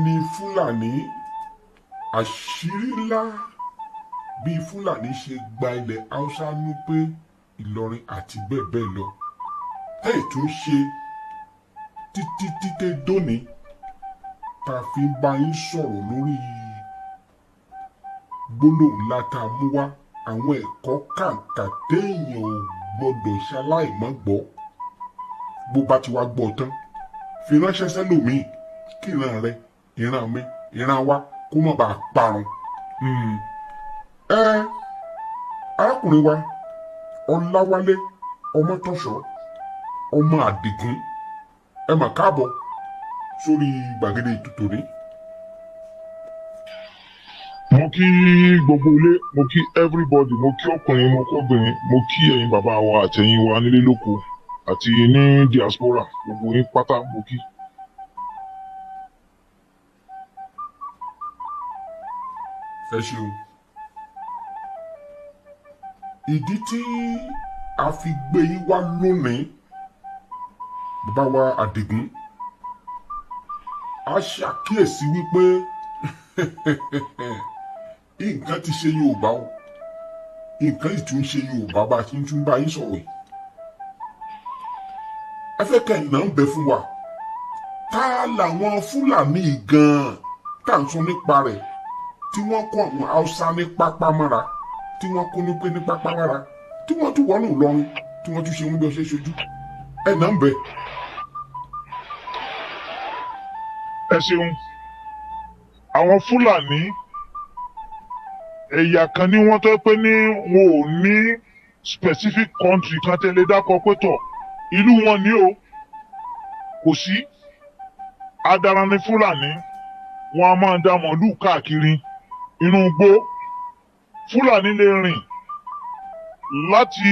ní fúlàní àṣírí ńlá bí fúlàní ṣe gba ilẹ̀ haúsá ní pé ìlọrin àti bẹ́ẹ̀ bẹ́ẹ̀ lọ tẹ́ẹ̀ tún ṣe títí títí dóni ta fi ń bá yín sọ̀rọ̀ lórí gbólóhùn ńlá tá a mú wá àwọn ẹ̀kọ́ kàǹkà téèyàn ò gbọ́dọ̀ ṣaláìmọ́ gbọ́ bó bá ti wá gbọ́ tán fi ránṣẹ́ sẹ́lòmíì kìran rẹ̀ ìran mi ìran wa kó mọ̀ bá a parun. Hmm. ẹ arákùnrin wa ọláwálé ọmọtọ́ṣọ́ ọmọ àdìgún ẹ mà káàbọ̀ sórí gbàgede ètùtù rí. mo kí gbogbo ilé mo kí everybody mo kí ọkùnrin mo kí obìnrin mo kí ẹ̀yin bàbá wa àtẹ̀yin wa nílé lóko àti ní diaspora gbogbo yín pátá mo kí. ẹ ṣeun. ìdí tí a fi gbé yín wá lónìí bàbá wa àdìgún a ṣàkíyèsí wípé nǹkan ti ṣe Yorùbá o nǹkan ìtún ṣe Yorùbá bá a ti ń tún bá yín sọ̀rọ̀ ẹ fẹ́ kẹ́ ìnà ń bẹ fún wa ta làwọn Fúlàní gan-an tá à ń sọ nípa rẹ̀ tí wọ́n kó àwọn haúsá ní pápá mọ́ra tí wọ́n kó ní pé ní pápá mọ́ra tí wọ́n tún wọnú lọrin tí wọ́n tún ṣe wọn bí ọṣẹ ṣojú ẹ̀ náà ń bẹ. ẹ ṣeun àwọn fúlàní ẹ̀yà kan ni wọ́n tọ́ pé ní wọn ò ní specific country kan tẹ́lẹ̀ dákọ̀ pé tọ̀ ìlú wọn ni o kò sí adara fúlàní wọn a máa dá mọ̀lú káàkiri inú igbó fúlàní lè rìn láti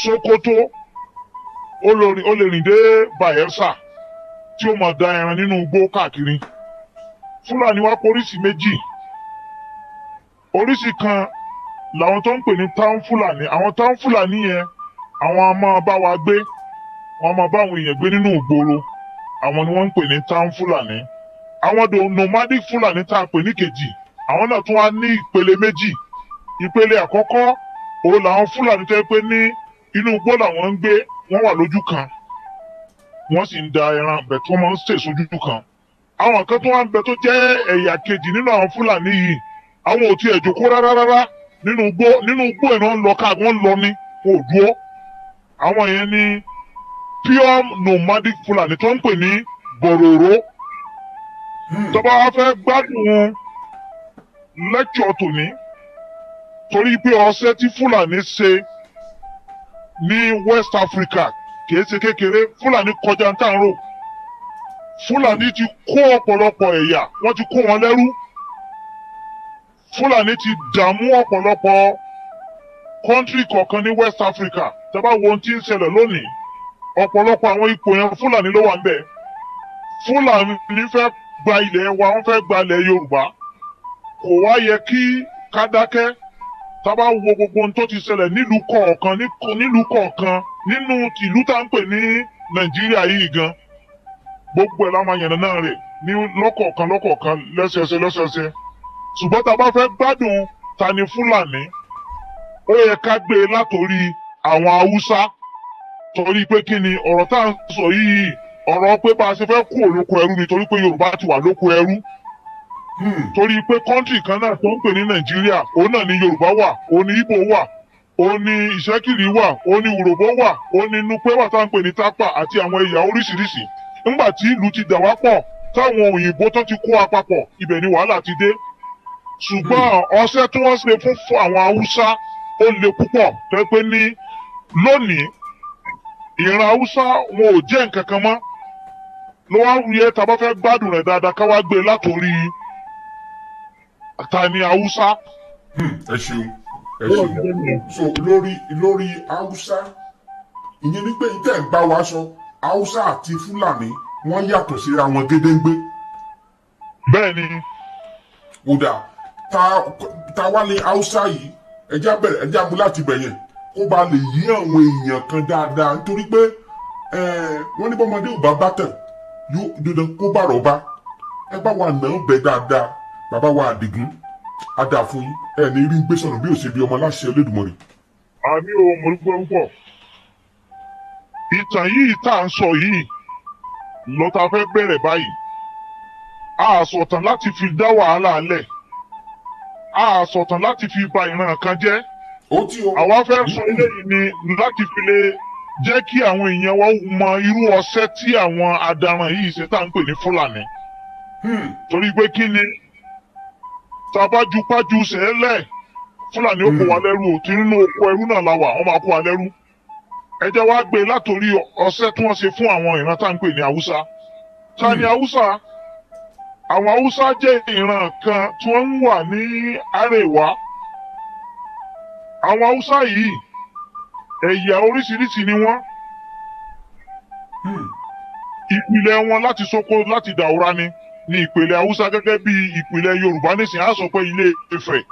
sokoto ó lè rìn dé bayelsa tí ó máa da ẹran nínú igbó káàkiri fúlàní wá poríṣi méjì oríṣi kan làwọn tó ń pè ní táwọn fúlàní àwọn táwọn fúlàní yẹn àwọn a máa bá wa gbé wọn máa bá àwọn èèyàn gbé nínú ìgboro àwọn ni wọ́n ń pè ní táwọn fúlàní àwọn nomadic fúlàní tá a pè ní kejì àwọn náà tún wá ní ìpele méjì ìpele àkọ́kọ́ òun làwọn fúlàní tẹ́ pé ní inú igbó làwọn ń gbé wọ́n wà lójú kan wọ́n sì ń da ẹran bẹ̀ tí wọ́n máa ń sè sójú kan àwọn kan tó wá ń bẹ tó jẹ́ ẹ̀yà kejì nínú àwọn fúlàní yìí àwọn ò tiẹ̀ jókòó rárá rárá nínú igbó nínú igbó ìran lọ káàkiri wọ́n lọ ní kò dúró àwọn yẹn ní pure nomadic fúlàní tó ń pè ní bòròró tọ́ba wa fẹ́ gbádùn lẹ́kṣọ̀ tòní torí pé ọṣẹ́ tí Fúlàní ṣe ní West Africa kìí ṣe kékeré Fúlàní kọjá ntàrò Fúlàní ti kó ọ̀pọ̀lọpọ̀ ẹ̀yà wọ́n ti kó wọn lẹ́rú Fúlàní ti dààmú ọ̀pọ̀lọpọ̀ kọ́ńtírì kọ̀ọ̀kan ní West Africa tẹ́ bá wo ohun tí ń ṣẹlẹ̀ lónìí ọ̀pọ̀lọpọ̀ àwọn ipò yẹn Fúlàní ló wà ń bẹ̀ Fúlàní fẹ́ gba ilẹ̀ wa wọ́n fẹ́ gba ilẹ̀ Yorùbá kò wá yẹ kí ká bá wo gbogbo ohun tó ti ṣẹlẹ̀ nílùú kọ̀ọ̀kan nílùú kọ̀ọ̀kan nínú ìlú tá à ń pè ní nàìjíríà yìí gan gbogbo ẹ̀ láwọn àyànnà náà ní lọ́kọ̀ọ̀kan lọ́kọ̀ọ̀kan lẹ́sẹẹsẹ lẹ́sẹẹsẹ ṣùgbọ́n tá a bá fẹ́ gbádùn ta ni fúlàní ó yẹ ká gbé e látòrí àwọn haúsá torí pé kí ni ọ̀rọ̀ tá à ń sọ yìí bá a ṣe fẹ́ kú òlóko ẹrú ni torí pé ti wà lóko ẹrú Hmm. torí pé kọ́ńtì kan náà tó ń pè ní nàìjíríà òun náà ni yorùbá wà òun ni ìgbò wà òun ni ìṣẹ́kìrì wà òun ni òròbó wà òun ni nupe wà tá à ń pè ní tápà àti àwọn ẹ̀yà oríṣiríṣi ńgbà tí ìlú ti dà wá pọ̀ táwọn òyìnbó tó ti kó apapọ̀ ibẹ̀ ni wàhálà ti dé ṣùgbọ́n hmm. ọṣẹ́ tí wọ́n ṣe fún àwọn haúsá ó le púpọ̀ tó pé ní lónìí ìran haúsá wọn ò jẹ́ nǹkan kan mọ́ ló wá yẹ tá a bá fẹ́ gbádùn rẹ̀ dáadáa ká gbé e látòrí àtàní haúsá. Hmm, ẹ ṣeun ẹ ṣeun so lórí lórí haúsá ìyẹn ni pé ìtẹ̀ ń bá wa sọ haúsá àti fúlàní wọ́n yàtọ̀ síra wọn gédéǹgbé. bẹ́ẹ̀ ni. ó ta ta wá lé haúsá yìí ẹjá bẹ̀rẹ̀ ẹjá mú láti bẹ̀ yẹn kó ba lè yí àwọn èèyàn kan dáadáa nítorí pé wọ́n ní bọ́mọdé ò bá bá tẹ̀ yóò dandan kó bá rọ̀ bá ẹ bá wa nà án bẹ̀ dáadáa bàbá wa àdìgún adà fún yín ẹ ní rí ń gbé sọnù bí òṣèlú ọmọ aláṣẹ Olódùmarè. àmì ò mọ̀ nípa púpọ̀ ìtàn yìí tá à ń sọ yìí lọ́tà fẹ́ bẹ̀rẹ̀ báyìí àsọ̀tàn láti fi dá wàhálà lẹ̀ àsọ̀tàn láti fi ba ìran kan jẹ́ àwa fẹ́ sọ eléyìí ni láti fi lè jẹ́ kí àwọn èèyàn wa mọ irú ọṣẹ́ tí àwọn adaràn yìí ṣe tá à ń pè ní Fúlàní hmm. torí pé kí ni tá a bá ju pájú sẹ́lẹ̀ fúlàní ó kó wa hmm. lẹ́rú o tí nínú oko ẹrú náà la wà wọ́n máa kó wa lẹ́rú ẹ jẹ́ wá gbé látòrí ọṣẹ́ tí wọ́n ṣe fún àwọn ìran tá à ń pè ní haúsá ta ni hmm. haúsá àwọn haúsá jẹ́ ìran kan tí wọ́n ń wà ní àrèwá àwọn haúsá yìí ẹ̀yà oríṣiríṣi ni wọ́n hmm. ìpìlẹ̀ wọn láti Sókó láti Daura ni. Hmm ní ìpìlẹ̀ haúsá gẹ́gẹ́ bí ìpìlẹ̀ yorùbá nísìnyí á sọ pé ilé Ifẹ̀.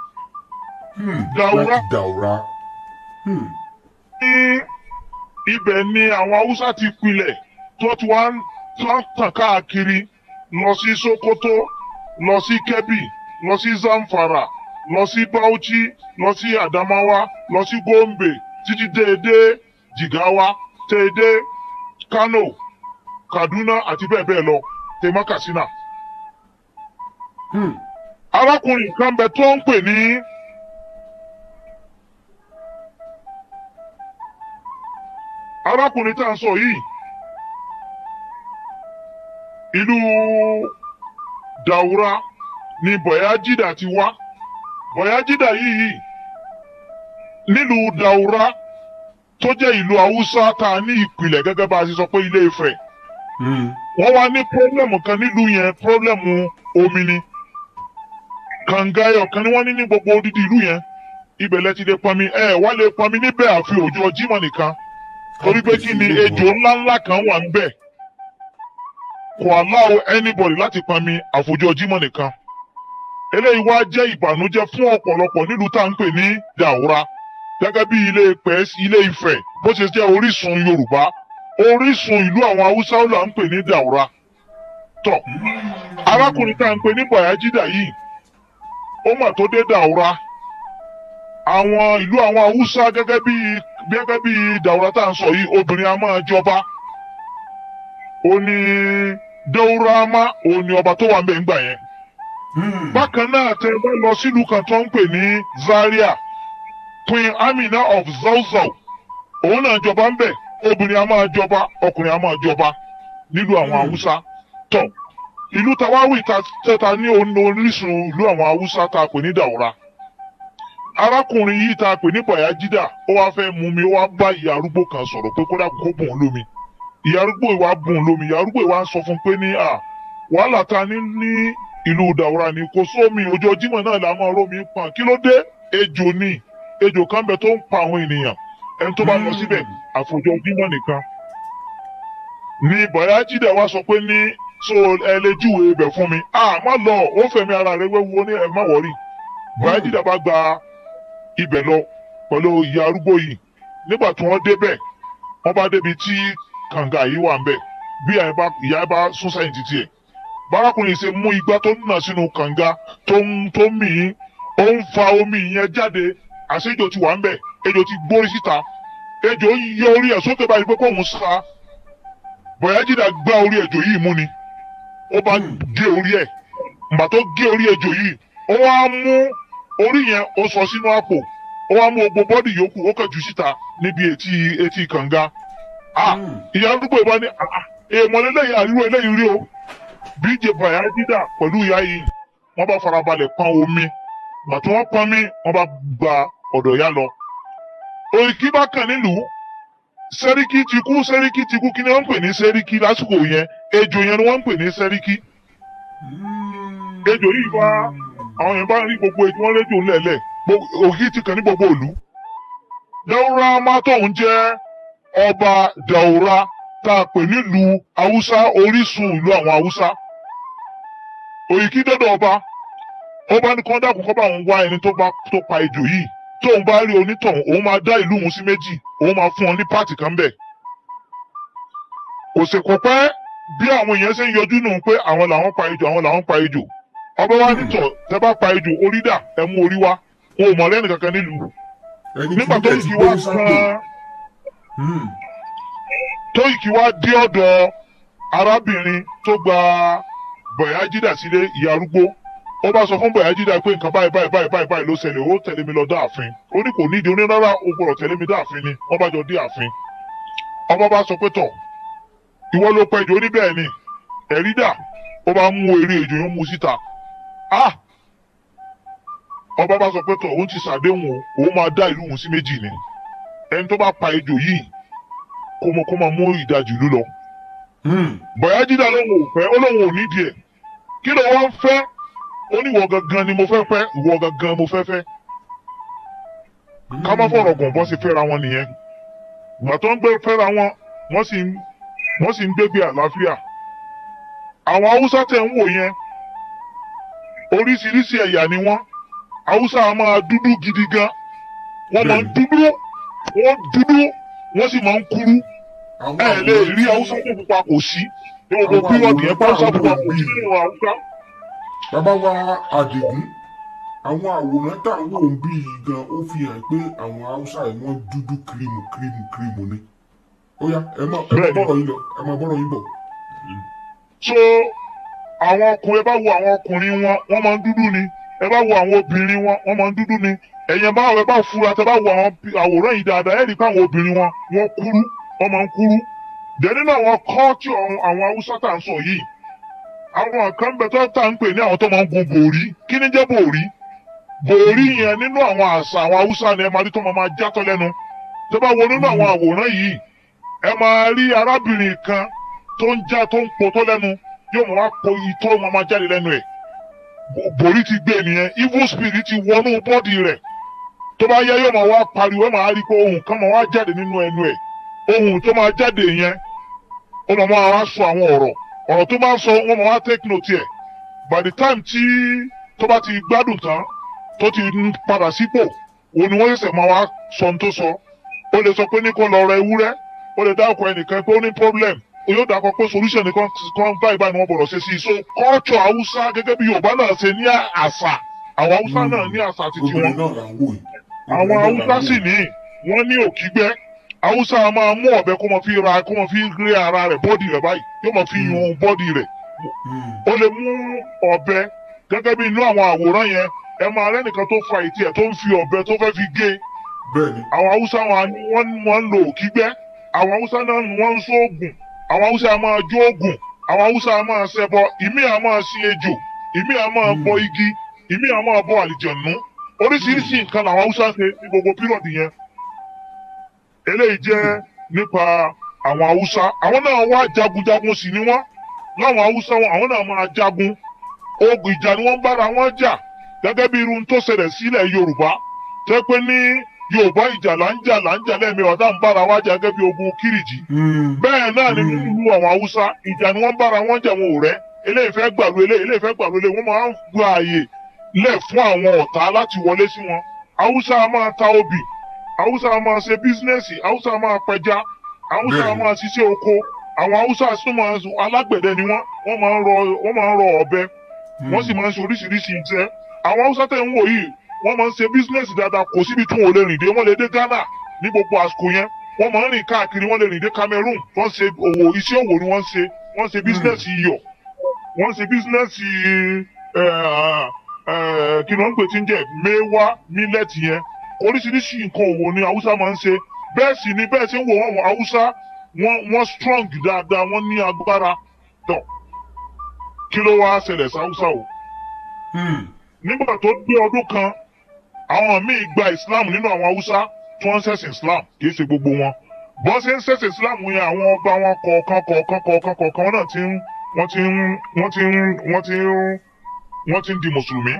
Hmm, Daura Daura. Hmm. ní ibẹ̀ ni àwọn haúsá ti pilẹ̀ tó ti wá ń tàn káàkiri lọ sí Sokoto lọ sí Kebbi lọ sí Zamfara lọ sí Bauchi lọ sí Adamawa lọ sí Gombe títí déédé Jigawa déédé Kano Kaduna àti bẹ́ẹ̀ bẹ́ẹ̀ lọ tèmọ́ Katsina. Hmm. arákùnrin kan bẹ tó ń pè ní. arákùnrin tá à sọ yìí ìlú Daura ni Bọ̀yájídà ti wá Bọ̀yájídà yìí nílùú Daura tó jẹ́ ìlú Haúsá tá a ní ìpìlẹ̀ gẹ́gẹ́ bá a ti sọ pé Ilé Ifẹ̀ hmm. wọ́n wá ní pírọ́blẹ̀mù kan nílùú yẹn pírọ́blẹ̀mù omi ni kànga ọ̀kan ni wọ́n ní ní gbogbo odidi ìlú yẹn ibẹ̀ lẹ ti lè pọnmi ẹ wá lè pọnmi níbẹ̀ àfi ọjọ́ Jímọ̀ nìkan torí pé kí ni ejò ńláńlá kan wà ń bẹ̀ kò aláwọ anybody láti pọnmi àfi ọjọ́ Jímọ̀ nìkan eléyìí wá jẹ́ ìbànújẹ́ fún ọ̀pọ̀lọpọ̀ nílùú tá à ń pè ní Dàwúrà gẹ́gẹ́ bí ilé pẹ́ ilé Ifẹ̀ bó ṣe jẹ́ orísun Yorùbá orísun ìlú àwọn Haúsá là ń pè ní Dàwúrà tọ̀ arákùnrin tá à ń pè ní Bàyájídà yìí ó mà tó dé Daura àwọn ìlú àwọn Haúsá gẹ́gẹ́ bí gẹ́gẹ́ Daura tá à ń sọ yìí obìnrin a máa jọba ó ní ni ọba tó wà ń bẹ̀ ń gbà yẹn hmm. bákan náà tẹ ẹ bá lọ sílùú kan tó ń pè Zaria Queen Amina of Zauzau òun náà jọba ń bẹ obìnrin a máa jọba ọkùnrin a máa jọba nílùú àwọn hmm. ìlú tawawi tẹta ní orísun àwọn haúsá tá a pè ní dàwúrà arákùnrin yìí tá a pè ní bayajida ó wáá fẹ́ mú mi ó wáá bá ìyá arúgbó kan sọ̀rọ̀ pé kódà kó bùn lómi ìyá arúgbó ìwà bùn lómi ìyá arúgbó ìwà sọ fún pé ní à wàhálà ta ní ní ìlú dàwúrà ni kò sómi ọjọ́ Jímọ̀ náà là máa rómi pọn kí ló dé ejò ni ejò kan bẹ tó ń pa àwọn ènìyàn ẹni tó bá lọ síbẹ̀ àfọ̀jọ́ Jímọ̀ nìkan ni bayajida wá sọ pé ní so ẹ lè júwe ibẹ̀ fún mi ah má lọ ó fẹ̀mí ara rẹ wéwu ó ní ẹ má wọ̀rí báyìí dídà bá gba ibẹ̀ lọ pẹ̀lú ìyá arúgbó yìí nígbà tí wọ́n débẹ̀ wọ́n bá débi tí kànga yìí wà ń bẹ̀ bí ìyá bá sún sẹ́yìn títí ẹ̀ bárakùnrin ṣe mú igbá tó nà sínú kànga tó ń tó mì í ó ń fa omi yẹn jáde àṣejò ti wà ń bẹ̀ ejò ti gbórí síta ejò yọ orí ẹ̀ sókè báyìí pé kóun sá bọ̀yájìdá gbá orí ejò yìí mú ni. ọ ba gé orí ẹ̀ ìgbà tó gé orí yìí ó wá mú orí yẹn ó sọ sínú àpò ó wá mú gbogbo bọ́dì yòókù ó kàn síta níbi etí etí kànga ìyá arúgbó ìbá ní èèmọ̀ lélẹ́yìn rí o pẹ̀lú ìyá yìí wọ́n bá farabalẹ̀ pọn omi wọ́n pọn gba ọ̀dọ̀ lọ òyìnkí bá kàn nílùú sẹ́ríkì ti kú sẹ́ríkì ti ni wọ́n ń pè ejò yẹn ni wọ́n ń pè ní sẹ́ríkì ejò yìí bá àwọn yẹn bá rí gbogbo ejò wọn lẹ́jọ́ ńlẹ̀lẹ̀ ògìtì kan ní gbogbo ìlú Daura Mátòun jẹ́ ọba Daura tá a pè nílùú Haúsá orísun ìlú àwọn Haúsá òyìnkí dọ́dọ̀ ọba ọba ní kọ́ńdà kò kọ́ba òun wá ẹni tó pa ejò yìí tóun bá rí onítọ̀hún òun máa dá ìlú òun sí méjì òun máa fún ọ ní pààtì kan bẹ́ẹ̀ kò sì kò pẹ́ bí àwọn èèyàn ṣe ń yọjú nù pé àwọn làwọn pa ejò àwọn làwọn pa ejò ọba wa nítọ tẹ bá pa ejò orí dà ẹ mú orí wá wọn mọ lẹ́nu kankan nílùú nígbà tó ìkí wá kan tó ìkí wá dé ọ̀dọ̀ arábìnrin tó gba bọ̀yájídà sílé ìyá arúgbó ó bá sọ fún bọ̀yájídà pé nǹkan báyìí báyìí báyìí báyìí báyìí ló ṣẹlẹ̀ ó tẹ̀lé mi lọ dáàfin ó ní kò nídìí onírárá o gbọ́dọ̀ tẹ̀lé mi dáàfin ni wọ́n bá jọ dé àfin ọba bá sọ pé tọ̀ ìwọ ló pẹ́ jù ó ní bẹ́ẹ̀ ni ẹ̀rí dà ó bá mú eré ejò yóò mú síta ah ọba bá sọ pé tọ̀ òun ti ṣàdéhùn o òun máa dá ìlú òun sí méjì ni ẹni tó bá pa ejò yìí kó mọ kó máa mú ìdajì ìlú lọ. Hmm. Bọ̀yájídá lóun ò fẹ́ ó lóun ò nídìí kí ló wọ́n fẹ́ ó ní ìwọ gangan ni mo fẹ́ fẹ́ ìwọ gangan mo fẹ́ fẹ́ ká má hmm. fọ̀rọ̀ gùn bọ́ sí fẹ́ra wọn nìyẹn ìgbà ń gbé fẹ́ra wọn wọ́n sì ń wọ́n sì ń gbégbé àlàáfíà àwọn haúsá tẹ̀ ń wò yẹn oríṣiríṣi ẹ̀yà ni wọ́n haúsá a máa dúdú gidi gan wọ́n máa ń dúdú wọ́n dúdú wọ́n sì máa ń kúrú ẹ lè rí haúsá tó pupa kò sí ní gbogbo pírọ̀dì yẹn pa haúsá pupa kò sí nínú haúsá. bàbá wa àdìgún àwọn àwòrán tá à ń wò ń bí yìí gan ó fi hàn pé àwọn haúsá yìí wọ́n dúdú kirimu kirimu kirimu ni. Oya, yá ẹ má bọ̀rọ̀ yín lọ ẹ má bọ̀rọ̀ yín bọ̀. so àwọn ọkùnrin ẹ bá wo àwọn ọkùnrin wọn wọ́n máa ń dúdú ni ẹ bá wo àwọn obìnrin wọn wọ́n máa ń dúdú ni bá ẹ bá fura tẹ bá wo àwọn àwòrán yìí dáadáa ẹ rí àwọn obìnrin wọn wọ́n kúrú wọ́n máa ń kúrú nínú àwọn àwọn haúsá tà ni ẹ máa rí arábìnrin kan tó ń já tó ń po tó lẹ́nu yóò mọ̀ wá po itọ́ ma máa jáde lẹ́nu ẹ̀ borí ti gbé nìyẹn evil spirit ti wọnú bọ́ọ̀dì rẹ tó bá yẹ yóò máa wá pariwo ẹ máa rí ohun kan máa wá jáde nínú ẹnu ohun tó máa jáde yẹn ó máa máa wá sọ àwọn ọ̀rọ̀ ọ̀rọ̀ sọ máa wá take note by ti gbádùn tán ti padà sípò òun ni wọ́n sọ ohun sọ ó lè sọ pé ní ó lè dáko ẹnìkan pé ó ní problem yóò dákọ pé solution ni kan báyìí báyìí ni wọ́n gbọ́dọ̀ ṣe sí i so culture haúsá gẹ́gẹ́ bí yorùbá náà ṣe ní àṣà àwọn haúsá náà ní àṣà títí wọn àwọn haúsá sì ní wọ́n ní òkígbẹ́ haúsá máa mú ọ̀bẹ kó máa fi ra kó máa fi rí ara rẹ̀ bọ́dì rẹ̀ báyìí yóò máa fi hmm. yun bọ́dì rẹ̀ hmm. ó lè mú ọ̀bẹ gẹ́gẹ́ bí inú àwọn àwòrán yẹn ẹ máa rẹ́nìkan tó fa ìtì ẹ̀ tó ń fi ọ̀bẹ tó fẹ́ fi gé àwọn haúsá wọn ń lo òkígbẹ́ àwọn haúsá náà ni wọ́n ń sóògùn àwọn haúsá a máa jóògùn àwọn haúsá a máa ṣẹbọ ìmí a máa sí ejò ìmí a máa hmm. bọ igi ìmí a máa bọ àlìjọ̀nù oríṣiríṣi nǹkan làwọn haúsá ṣe ní gbogbo pírọ̀dì yẹn eléyìí jẹ́ nípa àwọn haúsá àwọn náà wá jagunjagun ni wọ́n láwọn haúsá wọn àwọn náà jagun ogun ìjà ni wọn jà gẹ́gẹ́ bí irun tó ṣẹlẹ̀ sílẹ̀ yorùbá yorùbá ìjà là ń jà là ń jà lẹ́ẹ̀mí ọ̀tá ń bára wá jà gẹ́gẹ́ bí ogun kìrìjì. Hmm. bẹ́ẹ̀ náà ni hmm. nínú àwọn haúsá ìjà ni wọ́n bára wọ́n jà wọn ò rẹ́ eléyìí gbàlú eléyìí eléyìí fẹ́ gbàlú eléyìí wọ́n máa ń gba àyè lẹ̀ fún àwọn ọ̀tá láti wọlé sí wọn. haúsá máa ta obì haúsá máa ṣe bísínẹ́sì haúsá máa pẹja haúsá máa ṣiṣẹ́ oko àwọn haúsá súnmọ́ alágbẹ̀dẹ ni wọ́n wọ́n máa ń rọ ọ̀bẹ hmm. wọ́n sì máa ń ṣe oríṣiríṣi iṣẹ́ àwọn haúsá tẹ̀ ń wò yìí wọ́n máa ń ṣe bísínẹ́sì dáadáa kò síbi tí wọn ò lè rìn dé wọ́n lè dé Ghana ní gbogbo àsìkò yẹn wọ́n máa ń rìn káàkiri wọ́n lè rìn dé Cameroon wọ́n ṣe òwò iṣẹ́ òwò ni wọ́n ṣe wọ́n ṣe bísínẹ́sì hmm. iyọ̀ wọ́n ṣe bísínẹ́sì eh, eh, eh, kí ni wọ́n ń pè tí ń jẹ́ mẹ́wá mílẹ̀tì yẹn oríṣiríṣi nǹkan òwò ni Haúsá máa ń ṣe bẹ́ẹ̀ sì ni bẹ́ẹ̀ ṣe ń wò wọ́n Haúsá wọ́n wọ́n strong dáadáa wọ́n ní agbára tọ̀ kí ló wá ṣẹlẹ̀ sí Haúsá o hmm. nígbà tó gbé ọdún kan àwọn míì gba islam nínú àwọn haúsá tí wọ́n ń ṣẹ̀sìn islam kì í ṣe gbogbo wọn bọ́n ṣe ń ṣẹ̀sìn islam yẹn àwọn ọba wọn kọ̀ọ̀kan kọ̀ọ̀kan kọ̀ọ̀kan kọ̀ọ̀kan wọn náà ti ń wọ́n ti ń wọ́n ti ń wọ́n ti ń wọ́n ti ń di mùsùlùmí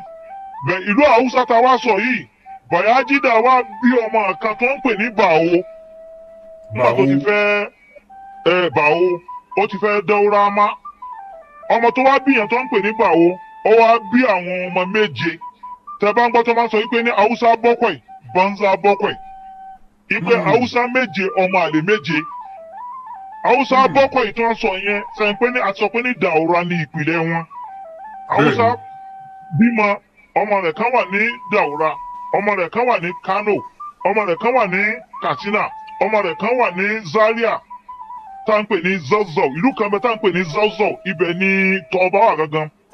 bẹ́ẹ̀ ìlú haúsá ta wá sọ yìí bayajida wá bí ọmọ kan tó ń pè ní bàó nígbà tó ti fẹ́ ẹ bàó ó ti fẹ́ dẹ́wúrà má ọmọ tó wá bí yẹn tó ń pè ní bàó ó wá bí àwọn ọmọ méje tẹ bá ma tó máa ń sọ wípé ní haúsá bọ́kọ̀ì banza bọ́kọ̀ì hmm. haúsá méje ọmọ àlè méje haúsá hmm. bọ́kọ̀ì tó ń sọ yẹn sẹ́yìn pé ní àti sọ pé ní dàwúrà ní ìpìlẹ̀ wọn haúsá bímọ ọmọ rẹ̀ wà ní dàwúrà ọmọ rẹ̀ wà ní kano ọmọ rẹ̀ kan wà ní katsina ọmọ zaria ní ìlú kan bẹ gangan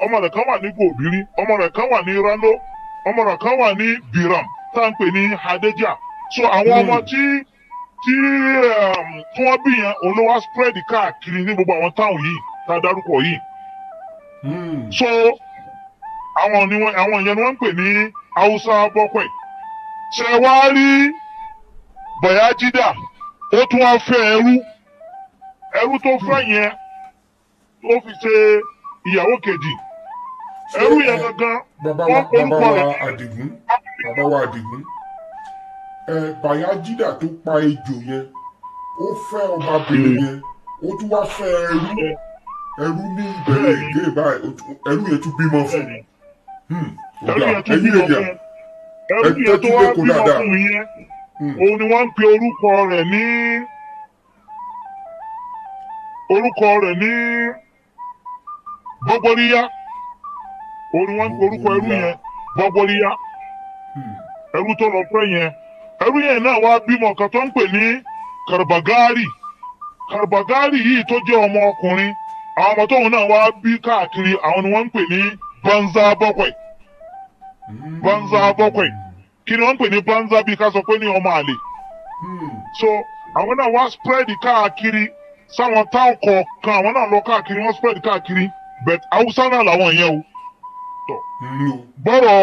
ọmọ rẹ̀ kan rano ọmọ kan wà ní biram tá à pè ní hadeja so àwọn ọmọ hmm. tí tí um, tí wọ́n bí yẹn òun ló wá spread káàkiri ní gbogbo àwọn táwọn yìí tá a dárúkọ yìí hmm. so àwọn ni wọn àwọn yẹn ni wọ́n ń pè ní haúsá bọ́pẹ̀ ṣe wá rí bọ̀yájídà ó tún wá fẹ́ ẹrú ẹrú tó fẹ́ yẹn ó fi ṣe ìyàwó kejì ẹrú yẹn gangan wọn orúkọ rẹ. bàbá wa àdìgún ẹ bàyájídà tó pa ejò yẹn ó fẹ́ ọbabìnrin hmm. yẹn ó tún wá fẹ́ ẹrú hmm. ẹrú ní ìbẹ̀rẹ̀ hmm. ìdè báyìí ẹrú yẹn tún bímọ fún mi. ẹrú yẹn tún bímọ fún mi ẹrú yẹn tó wá bímọ fún mi yẹn òun ni wọ́n ń pe orúkọ rẹ̀ ní orúkọ rẹ̀ ní gbogbo níyà. orúkọ ẹrú yẹn Bọ́gbóríyá hmm. ẹrú tó lọ pẹ́ yẹn ẹrú yẹn náà wá bímọ kan tó ń pè ní Karbagari Karbagari yìí tó jẹ́ ọmọ ọkùnrin àwọn ọmọ tóun náà wá bí káàkiri àwọn ni wọ́n ń pè ní Banza Bọ́kwẹ̀ hmm. Banza kí ni wọ́n ń pè ní Banza ká sọ pé ní ọmọ àlè hmm. so àwọn náà wá spread káàkiri sáwọn táwọn àwọn náà lọ káàkiri spread káàkiri but náà làwọn yẹn o. bọ́rọ̀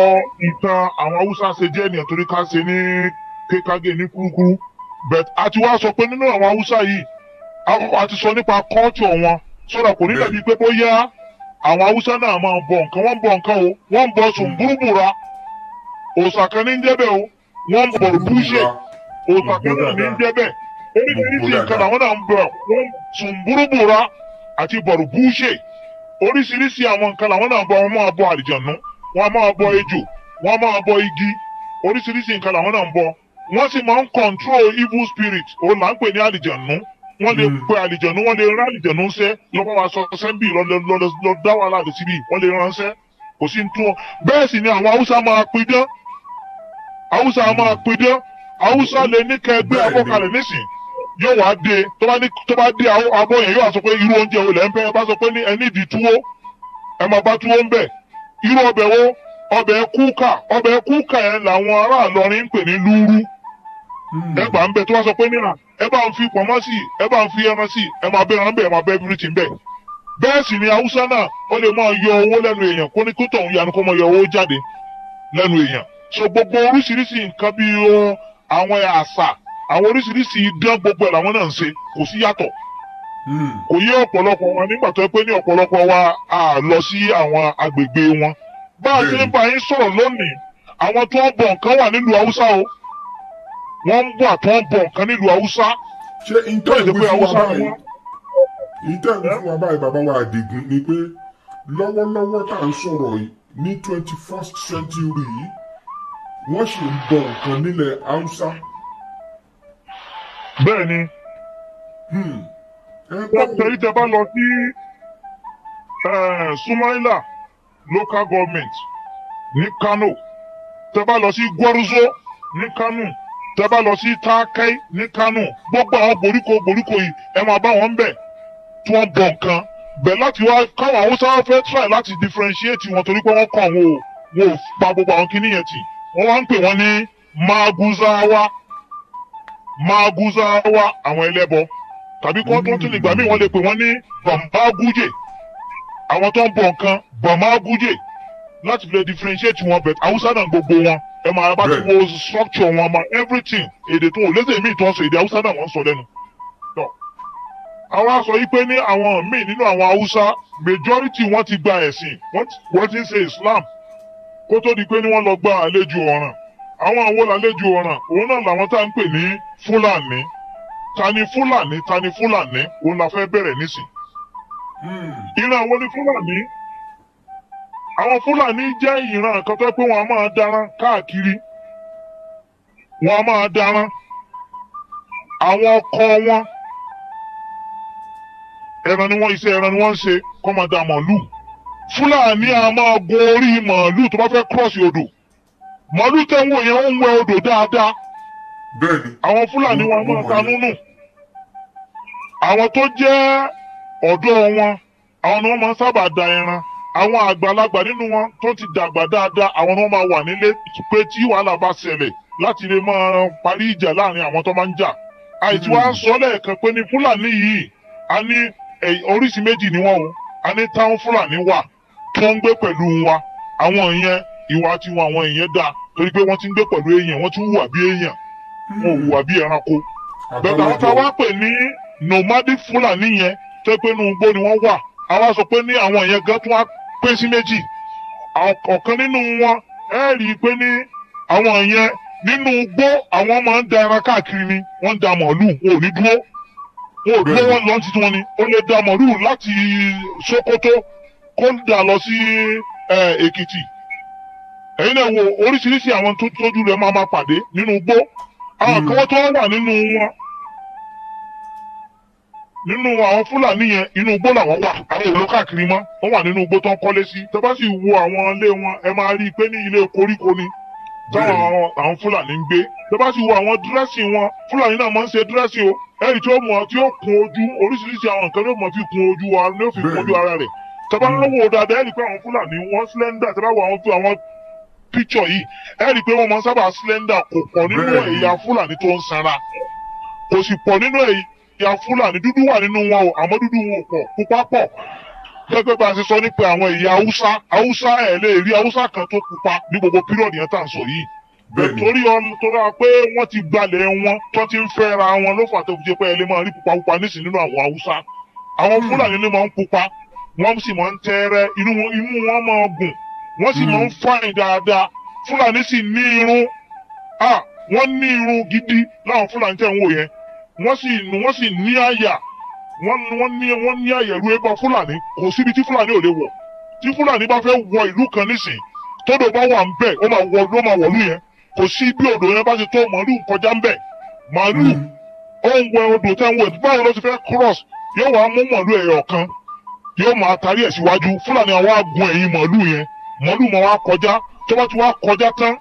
ìtàn àwọn haúsá ṣe jẹ́ ènìyàn torí ká ṣe ní kékagé ní kúrúkúrú but a ti wá sọ pé nínú àwọn haúsá yìí a ti sọ nípa kọ́ọ̀tù wọn sọ̀rọ̀ kò ní dàbí pé bóyá àwọn haúsá náà máa bọ nǹkan wọ́n ń bọ nǹkan o wọ́n ń ní ń jẹ́bẹ̀ o wọ́n ń oríṣiríṣi àwọn nǹkan làwọn náà bọ wọn máa bọ àlìjọ̀nú wọn máa bọ ejò wọn máa bọ igi oríṣiríṣi nǹkan làwọn náà ń bọ wọ́n sì máa ń control evil spirit òun là ń pè ní àlìjọ̀nú wọ́n lè hmm. pe àlìjọ̀nú wọ́n lè rán àlìjọ̀nú ńṣẹ́ lọ́wọ́ wa sọ sẹ́ńbì lọ dá wàhálà àti síbì wọ́n lè ránṣẹ́ kò sí tún ọ bẹ́ẹ̀ sì ni àwọn haúsá máa pidán haúsá máa hmm. pidán haúsá lè ní kẹgbẹ́ abọ́kalẹ̀ nísìnyí yóò wá dé tó bá ní tó bá dé abọ́ yẹn yóò wá sọ pé irú oúnjẹ wo lẹ́ ń fẹ́ bá sọ pé ní ẹni ìdí túwó ẹ máa bá túwó ń bẹ̀ irú ọbẹ̀ wo ọbẹ̀ kúkà ọbẹ̀ kúkà yẹn làwọn ará àlọ́rin ń pè ní lúrú hmm. ẹ gbà ń tó bá sọ pé ẹ bá ń fi pọ̀nmọ́ sí ẹ bá ń fi ẹran sí ẹ máa bẹ ẹran ẹ so gbogbo oríṣiríṣi nǹkan bíi àwọn àwọn oríṣiríṣi idán gbogbo ẹ̀ làwọn náà ń ṣe kò sí yàtọ̀ hmm. kò yé ọ̀pọ̀lọpọ̀ wọn nígbà tó yẹ pé ní ọ̀pọ̀lọpọ̀ wa a lọ sí àwọn agbègbè wọn bá a ṣe ń bá yín sọ̀rọ̀ lónìí àwọn tó ń bọ nǹkan wà nílùú haúsá o wọ́n ń bọ̀ àtọ́ ń bọ nǹkan nílùú haúsá ṣé ìtọ́ ìwé fún wa báyìí ìtọ́ ìwé fún wa báyìí bàbá wa àdìgún ni pé lọ́wọ́lọ́wọ́ tá à ń sọ̀rọ̀ ní twenty first century yìí wọ́n ṣì ń bọ nǹkan nílẹ̀ haúsá bẹ́ẹ̀ ni hmm. tẹ̀lé tẹ bá lọ sí Sumaila local government ní Kano tẹ bá lọ sí Gwaruzo ní Kano tẹ bá lọ sí Takai ní Kano gbogbo àwọn gbòríko gbòríko yìí ẹ máa bá wọn bẹ̀ tí wọ́n bọ̀ nǹkan bẹ̀ láti wá káwọn Haúsá fẹ́ try láti differentiate wọn torí pé wọ́n kọ́ àwọn o wọn ò pa gbogbo àwọn kìnìyẹn tì wọ́n wá ń pè wọ́n ní Maguzawa maguzawa àwọn ẹlẹ́bọ tàbí kọ́ tó ń tún lè gbà mí wọ́n lè pè wọ́n ní bàmágújè àwọn tó ń bọ nǹkan bàmágújè láti fi lè differentiate wọn bẹ̀t haúsá náà gbogbo wọn ẹ máa bá ti wo structure wọn ma everything èdè tó lédè míì tó ń sọ èdè haúsá náà wọ́n sọ lẹ́nu. àwọn aṣọ yìí pé ní àwọn míì nínú àwọn haúsá majority wọ́n ti gba ẹ̀sìn wọ́n ti ń ṣe Islam kó tó di pé ní wọ́n lọ gba àlejò ọ̀ràn àwọn àwọn làlejò ọ̀ràn òun náà làwọn tá à ń pè ní fúlàní tani fúlàní tani fúlàní òun la fẹ́ bẹ̀rẹ̀ nísìn. Hmm. ìran wo ni fúlàní àwọn fúlàní jẹ́ ìran kan tó pé wọ́n á máa daran káàkiri wọ́n á máa daran àwọn ọkọ wọn ẹran ni wọ́n iṣẹ́ ẹran ni wọ́n ń ṣe kọ́ máa da màálùú fúlàní a máa gun orí màálùú tó bá fẹ́ kírọ̀sì odò màálùú tẹ̀ yẹn ń wẹ odò dáadáa bẹ́ẹ̀ni. àwọn fúlàní wọn máa ta nínú àwọn tó jẹ́ ọ̀dọ́ wọn àwọn ni wọ́n máa ń sábà da ẹran àwọn àgbàlagbà nínú wọn tó ti dàgbà dáadáa àwọn ni wọ́n máa wà nílé pé tí wàhálà bá ṣẹlẹ̀ láti lè máa parí ìjà láàrin àwọn tó máa ń jà àìsí wa ń sọ lẹ́ẹ̀kan pé ní fúlàní yìí a ní oríṣi méjì ni wọ́n o a ní táwọn fúlàní wà tí wọ́n ń gbé pẹ̀lú wa àwọn ìyẹn ìwà tiwọn àwọn ìyẹn dáa torí pé wọ́n ti ń gbé pẹ̀lú èèyàn wọ́n ti ń hùwà bí èèyàn wọn ò hùwà bí ẹranko bẹ́ẹ̀ àwọn tá a wá pè ní nomadic Fúlàní yẹn tó pé inú igbó ni wọ́n wà a wá sọ pé ní àwọn yẹn gan tún wá pín sí méjì ọ̀kan nínú wọn ẹ rí i pé ní àwọn yẹn nínú igbó àwọn máa ń da ẹran káàkiri ni wọ́n ń da màálùú wọn ò ní dúró wọn ò dúró wọn lọ sí tiwọn ni ó lè da màálùú láti Sokoto kó dà lọ sí Èkìtì ẹ̀yin náà wo oríṣiríṣi àwọn tó tójú rẹ̀ máa ma pàdé nínú igbó àwọn hmm. kan tó wà nínú wọn nínú àwọn fúlàní yẹn inú igbó làwọn wà àwọn ò lọ káàkiri mọ́ wọ́n wà nínú igbó tó ń kọ́lé sí tó bá sì wo àwọn ilé wọn ẹ máa rí i pé ní ilé koríko ni táwọn hmm. àwọn fúlàní ń gbé tó bá sì wo àwọn dírẹ́sì wọn fúlàní náà máa ń ṣe dírẹ́sì o ẹ̀rì tí ó mọ̀ tí ó kun ojú oríṣiríṣi àwọn nǹkan ló mọ̀ fi kun ojú wa ni ó fi kun ojú ara rẹ̀ tó bá ń hmm. lówó dáadáa ẹ̀rì pé àwọn fúlàní wọ́n slender tó bá wo àwọn píkṣọ̀ yìí ẹ rí i pé wọ́n máa ń sábà sílẹ́ndà kò pọ̀ nínú ẹ̀yà fúlàní tó ń sanra kò sì pọ̀ nínú ẹ̀yà fúlàní dúdú wà nínú wọn o àmọ́ dúdú wọn pọ̀ pupa pọ̀ gẹ́gẹ́ bá a ṣe sọ nípa àwọn ẹ̀yà haúsá haúsá ẹ̀ lè rí haúsá kan tó pupa ní gbogbo pírọ̀dì yẹn tá à ń sọ yìí torí ọmọ tó rà pé wọ́n ti gbalẹ̀ wọn tó ti ń fẹ́ra wọn ló fà tó fi jẹ́ pé ẹ lè máa rí pupa pupa nísìnyí nínú àwọn haúsá àwọn hmm. fúlàní lè máa ń pupa wọ́n sì máa ń tẹ́rẹ́ inú wọn máa gùn wọ́n sì máa ń hmm. fáìn dáadáa fúlàní sì ní irun ah, wọ́n ní irun gidi láwọn fúlàní tẹ̀ ń wò yẹn wọ́n sì ní àyà wọ́n ní àyà ìlú ẹgbà fúlàní kò tí fúlàní ò lè wọ̀ tí fúlàní bá fẹ́ wọ ìlú kan nísìn bá wà ń bẹ̀ máa yẹn kò sí bí odò yẹn bá ti tó màálù kọjá ń bẹ̀ màálù hmm. ó ń odò tẹ́ ń fẹ́ cross yóò wá mú màálù ẹ̀yọ̀ kan yóò máa tarí màálù máa wá kọjá tó bá ti wá kọjá tán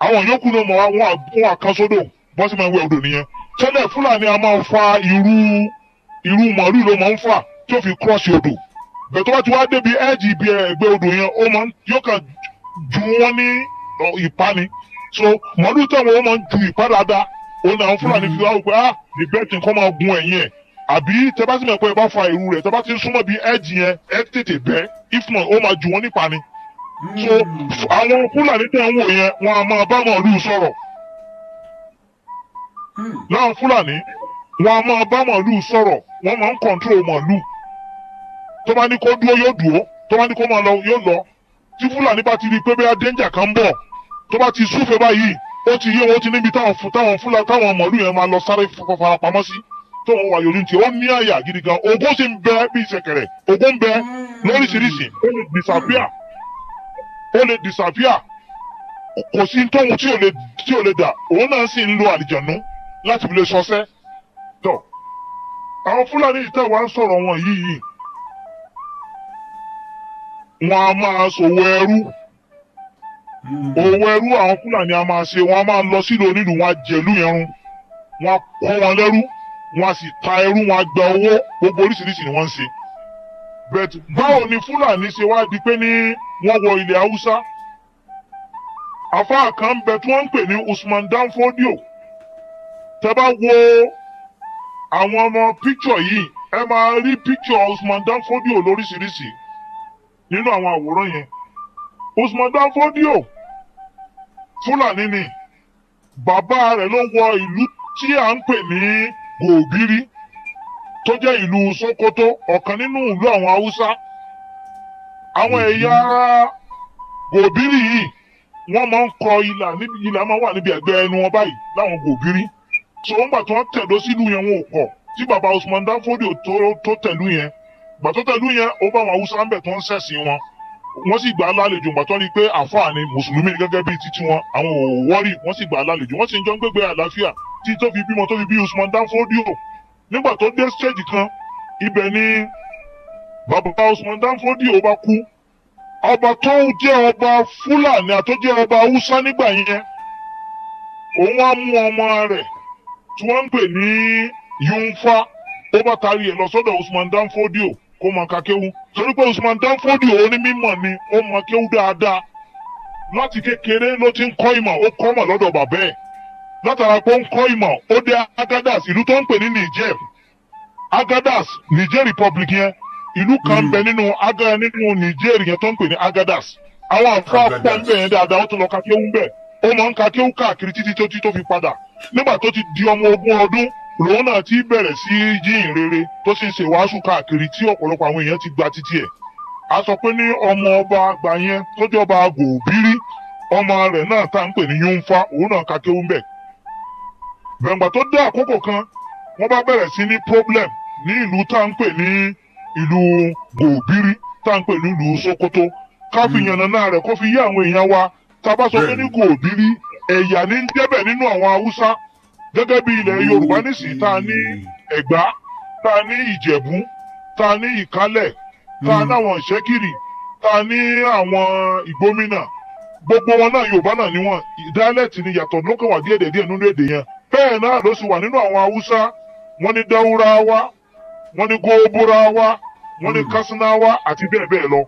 àwọn yòókù náà máa wá wọn àkàsódò bọ́n sì máa wẹ odò nìyẹn tẹ́lẹ̀ fúlàní a máa fa irú irú màálù ló máa ń fà tó fi kírọ́ọ̀sì odò bẹ́ẹ̀ tó bá ti wá débi ẹ́ẹ̀jì ibi ẹ̀gbẹ́ odò yẹn ó máa yóò kàn ju wọn ní ìpani so màálù táwọn ó máa ju ìpadà dá òun náà fúlàní fi wá wò pé ah the kọ́ máa gun ẹ̀yìn ẹ̀ àbí tẹ bá ti mọ̀ pé ẹ bá fa irú rẹ̀ tẹ bá ti súnmọ́ bí ẹ́ẹ̀dì yẹn ẹ tètè bẹ́ if not ó máa jù wọ́n nípa ni. so àwọn fúlàní tẹ̀ ń wò yẹn wọn a máa bá màálù sọ̀rọ̀. láwọn fúlàní wọn a máa bá màálù sọ̀rọ̀ wọn máa ń kọ̀ǹtró màálù. tó bá ní kó dúró yóò dúró tó bá ní kó máa lọ yóò lọ. tí fúlàní bá ti rí pé bẹ́ẹ̀ danger kan bọ̀ tó bá ti súfèé báyìí ó ti yé wọn ó ti níbi táwọn fúlàní táwọn màálù yẹn máa lọ sáré farapamọ́ sí tó wọn wà yòlú ti ó ní àyà gidi gan ògo sì ń bẹ bí ìṣẹ̀kẹ̀rẹ̀ ògo ń bẹ lóríṣiríṣi ó lè disappear ó lè disappear kò sí tóun tí ò lè tí ò lè dà òun náà sì ń lo àlìjànú láti fi lè ṣọṣẹ́ tọ̀ àwọn fúlàní ìtẹ̀ wa ń sọ̀rọ̀ wọn yìí yìí wọn a máa ṣòwò ẹrú òwò ẹrú àwọn fúlàní a máa ṣe wọn a máa lọ sílùú onílù wọn a jẹ̀lú yẹn wọn a kọ́ wọn lẹ́rú wọn a sì ta ẹrú wọn a gba owó gbogbo oríṣiríṣi ni wọ́n ń ṣe bẹ́ẹ̀ báwo ni fúlàní ṣe wá di pé ní wọ́n wọ ilẹ̀ haúsá àfáà kan bẹ tí wọ́n ń pè ní Usman Danfodio tẹ́ bá wo àwọn ọmọ píkṣọ yìí ẹ máa rí píkṣọ Usman Danfodio lóríṣiríṣi nínú àwọn àwòrán yẹn Usman Danfodio fúlàní ni bàbá rẹ̀ ló wọ ìlú tí à ń pè ní gòbírí tó jẹ́ ìlú Sókótó ọ̀kan nínú ìlú àwọn haúsá àwọn mhm. ẹ̀yà ara gòbírí yìí wọ́n máa ń kọ ilà níbi ilà máa wà níbi ẹ̀gbẹ́ ẹnu wọn báyìí láwọn gòbírí tí wọ́n gbà tí wọ́n tẹ̀dó sílùú yẹn wọn ò kọ̀ tí baba Usman Danfodio tó tẹ̀lú yẹn gbà tó tẹ̀lú yẹn ó bá àwọn haúsá ń bẹ̀ tó ń ṣẹ̀sìn wọn wọ́n sì gbà á lálejò gbàtọ́ ni pé àfààní mùsùlùmí gẹ́gẹ́ bíi títí wọn àwọn ò wọ́rì wọ́n sì gbà á lálejò wọ́n sì ń jọ ń gbégbé àlàáfíà tí tó fi bímọ tó fi bí Usman Dan Fodio nígbà tó dé stage kan ibẹ̀ ni bàbá Usman Dan Fodio bá kú ọba tó jẹ́ ọba Fúlàní àtọ́jẹ́ ọba Haúsá nígbà yẹn òun á mú ọmọ rẹ̀ tí wọ́n ń pè ní Yunfa ó bá taari ẹ̀ lọ sọ́dọ̀ Usman Dan kó mọ ká kéwú torí pé Usman Dan Fodio onímọ̀ ni ó mọ kéwú dáadáa láti kékeré ló ti ń kọ́ ìmọ̀ ó kọ́ mọ̀ lọ́dọ̀ bàbá ẹ̀ látara pé ó ń kọ́ ìmọ̀ ó dé Agadas ìlú tó ń pè ní Niger Agadas Niger Republic yẹn ìlú kan hmm. bẹ nínú agara nínú Niger yẹn tó ń pè ní Agadas àwọn àfáà pọ̀ ń bẹ̀ yẹn dáadáa ó tún lọ ka kéwú ń ó mọ̀ ń ka kéwú káàkiri títí tó ti tó fi padà nígbà tó ti di ọmọ ogún ọdún rọ́nà ti bẹ̀rẹ̀ sí jíyìn rere tó sì ń ṣe wàásù káàkiri tí ọ̀pọ̀lọpọ̀ àwọn èèyàn ti gba títí ẹ̀ a sọ pé ní ọmọ ọba àgbà yẹn tó jọba gòbírí ọmọ rẹ̀ náà tá à ń pè ní yunfa òun náà ka kéwú bẹ̀ bẹ̀ǹgbà tó dé àkókò kan wọ́n bá bẹ̀rẹ̀ sí ní problem ní ìlú tá à ń pè ní ìlú gòbírí tá à pè ní ìlú Sokoto káfíyànnà hmm. náà rẹ̀ kó fi yé àwọn èèyàn wa tá a bá sọ pé ní gòbírí ẹ̀yà ní ń gẹ́gẹ́ bí ilẹ̀ Yorùbá nísìnyí tá a ní Ẹ̀gbá tá a ní Ìjẹ̀bú tá a ní Ìkálẹ̀ tá a ní hmm. àwọn Ìṣẹ́kìrì tá a ní àwọn Ìgbómìnà gbogbo wọn náà Yorùbá náà ni wọn dialect ni yàtọ̀ lókè wà díẹ̀ díẹ̀ nínú èdè yẹn bẹ́ẹ̀ náà ló sì wà nínú àwọn Haúsá wọ́n ní Dáwúráwá wọ́n ní Góbúráwá wọ́n ní hmm. Kásináwá àti bẹ́ẹ̀ bẹ́ẹ̀ lọ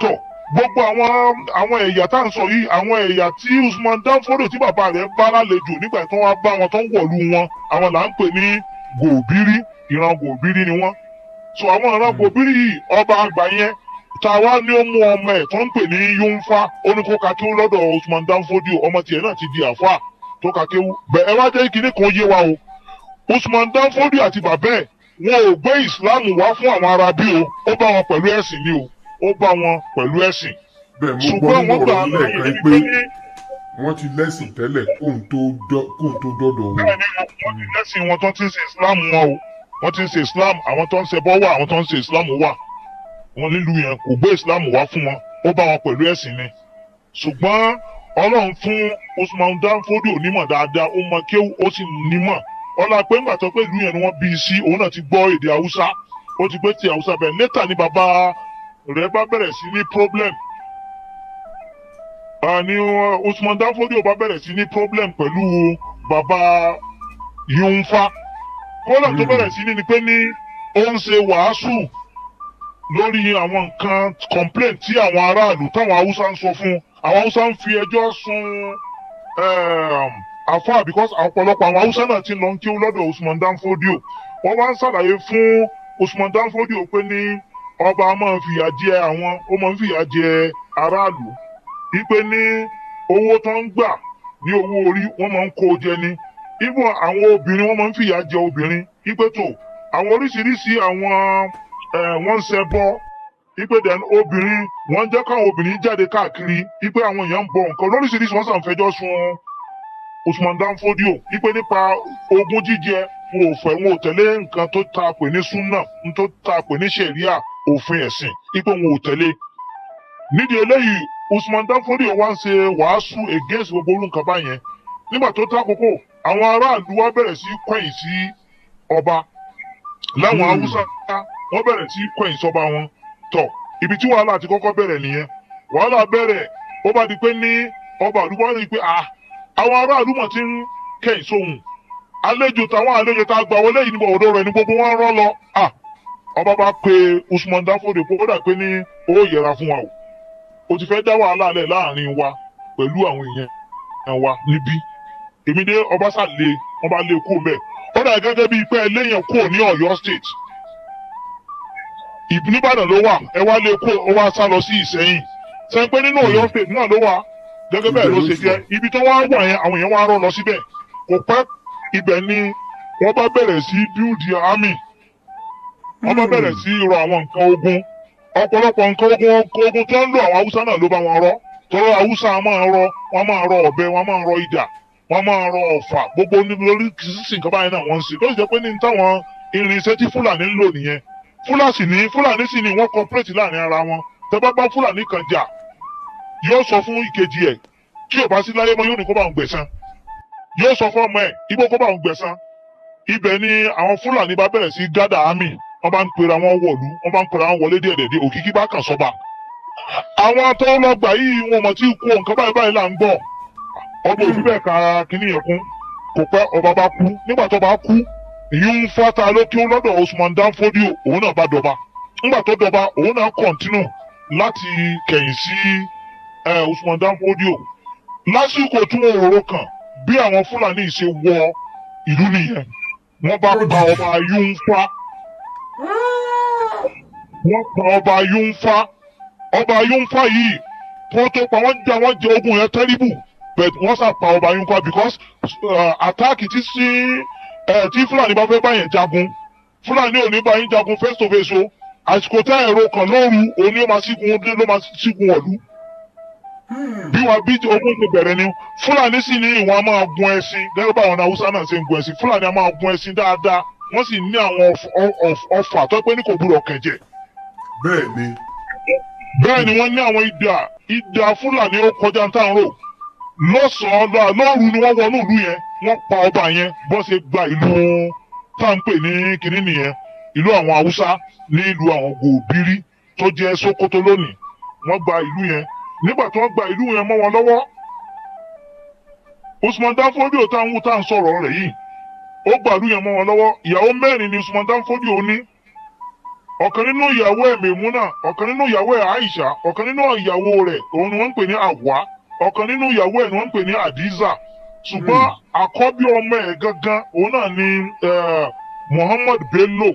tọ̀ gbogbo àwọn àwọn ẹ̀yà tá à ń sọ yìí àwọn ẹ̀yà tí Usman Danfodiyo tí bàbá rẹ̀ bá lálejò nígbà tí wọ́n bá wọn tó ń wọ̀lú wọn àwọn là ń pè ní gòbírí ìran gòbírí ni wọ́n so àwọn ìran hmm. gòbírí yìí ọba àgbà yẹn tàwa ni ó mú ọmọ ẹ̀ tó ń pè ní Yunfa ó ní kó ka kí ó lọ́dọ̀ Usman Danfodiyo ọmọ tiẹ̀ náà ti di àfa tó ka kéwu bẹ́ẹ̀ ẹ wá jẹ́ kíní kan yé wa o Usman Danfodiyo àti bàbá ẹ̀ wọn ò gbé Islam wá fún àwọn Arabi o ó bá wọn pẹ̀lú ẹ̀sìn ni o ó bá wọn pẹ̀lú ẹ̀sìn. bẹ́ẹ̀ mo gbọ́ nínú ọ̀rọ̀ yìí pé wọ́n ti lẹ́sìn tẹ́lẹ̀ kóun tó dọ́dọ̀ wọn. bẹ́ẹ̀ ni wọ́n ti lẹ́sìn wọn tó ti ń ṣe islam wọn o wọ́n ti ń ṣe islam àwọn tó ń ṣe bọ́ wà àwọn tó ń ṣe islam wà wọn nílùú yẹn kò gbé islam wá fún wọn ó bá wọn pẹ̀lú ẹ̀sìn ni ṣùgbọ́n ọlọ́run fún Usman Danfodio nímọ̀ dáadáa ó mọ kéwú ó sì nímọ̀ ọlá pé ńgbà tó pé ìlú yẹn ni wọ́n bí i sí òun náà ti gbọ́ èdè haúsá ó ti gbé ti haúsá bẹ́ẹ̀ létà ni bàbá rẹ bá bẹ̀rẹ̀ sí ní problem àní Usman Danfodio bá bẹ̀rẹ̀ sí ní problem pẹ̀lú bàbá Yunfa kọ́lá tó hmm. bẹ̀rẹ̀ sí ní ni pé ní ó ń ṣe wàásù lórí àwọn nǹkan complain tí àwọn aráàlú táwọn haúsá ń sọ fún àwọn haúsá ń fi ẹjọ́ sun ehm, àfáà because ọ̀pọ̀lọpọ̀ àwọn haúsá náà ti lọ ń kí lọ́dọ̀ Usman Danfodio wọ́n wá ń ṣàlàyé fún Usman Danfodio pé ní ọba máa ń fìyà jẹ àwọn ó máa ń fìyà jẹ aráàlú wípé ní owó tó ń gbà ní owó orí wọ́n máa ń kó jẹ ni ibo àwọn obìnrin wọ́n máa ń fìyà jẹ obìnrin wípé tó àwọn oríṣiríṣi àwọn ẹ wọ́n ń ṣẹbọ wípé dẹ̀ obìnrin wọ́n ń jẹ́ káwọn obìnrin jáde káàkiri wípé àwọn èèyàn ń bọ nǹkan lóríṣiríṣi wọ́n sàn fẹjọ́ sun Usman Danfodio wípé nípa ogún jíjẹ mo ò wọn tó ta pè ní súnà tó ta pè ní sẹ̀ríà òfin ẹ̀sìn ipò wọn ò tẹ̀lé. eléyìí Usman Danfodio ń ṣe wàásù against gbogbo orú nǹkan báyẹn nígbà tó awọn kókó àwọn aráàlú wa bẹ̀rẹ̀ sí sí ọba láwọn hmm. haúsá wọn bẹ̀rẹ̀ sí wọn tọ̀ ibi tí wàhálà ti kọ́kọ́ bẹ̀rẹ̀ nìyẹn wàhálà bẹ̀rẹ̀ ó bá di pé ní ọba àdúgbò wọn pé ah, àwọn aráàlú mọ̀ àlejò táwọn àlejò tá a gbà wọlé yìí ní ọ̀dọ̀ rẹ̀ ni gbogbo wọn rán lọ ọba bá pe Usman Danfodiyo pé ó dà pé ní ó yẹra fún wa o ó ti fẹ́ dá wàhálà lẹ̀ láàrin wa pẹ̀lú àwọn èèyàn wa níbí èmi dé ọbaṣà lé wọn bá lé kú mẹ ó dà gẹ́gẹ́ bíi pé ẹlẹ́yìn kú ní Ọ̀yọ́ state ìbíníbàdàn ló wà ẹ wá lé kú ó wá sá lọ sí Ìsẹ́yìn sẹ́ńpẹ́ nínú Ọ̀yọ́ state náà ló wà gẹ́gẹ́ bẹ́ẹ̀ ló ṣe jẹ́ ibi tó wá wà yẹn àwọn èèyàn wá rán lọ síbẹ̀ kò pẹ́ ibẹ̀ ni wọ́n bá bẹ̀rẹ̀ sí bíúdi army wọ́n bá hmm. bẹ̀rẹ̀ sí rọ àwọn nǹkan ogun ọ̀pọ̀lọpọ̀ nǹkan ogun ogun tó ń lò àwọn haúsá náà ló bá wọn rọ tọ́lọ́ haúsá máa rọ wọ́n máa rọ ọ̀bẹ wọ́n máa rọ idà wọ́n máa rọ ọ̀fà gbogbo lórí kìsìsì nǹkan báyìí náà wọ́n ń sìn tó sì jẹ́ pé ní táwọn irinṣẹ́ tí fúlàní ń lò nìyẹn fúlàsì ní fúlàní sì ni wọ́n cooperate láàrin ara wọn tẹ́ bá bá fúlàní kan jà yóò sọ fún ìkejì ẹ̀ tí ò bá sí láyé mọ́ yóò ní kó bá ń gbẹ̀san yóò sọ fún ọmọ ẹ̀ igbó kó bá òun gbẹ̀san ibẹ̀ ni àwọn fúlàní bá bẹ̀rẹ̀ sí gádà ámì wọ́n bá ń pera wọn wọ̀lú wọ́n bá ń pera wọn wọlé díẹ̀díẹ̀ òkìkí bá kàn sọ́ba àwọn atọ́wọ́lọ́gbà yìí wọn mọ̀ tí kú nǹkan báyìí báyìí là ń gbọ́ ọba òbí bẹ́ẹ̀ ka kínní yẹn kún kò pẹ́ ọba bá kú nígbà tó bá kú ìyún ń fata lókè lọ́dọ̀ Usman Dan Fodio òun náà bá dọba nígbà tó dọba òun náà kọ̀ntínù láti kẹ̀yìn sí Usman Dan Fodio lásìkò tí wọn òróró kàn bí àwọn Fúlàní ṣe wọ ìlú nìyẹn wọ́n bá pa ọba Yúnfà wọ́n pa ọba Yúnfà ọba Yúnfà yìí tó tó pa wọ́n jà wọ́n jẹ ogun yẹn tẹ́líbù but wọ́n sà pa ọba Yúnfà because uh, attack ti sí ẹ tí Fúlàní bá fẹ́ bá yẹn jagun Fúlàní ò ní bá yín jagun face to face o àsìkò tẹ́ ẹ̀rọ kan lóru òun ni ó máa sígun ọdún ló máa sígun ọ̀lú bí wọn bí ogún ti bẹ̀rẹ̀ ni fúlàní sì ní ìwọ̀n a máa gun ẹṣin gẹ́gẹ́ bá àwọn haúsá náà ṣe ń gun ẹṣin fúlàní a máa gun ẹṣin dáadáa wọ́n sì ní àwọn ọfà tó pé ní kò gbúdọ̀ kẹ̀jẹ̀. bẹ́ẹ̀ ni. bẹ́ẹ̀ ni wọ́n ní àwọn idà idà fúlàní ó kọjá ń tàn rò lọ́sàn-án lọ́ọ̀rù ni wọ́n wọnú ìlú yẹn wọ́n pa ọba yẹn bọ́n ṣe gba ìlú táǹpẹ̀ ní kínní nìyẹn ìlú àwọn haúsá ní ìlú àwọn gòbírí tó jẹ́ Sókótó lónìí wọ́n gba ìlú yẹn nígbà tí gba ìlú yẹn mọ́ wọn lọ́wọ́ Usman danfodio Fodio tá ń wú tá ń sọ̀rọ̀ rẹ̀ yìí ó gba ìlú yẹn mọ́ wọn lọ́wọ́ ìyàwó mẹ́rin ni Usman danfodio Fodio ní ọ̀kan nínú ìyàwó ẹ̀ Maimuna ọ̀kan nínú ìyàwó ẹ̀ Aisha ọ̀kan nínú ìyàwó rẹ̀ òun ni wọ́n ń pè ní Awa ọ̀kan nínú ìyàwó ẹ̀ ni wọ́n ń pè ní Adiza ṣùgbọ́n hmm. àkọ́bí ọmọ ẹ̀ gangan òun náà ni eh, Muhammad Bello.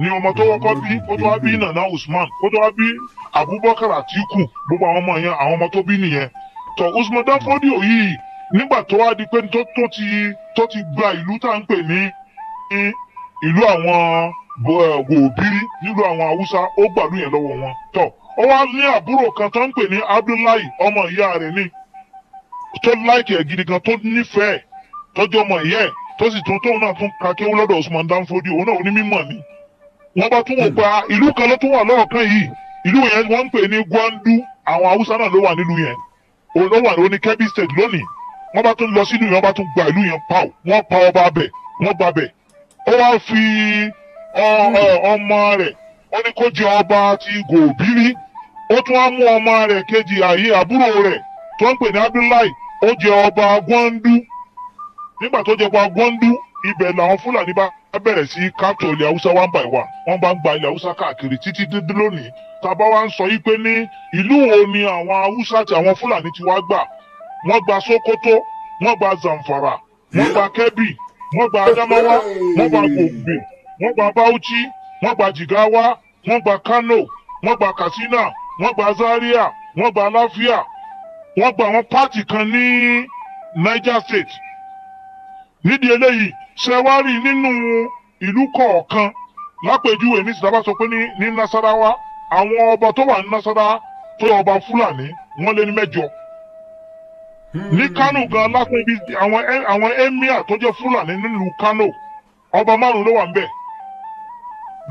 ni ọmọ tó kọ́kọ́ bí ó tó wá bí nana usman ó tó wá bí abubakar atiku gbogbo àwọn ọmọ yẹn àwọn ọmọ tó bí nìyẹn tó usman danfodio yìí nígbà tó wá di pé tó ti tó ti gba ìlú tá à ń pè ní ìlú àwọn wòbírí nílùú àwọn haúsá ó gbàlú yẹn lọ́wọ́ wọn tó ó wá ní àbúrò kan tó ń pè ní abdullahi ọmọ ìyá rẹ̀ ni tó láìkì ẹ̀ gidi gan tó nífẹ̀ẹ́ tọ́jú ọmọ ìyá ẹ̀ tó sì tún tóun náà tún kakẹ́wó lọ́dọ̀ usman danfodio òun náà onímọ̀ ni wọ́n bá tún wò pa ìlú kan ló tún wà lọ́ọ̀kan yìí ìlú yẹn wọ́n ń pè ní Gwandu àwọn Haúsá náà ló wà nílùú yẹn òun ló wà ní Kebbi State lónìí wọ́n bá tún lọ sínú yẹn wọ́n bá tún gba ìlú yẹn pa wọ́n pa ọba abẹ wọ́n gba abẹ ó wá fi ọmọ rẹ̀ ó ní kó jẹ ọba ti Gòbírí ó tún á mú ọmọ rẹ̀ kejì àyè àbúrò rẹ̀ tó ń pè ní Abdullahi ó jẹ ọba Gwandu nígbà tó jẹ ọba Gwandu ibẹ̀ làwọn Fúlàní bá bẹ̀rẹ̀ sí káàtó ilẹ̀ haúsá one by one wọ́n bá ń gba ilẹ̀ haúsá káàkiri títí dídí lónìí tàbá wa ń sọ yí pé ní ìlú wo ni àwọn haúsá àti àwọn fúlàní ti wá gbà wọ́n gba sokoto wọ́n gba zamfara wọ́n gba kẹ́bì wọ́n gba adamawa wọ́n gba gombe wọ́n gba bauchi wọ́n gba jigawa wọ́n gba kano wọ́n gba katsina wọ́n gba zaria wọ́n gba láfíà wọ́n gba àwọn pààtì kan ní niger state nídìí eléyìí ṣe wá rí nínú ìlú kọ̀ọ̀kan lápèjúwe ní ìsìtàbá sọ pé ní nasarawa àwọn ọba tó wà ní nasarawa tó yọ ọba fúlàní wọ́n lé ní mẹ́jọ hmm. ní kánò gan lápèjúwe àwọn emir tó jẹ́ fúlàní nílùú kánò ọba márùn ló wà ń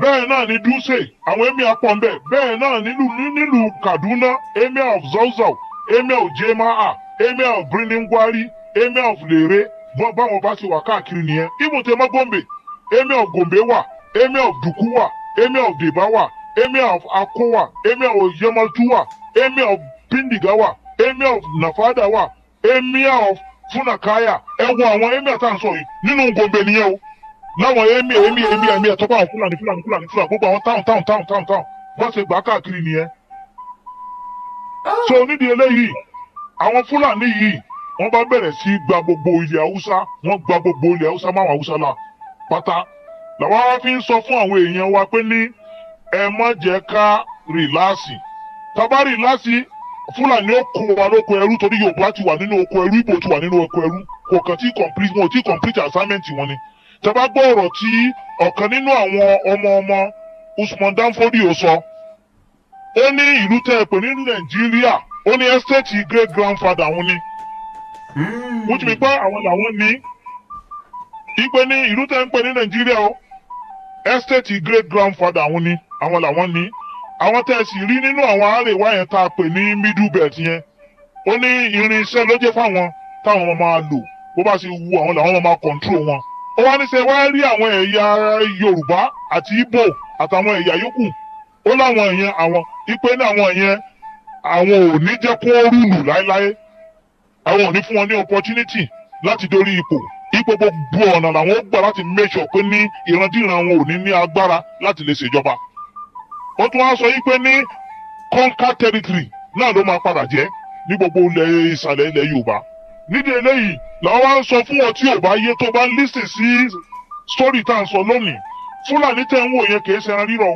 bẹ̀ náà ní dúṣe àwọn emir pọ ń bẹẹ náà nílùú kaduna emir of zauzau emir of jemaha emir of birnin gwari emir of lere. báwọn bá ṣe wà káàkiri nìyẹn ibùn tẹ mọ́ gombe emir of gombe wà emir of duku wà emir of deba wà emir of akko wà emir of yemaltu wà Emi of bindiga wà emir of nafada wà Emi of funakaya ẹ wo àwọn emir tá à ń sọ yìí nínú gombe nìyẹn o láwọn emir emir emir emir tọ́pọ̀ àwọn fúlàní fúlàní fúlàní fúlàní gbogbo àwọn táwọn táwọn táwọn táwọn táwọn bá ṣe gbà káàkiri nìyẹn. so nídìí eléyìí àwọn fúlàní yìí wọ́n bá bẹ̀rẹ̀ sí gba gbogbo ilẹ̀ haúsá wọ́n gba gbogbo ilẹ̀ haúsá máwọn haúsá la pátá làwọn wá fi ń sọ fún àwọn èèyàn wa pé ní ẹ má jẹ́ ká rìláàsì tábà rìláàsì fúlàní ó kó wa lóko ẹrú torí yorùbá ti wà nínú oko ẹrú ìgbò ti wà nínú oko ẹrú kò kàn tí complete wọn ò tí complete assignment wọn ni tábà gbọ́ ọ̀rọ̀ tí ọ̀kan nínú àwọn ọmọ ọmọ Usman Danfodio sọ ó ní ìlú tẹ́ ẹ pè nínú Nàìjíríà ó ní estate great grandfather wọn ni wọ́n ti rí pé àwọn làwọn ní ipe ní ìlú tẹ́ ń pè ní nàìjíríà o estate great grandfather àwọn ni àwọn làwọn ní àwọn tẹ́ ẹ sì rí nínú àwọn àárẹ̀wá yẹn tá a pè ní middle belt yẹn ó ní irinṣẹ́ ló jẹ́ fáwọn táwọn máa lò bó bá ṣe wu àwọn làwọn máa control wọn ó wá ní sẹ wá rí àwọn ẹ̀yà yorùbá àti ìgbò àtàwọn ẹ̀yà yòókù ó láwọn yẹn àwọn ipe ní àwọn yẹn àwọn ò ní jẹ́ kó rúlù láéláé àwọn ò ní fún wọn ní opportunity láti dorí ipò ipò gbogbo ọ̀nà làwọn ó gbà láti make sure pé ní ìrandíran wọn ò ní ní agbára láti lè ṣèjọba ó tún wá sọ yìí pé ní conquer territory náà ló máa padà jẹ́ ní gbogbo ilẹ̀ ìsàlẹ̀ ilẹ̀ Yorùbá nídìí eléyìí làwọn wá ń sọ fún ọ tí ò bá yé tó bá ń lísìn sí sórí tá à ń sọ lónìí Fúlàní tẹ̀ ń wò yẹn kì í ṣẹran rírọ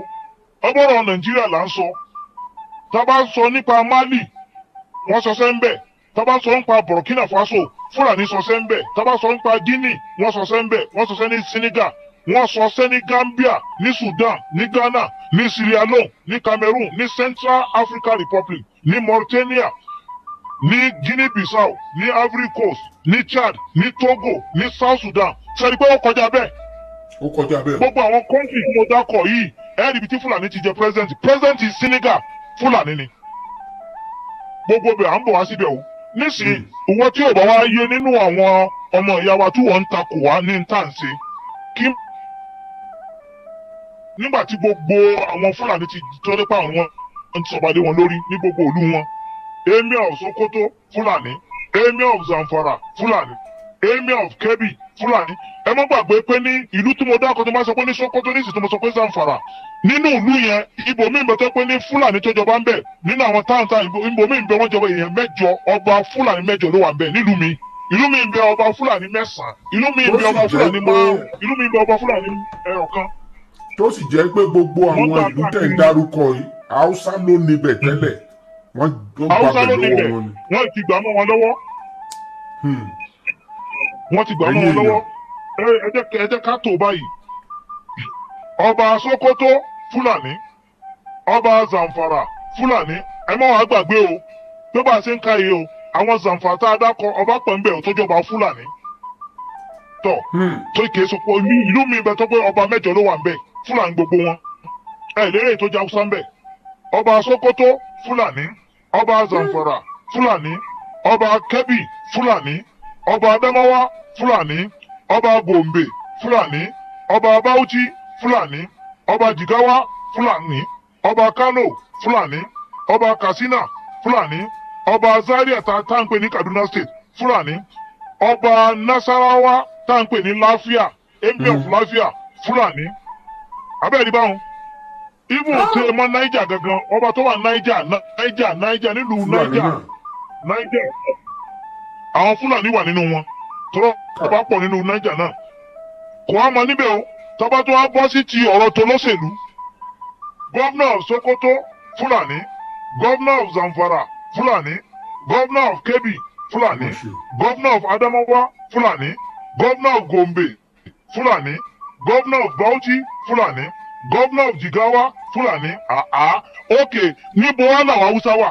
ọgbọ́rọ̀ Nàìjíríà là ń sọ tá a bá sọ nípa Mali wọ́n sọ sẹ́ńbẹ̀ẹ́ tábà sọ ń pa Burkina Faso Fúlàní sọ sẹ́ ń bẹ̀ tábà sọ ń pa Guinea wọ́n sọ sẹ́ ń bẹ̀ wọ́n sọ ní Senegal wọ́n sọ ní Gambia ní Sudan ní Ghana ní Sierra Leone ní Cameroon ní Central African Republic ní Mauritania ní Guinea Bissau ní Ivory Coast ní Chad ní Togo ní South Sudan sẹ́ni pé ó kọjá bẹ́ẹ̀. ó kọjá bẹ́ẹ̀. gbogbo àwọn kọ́ńtì tí mo dákọ̀ yìí ẹ̀ẹ́dì bíi tí Fúlàní ti jẹ president president Senegal Fúlàní ni gbogbo bẹ̀ à ń bọ̀ wá síbẹ̀ o nísìnyí ìwọ tí ò bá wá yé nínú àwọn ọmọ ìyá wa tí wọ́n ń takò wá ní ntànṣe kí nígbà tí gbogbo àwọn fúlàní ti tọ́lé pa àwọn ìsọ̀bàdé wọn lórí ní gbogbo ìlú wọn emir sokoto fúlàní emir zamfara fúlàní emir of Kebbi fulani ẹ má gbàgbé pé ní ìlú tí mo dákọ máa sọ pé ní Sokoto ní Zamfara nínú ìlú yẹn ibòmí ń tó pé ní fulani tó jọba ń bẹ nínú àwọn táwọn táwọn ń wọn jọba èèyàn mẹjọ ọba fulani mẹjọ ló wà ń bẹ mi ìlú mi ọba fulani mi ọba fulani ìlú mi gbogbo àwọn ìlú tẹ̀ ń dárúkọ haúsá ló níbẹ̀ tẹ́lẹ̀ wọ́n lọ́wọ́ wọn ni. haúsá wọn lọ́wọ́. Hmm. wọn ti gbà mọ́ wọn lọ́wọ́ ẹ jẹ́ ká tó báyìí ọba Sokoto Fúlàní ọba Zamfara Fúlàní ẹ má wàá gbàgbé o pé bá a ṣe ń ka yìí o àwọn Zamfara tá a dákọ ọba pẹ̀mbẹ̀ tó jọba Fúlàní tọ hmm. tó kì í sọpọ ìlú mi bẹ pé ọba mẹ́jọ ló wà ń bẹ Fúlàní gbogbo wọn ẹ lérè tó jẹ ń bẹ ọba Sokoto Fúlàní ọba Zamfara Fúlàní ọba Kẹ́bì Fúlàní ọba adamawa fulani ọba gombe fulani ọba bauchi fulani ọba jigawa fulani ọba kano fulani ọba katsina fulani ọba zaria tá a ń kaduna state fulani ọba nasarawa tá a lafia pè emir of hmm. lafia fulani abẹ́rẹ́ báwọn ibo ah! tó ẹ mọ naija gangan ọba tó wà naija naija naija nílùú naija naija. àwọn fúlàní wà nínú wọn tọ́lọ́ bá pọ̀ nínú náíjà náà kò wá mọ níbẹ̀ o tọ́ba tó wá bọ́ sí ti ọ̀rọ̀ tó lọ́sẹ̀lú gọ́vnà Sokoto fúlàní gọ́vnà Zamfara fúlàní gọ́vnà Kebbi fúlàní gọ́vnà Adamawa fúlàní gọ́vnà Gombe fúlàní gọ́vnà Bauchi fúlàní gọ́vnà Jigawa fúlàní àá ókè níbo wá làwọn haúsá wà.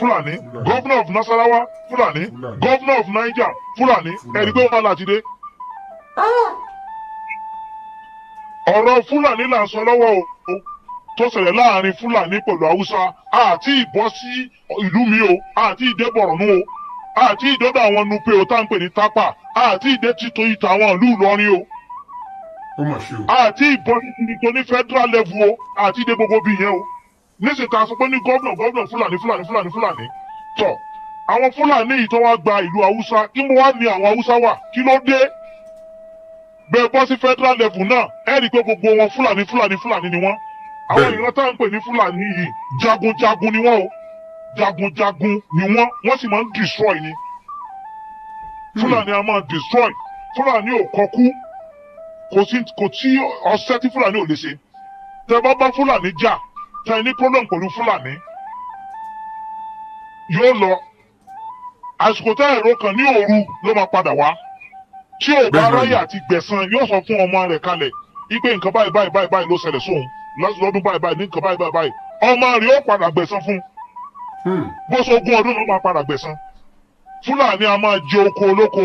fúlàní gómìnà of nasarawa fúlàní gómìnà of niger fúlàní ẹni pé wọn láti dé. ọ̀rọ̀ fúlàní là ń sọ lọ́wọ́ o tó ṣẹlẹ̀ láàrin fúlàní pẹ̀lú haúsá àti ìbọ́ sí ìlú mi o àti ìdè bọ̀rọ̀nù o àti ìdọ́dọ̀ àwọn nupe o tá ń pè ní tápà àti ìdè títò ìta àwọn ìlú ìlọrin o àti ìbọn nítorí federal level o àti ìdè gbogbo bíi yẹn o níṣẹ́ ta sọ pé ní gómìnà gómìnà fúlàní fúlàní fúlàní fúlàní tọ̀ àwọn fúlàní yìí tó wá gba ìlú haúsá kí mo wá ní àwọn haúsá wà kí ló dé bẹ́ẹ̀ bọ́ sí federal level náà ẹ rí i pé gbogbo wọn fúlàní fúlàní fúlàní ni wọ́n àwọn ìran tá à ń pè ní fúlàní yìí jagunjagun ni wọ́n o jagunjagun ni wọ́n wọ́n sì máa ń destroy ni hmm. fúlàní a máa destroy fúlàní ò kọkú kò sí kò tí ọṣẹ tí fúlàní ò lè ṣe tẹ bá bá fúlàní jà tẹ́ ẹ ní problem pẹ̀lú fúlàní yóò lọ àsìkò tá ẹ̀rọ kan ní òru ló máa padà wá tí ò bá ráyè àti gbẹ̀san yóò sọ fún ọmọ rẹ̀ kalẹ̀ ipe nǹkan báyìí báyìí báyìí báyìí ló ṣẹlẹ̀ sóun lọ́dún báyìí báyìí ní nǹkan báyìí báyìí báyìí ọmọ rẹ̀ ó padà gbẹ̀san fún hmm. bó so ogún ọdún ló máa padà gbẹ̀san fúlàní a máa jẹ oko olóko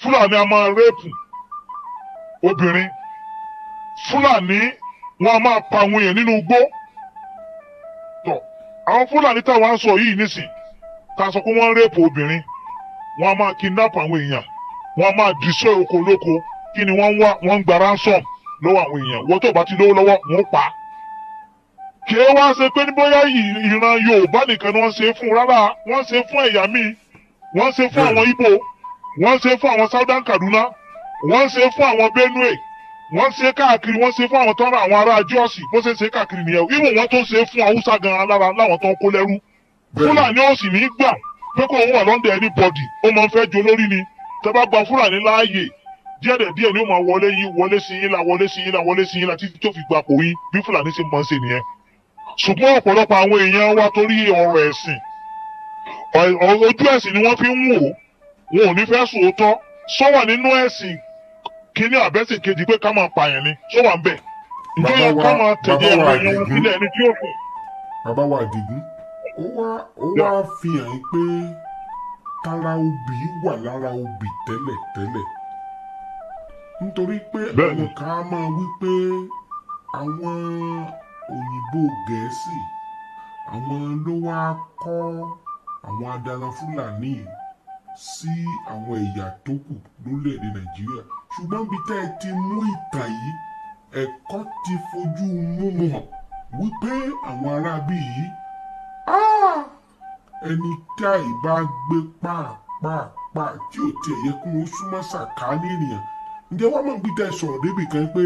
fúlàní a máa rẹ́ẹ̀pù obìnrin fúlàní wọn a máa pa àwọn èèyàn nínú igbó àwọn fúlàní táwọn á sọ yìí nísìn tá a sọ pé wọ́n ń rèpò obìnrin wọ́n á máa kidnap àwọn èèyàn wọ́n á máa dìṣọ́ oko lóko kí ni wọ́n ń wá wọ́n ń gba ransom lọ́wọ́ àwọn èèyàn wọ́n tó bá ti lówó lọ́wọ́ wọ́n pa á. kí ẹ wá ṣe pé bóyá ìran Yorùbá nìkan ni wọ́n ṣe fún rárá wọ́n ṣe fún ẹ̀yà míì wọ́n ṣe fún hmm. àwọn Ìgbò wọ́n ṣe fún àwọn Southern Kaduna wọ́n ṣe fún àwọn Benue wọ́n ṣe káàkiri wọ́n ṣe fún àwọn tó ń ra àwọn ará jọ́ọ̀sì bó ṣe ṣe káàkiri nìyẹn irú wọn tó ṣe fún haúsá gan-an lára láwọn tó ń kó lẹ́rú fúlàní ò sì ní í gbà pé kó òun wà lọ́ndẹ̀ ẹni bọ̀dì ó máa ń fẹ́ jo lórí ni tẹ́ bá gba fúlàní láàyè díẹ̀ díẹ̀ ni ó máa wọlé yín wọlé sí yín la wọlé sí yín la wọlé sí yín la títí tó fi gba kò yín bí fúlàní ṣe máa ń ṣe nìyẹn ṣùgbọ́n ọ̀pọ̀lọpọ̀ àwọn èèyàn wa torí ọ̀rọ̀ ẹ̀sìn ojú ẹ̀sìn ni wọ́n fi ń wò wọn ò ní fẹ́ sòótọ́ sọ wà nínú ẹ̀sìn kíní àbẹ́sìn kejì pé ká máa pààyàn ni ṣó wà ń bẹ̀ ǹjọ́ yẹ ká máa tẹ̀lé ẹ̀rọ ẹ̀yàn wọn sílẹ̀ ẹni tí yóò fún. bàbá wa Àdìgún ó wá ó wá fi hàn pé tara obì wà lára obì tẹ́lẹ̀tẹ́lẹ̀ nítorí pé àwọn kan á máa wí pé àwọn òyìnbó gẹ̀ẹ́sì àwọn ló wá kọ́ àwọn adarí fúlàní sí àwọn ẹ̀yà tó kù lórílẹ̀‐èdè nàìjíríà ṣùgbọ́n bí tẹ́ ẹ ti mú ìtàn yìí ẹ̀kọ́ ti fojú múmu hàn wípé àwọn aráabí yìí ẹni tá ìbá gbé pàápàá tí ò tiẹ̀ yẹ kí wọ́n súnmọ́ sàkáání ènìyàn ǹjẹ́ wọ́n mọ̀ bí tẹ́ ẹ sọ̀rọ̀ débi kan pé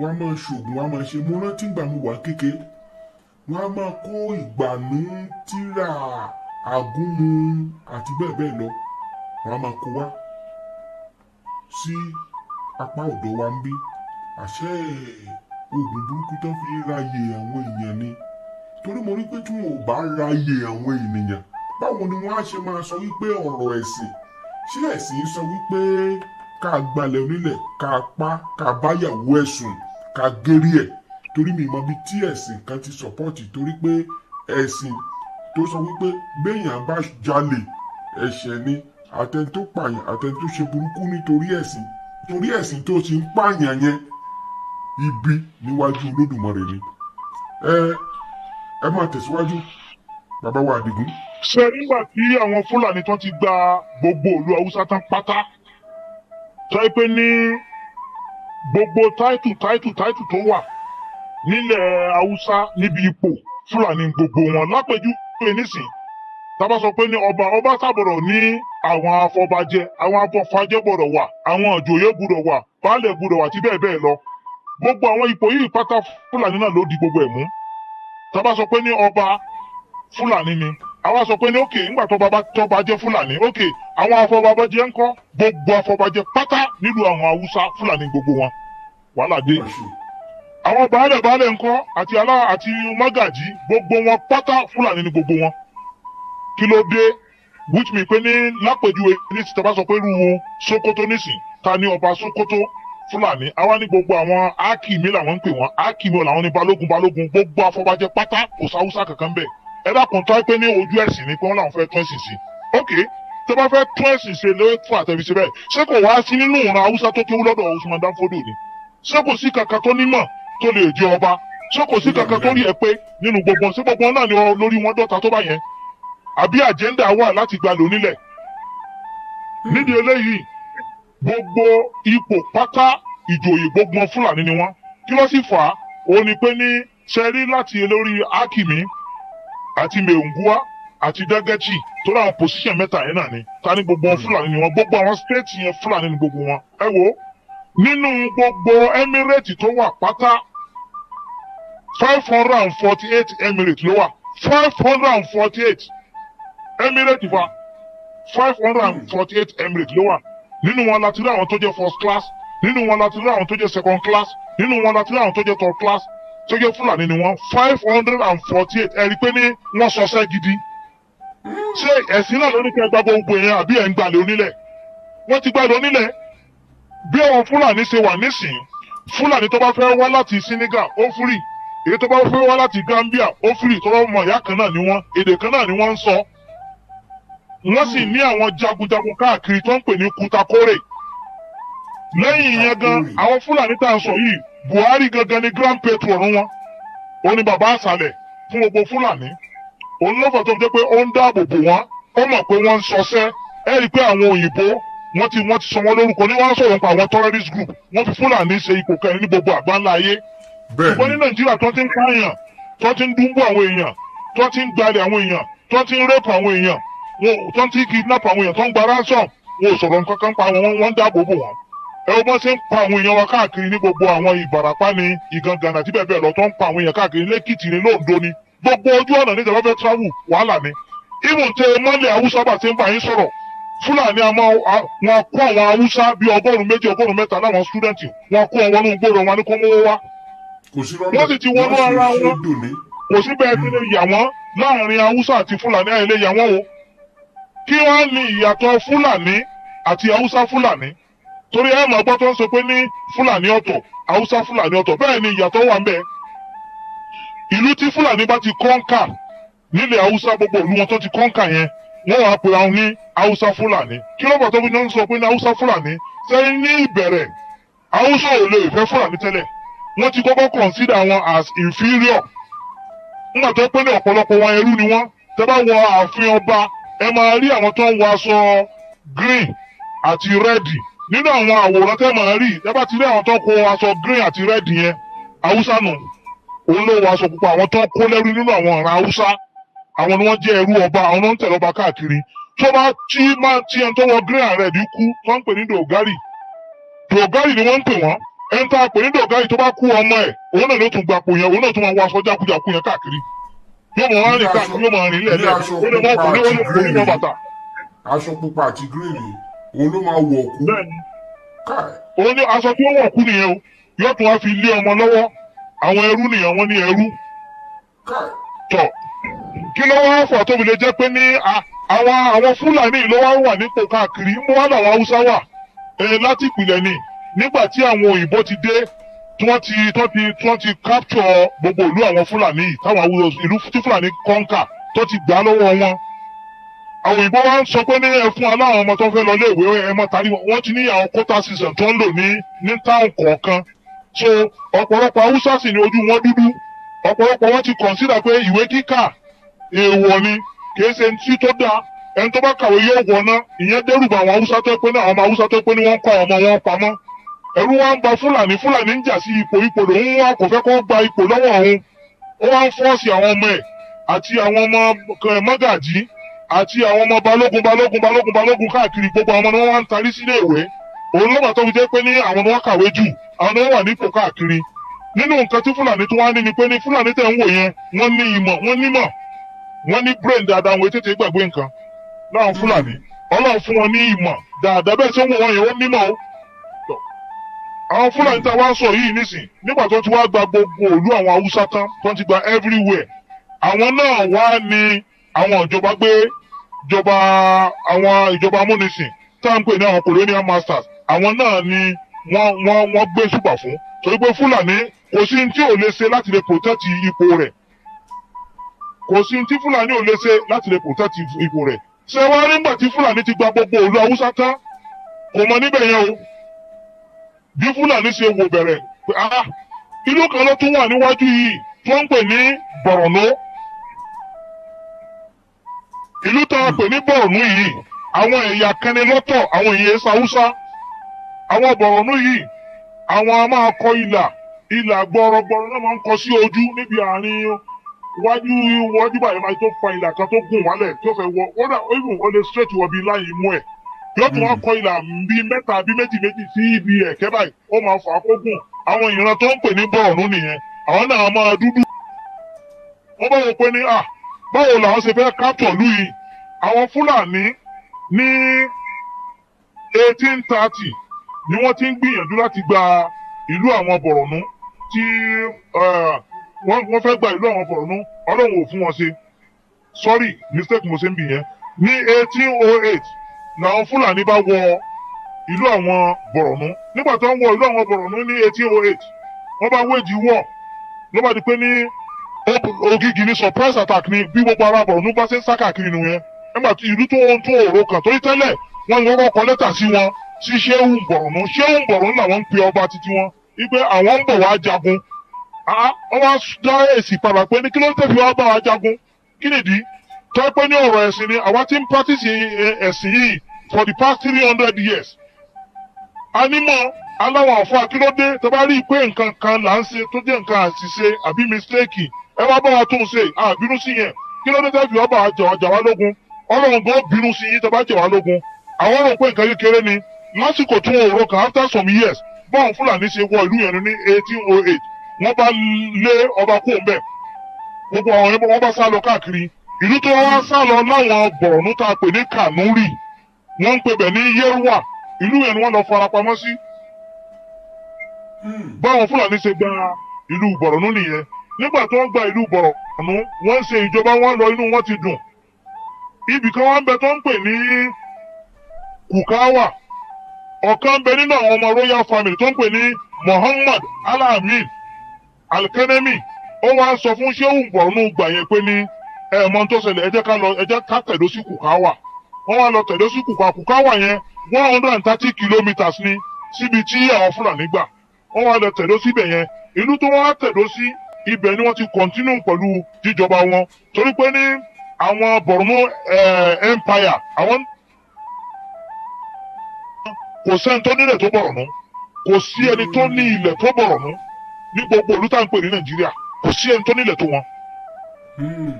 wọ́n á máa ṣoògùn wọ́n máa ṣe mo rántí ìgbà mo wà kékeré wọ́n máa kó ìgbànú tíra àgúnmu àti bẹ́ẹ̀ bẹ́ẹ̀ lọ wọ́n á máa kó wá sí apá ọ̀dọ̀ wa ń bí àṣẹ oògùn burúkú tó fi ráyè àwọn èèyàn ni torí mo rí pé tí wọn ò bá ráyè àwọn ènìyàn báwo ni wọ́n á ṣe máa sọ wípé ọ̀rọ̀ ẹ̀sìn ṣé ẹ̀sìn sọ wípé ká gbalẹ̀ onílẹ̀ ká pa ká báyàwó ẹ̀sùn ká gérí ẹ̀ torí mi mọ bí tí ẹ̀sìn kan ti sọ̀pọ́ọ̀tì torí pé ẹ̀sìn tó sọ wípé béèyàn bá jalè ẹ̀ṣẹ̀ ni àtẹni tó pààyàn àtẹni tó ṣe burúkú nítorí ẹ̀sìn torí ẹ̀sìn tó ti ń pààyàn yẹn ibi níwájú olódùmarè ni ẹ ẹ máa tẹ̀síwájú bàbá wa àdìgún. ṣe nígbà tí àwọn fúlàní tán ti gba gbogbo òlu haúsá tán pátá tó yẹ pé ní gbogbo táìtù táìtù táìtù tó wà nílẹ̀ haúsá níbi ipò fúlàní gbogbo wọn lápẹjú pé nísìn tá bá sọ pé ní ọba ọba sábọ̀rọ̀ ní àwọn afọbajẹ àwọn afọfajẹ gbọ́dọ̀ wà àwọn àjòyè gbọ́dọ̀ wà baálẹ̀ gbọ́dọ̀ wà àti bẹ́ẹ̀ bẹ́ẹ̀ lọ gbogbo àwọn ipò yìí pátá fúlàní náà ló di gbogbo ẹ̀ mú tá bá sọ pé ní ọba fúlàní ni àwa sọ pé ní òkè ńgbà tọba bá tọba jẹ fúlàní òkè àwọn afọbajẹ ńkọ́ gbogbo afọbajẹ pátá nílùú àwọn haúsá fúlàní gbogbo wọn wàhálà dé àwọn baálẹ̀ baálẹ̀ ńkọ́ àti alá àti mágàjí gbogbo wọn pátá fúlàní ni gbogbo wọn kí ló dé which mean pé ní lápèjúwe ní ti tàbá sọ pé rú wo Sokoto nísìn ta ni ọba Sokoto Fúlàní àwa ní gbogbo àwọn akimi làwọn ń pè wọn akimi làwọn ní balógun balógun gbogbo afọbajẹ pátá kò sáwúsá kankan bẹ́ẹ̀ ẹ dákun tó pé ní ojú ẹ̀sìn ni pé wọn làwọn fẹ́ tún ẹ̀sìn sí ok tó bá fẹ́ tún ẹ̀sìn ṣe lé fún àtẹ̀bíṣe bẹ́ẹ̀ ṣé kò wá sí nínú ìran haúsá tó kéwú lọ́dọ̀ Usman Dan Fodio ni ṣé kò sí kankan tó nímọ̀ tó lè jẹ ọba ṣé kò sí kankan tó rí ẹ pé nínú gbogbo ṣé gbogbo náà ni lórí wọn dọ́ta tó bá yẹn àbí agenda wà láti gba lò nílẹ̀ nídìí eléyìí gbogbo ipò pátá ìjòyè gbogbo fúlàní ni wọn kí ló sì fà á òun ni pé ní sẹrí láti lórí akimi àti mèǹgúà àti dẹgẹtì tó ra àwọn pòsíṣàn mẹ́ta yẹn náà ni ta ni gbogbo hmm. fúlàní ni wọn gbogbo àwọn stéètì yẹn fúlàní ni gbogbo wọn ẹ wo nínú gbogbo emirate tó wà pátá five hundred and forty eight emirate ló wà five hundred and forty eight emirate wa five hundred and forty eight emirate ló wà nínú wọn láti rí àwọn tó jẹ́ first class nínú wọn láti rí àwọn tó jẹ́ second class nínú wọn láti rí àwọn tó jẹ́ third class tó jẹ́ fúlàní ni wọ́n five hundred and forty eight ẹ̀rí pé ní wọ́n sọsẹ́ gidi ṣé ẹ̀sìn náà lóní kẹgbà gbogbo yẹn àbí ẹ̀ ń gbalẹ̀ onílẹ̀ wọ́n ti gbalẹ̀ onílẹ̀ bí àwọn fúlàní ṣe wà nísìnyí fúlàní tó bá fẹ́ wá láti Senegal ó fúrì èyí tó bá fẹ́ wá láti Gambia ó fúrì tó bá mọ ìyá kan náà ni wọ́n èdè kan náà ni wọ́n ń sọ wọ́n sì ní àwọn jagunjagun káàkiri tó ń pè ní kutakore lẹ́yìn ìyẹn gan àwọn fúlàní tá à ń sọ yìí buhari gangan ni grand patron wọn ó ní bàbá àṣàlẹ̀ fún gbogbo fúlàní òun ló fọ̀tọ̀ jẹ́ pé ó ń dáàbò bò wọ́n ó mọ̀ pé wọ́n ń sọsẹ́ ẹ rí i pé àwọn òyìnbó wọ́n ti wọ́n ti sọ wọ́n lórúkọ ní wọ́n sọ̀rọ̀ nípa àwọn terrorist group wọ́n fi fúlàní ṣe ipò kẹrin ní gbogbo àgbáńlá ayé ṣùgbọ́n ní nàìjíríà tó ti ń pààyàn tó ti ń dúnbò àwọn èèyàn tó ti ń gbalẹ̀ àwọn èèyàn tó ti ń rẹ́pù àwọn èèyàn wọn tó ń ti kidnap àwọn èèyàn tó ń gba ransom wọn ò sọ̀rọ̀ nǹkan kan pa wọn wọ́n ń dáàbò bò wọ́n ẹ wọ́n bọ́ sí ń pa àwọn èèyàn wa káàkiri ní gbogbo àwọn ìbàràpá ni ìgangan àti bẹ́ẹ̀ bẹ́ẹ̀ lọ tó ń pa àwọn èèyàn káàkiri lẹ́kìtì ni lóòdó ni gbogbo ojú ọ̀nà níta bá fẹ́ travel wàhálà ni ìmù tẹ mọ́lẹ̀ haúsá bá ti ń bá yín sọ̀rọ̀ fúlàní àmọ́ wọn kó àwọn haúsá bíi ọgọ́rùn-ún méjì ọgọ́rùn-ún mẹ́ta láwọn stúdẹ̀ntì kí wọ́n ní ìyàtọ̀ fúlàní àti haúsá fúlàní torí ẹ máa gbọ́ tó ń sọ pé ní fúlàní ọ̀tọ̀ haúsá fúlàní ọ̀tọ̀ bẹ́ẹ̀ ni ìyàtọ̀ wà ń bẹ ìlú tí fúlàní bá ti kọ́ńkà nílẹ̀ haúsá gbogbo ìlú wọn tó ti kọ́ńkà yẹn wọ́n wàá pera wọn ní haúsá fúlàní kí ló bọ̀ tó fi ní wọ́n sọ pé ní haúsá fúlàní sẹ́yìn ní ìbẹ̀rẹ̀ haúsá ò lè fẹ́ fúlàní tẹ́lẹ̀ wọ́n ti kọ́kọ́ consider wọn as inferior nígbà tó pé ní ọ̀pọ̀lọpọ̀ wọn ẹrú ni wọ́n tẹ́ bá wọ ààfin ọba ẹ máa rí àwọn tó ń wọ aṣọ green àti red nínú àwọn àwòrán tẹ́ máa rí ẹ bá ti rí àwọn tó ń kó aṣọ green àti red yẹn haúsá nù òun ló wọ aṣọ pupa àwọn tó ń kó lẹ́rú nínú àwọn ọ̀ràn haúsá àwọn ni wọ́n jẹ́ ẹrú ọba àwọn ló ń tẹ̀lé ọba káàkiri tó bá tí máa tí ẹni tó wọ green and red kú wọ́n ń pè ní dogari dogari ni wọ́n ń pè wọ́n ẹni tá a pè ní dogari tó bá kú ọmọ ẹ̀ òun náà ló tún gbapò yẹn òun náà tún máa wọ aṣọ jákujàku yẹn káàkiri mo mọ̀ wọ́n rìn káàkiri ló máa rìn lẹ́lẹ́ ó lè máa aṣọ pupa àti gírèlì òun ló máa òun ní aṣọ tí ó wọ̀ kú nìyẹn o yóò tún wá fi lé ọmọ lọ́wọ́ àwọn ẹrú nìyẹn wọ́n ní ẹrú. tọ kí ló wá fọ tóbi lè jẹ́ pé ní àwọn fúlàní ló wá wà nípò káàkiri mo wá haúsá wà láti ìpìlẹ̀ ni nígbà tí àwọn òyìnbó ti dé tí wọ́n ti tí wọ́n ti tí wọ́n ti capture gbogbo ìlú àwọn fúlàní yìí táwọn awúrò ìlú tí fúlàní kọ́ńkà tó ti gbà lọ́wọ́ wọn. àwọn òyìnbó wa ń sọ pé ní ẹ fún aláwọn ọmọ tó fẹ́ lọ léèwé ẹ mọ́ tari wọ́n ti ní àwọn quota season tó ń lò ní ní táwọn kọ̀ọ̀kan. so ọ̀pọ̀lọpọ̀ haúsá sì ni ojú wọn dúdú ọ̀pọ̀lọpọ̀ wọn ti consider pé ìwé kíkà èèwọ̀ ni kì í ṣe ti tó dáa ẹni tó bá kàwé yóò wọ̀ ná ìyẹn dẹ́rù bá àwọn haúsá tó pé ní àwọn ọmọ haúsá tó pé ní ẹ̀rù wa ń ba fúlàní fúlàní ń jà sí ipò ipò lòun wá kò fẹ́ kó gba ipò lọ́wọ́ òun ó wá ń fọ́ọ̀sì àwọn ọmọ ẹ̀ àti àwọn ọmọ eh, mọ́gàjí àti àwọn ọmọ balógun balógun balógun balógun káàkiri gbogbo àwọn ọmọ ni wọ́n wá ń tarí sílé ìwé òun lọ́mọ tó fi jẹ́ pé ní àwọn ni wọ́n kàwé jù àwọn ni wọ́n wà nípò káàkiri nínú nǹkan tí fúlàní tó wá ní ni pé ní fúlàní tẹ̀ ń wò yẹn wọ́n ní ìmọ̀ wọ́n nímọ̀ brain gbàgbé nǹkan láwọn fúlàní ọlọ́run fún wọn ní ìmọ̀ bẹ́ẹ̀ tí wọ̀ yẹn wọ́n nímọ̀ àwọn fúlàní tá a wá sọ yìí nísìn nígbà tó ti wá gba gbogbo òlú àwọn haúsá tán tó ti gba everywhere àwọn náà wá ní àwọn ìjọba gbé ìjọba àwọn ìjọba amúnisìn tá à ń pè ní àwọn colonial masters àwọn náà ni wọ́n wọ́n wọ́n gbé ṣùgbà fún torí pé fúlàní kò sí ní tí ò lè ṣe láti lè protect ipò rẹ̀ kò sí ní tí fúlàní ò lè ṣe láti lè protect ipò rẹ̀ ṣé wàá nígbà tí fúlàní ti gba gbogbo òlú haúsá tán kò mọ níbẹ̀ yẹn o bí fúlàní ṣe wò bẹ̀rẹ̀ pé ah ìlú kan ló tún wà níwájú yìí tó ń pè ní bọ̀rọ̀nù ìlú tá a pè ní bọ̀rọ̀nù yìí àwọn ẹ̀yà kẹni lọ́tọ̀ àwọn èèyàn sáúsá àwọn bọ̀rọ̀nù yìí àwọn a máa kọ ìlà ìlà gbọ̀rọ̀gbọ̀rọ̀ náà máa ń kọ sí ojú níbi àárín wájú wájú báyìí máa tó fa ìlà kan tó gùn wálẹ̀ tó fẹ́ wọ wọ́n dà ó ìgùn ó lè straight wọ bí láyìí mú ẹ̀ yóò tún wá kọ ìlà bíi mẹ́ta bíi méjì méjì sí ibi ẹ̀kẹ́ báyìí ó máa fà á kó gùn àwọn ìran tó ń pè ní bọ̀ọ̀nù nìyẹn àwọn náà máa dúdú. wọ́n bá wọn pé ní à báwo làwọn ṣe fẹ́ kápọ̀lù yìí àwọn fúlàní ní eighteen thirty ni wọ́n ti ń gbìyànjú láti gba ìlú àwọn bọ̀rọ̀nù tí eh, wọ́n fẹ́ gba ìlú àwọn bọ̀rọ̀nù ọlọ́run ò fún wọn ṣe sorry mistake mo ṣe ń bì yẹn ní eighteen oh eight làwọn fúlàní bá wọ ìlú àwọn bọ̀rọ̀nú nígbà tó ń wọ ìlú àwọn bọ̀rọ̀nú ní eighteen oh eight wọ́n bá wéjì wọ̀ ló bá di pé ní Ògìgì ní surprise attack ni bí gbogbo ara bọ̀rọ̀nú bá ṣe ń sá káàkiri nù yẹn nígbà tí ìlú tó ń tó òro kan torí tẹ́lẹ̀ wọ́n ń kọ́kọ́ kọ lẹ́tà sí wọn sí ṣéhùn bọ̀rọ̀nú ṣéhùn bọ̀rọ̀nú làwọn ń pe ọba títí wọn wípé àwọn ń bọ̀ wá jagun ah, wọ́n wá dá èsì padà pé ní kí ló ń tẹ̀sí wá bá wa jagun kí nìdí tọ́ pé ní ọ̀rọ̀ ẹ̀sìn ni àwa ti ń practice ẹ̀sìn yìí for the past three hundred years. a ní mọ̀ aláwọ̀ àfọ akílódé tó bá rí i pé nǹkan kan là ń ṣe tó jẹ́ nǹkan àṣìṣe àbí mistake ẹ bá bá wa tún un ṣe àbínú sí yẹn kí ló dé tẹ́fì ọba àjà wá lógun ọlọ́run gan bínú sí yín tó bá jà wá lógun àwọn rò pé nǹkan kékeré ni lásìkò tí wọn ò rọkàn after some years báwọn fúlàní ṣe wọ ìlú yẹn ní eighteen oh eight wọ́n bá lé ọba kúrò ńbẹ̀ gbogbo àwọn yẹn wọ́n bá sá lọ káàkiri ìlú tó wá sá lọ láwọn bọ̀rọ̀nù tá a pè wọ́n ń pebẹ̀ ní Yeruwa ìlú yẹn ni wọ́n lọ farapamọ́ sí. Hmm. báwọn Fúlàní ṣe gba ìlú Bọ̀rọ̀nú nìyẹn nígbà tó ń gba ìlú Bọ̀rọ̀nú wọ́n ṣe ìjọba wọn lọ inú wọn ti dùn. ibì kan wọ́n ń bẹ tó ń pè ní Kukawa ọ̀kan bẹ nínú àwọn ọmọ royal family tó ń pè ní Muhammad Alamin, Alkenemi. Al-Kanemi ó wá sọ fún Ṣehu Bọ̀rọ̀nú gbà yẹn pé ní ẹ̀ẹ̀mọ́ tó ṣẹlẹ̀ ẹ jẹ́ ká ká tẹ̀dó sí Kukawa wọ́n wá lọ tẹ̀dó sí kùkàkùkà wà yẹn one hundred and thirty kilometres ni síbi tí àwọn fúlàní gbà wọ́n wá lọ tẹ̀dó síbẹ̀ yẹn ìlú tó wọ́n wá tẹ̀dó sí ibẹ̀ ni wọ́n ti continue pẹ̀lú jíjọba wọn torí pé ní àwọn Borno eh, empire àwọn kò sẹ́ni tó nílẹ̀ tó Borno kò sí ẹni tó ní ilẹ̀ tó Borno ní gbogbo olú ní Nàìjíríà kò sí ẹni tó nílẹ̀ tó wọn. Hmm.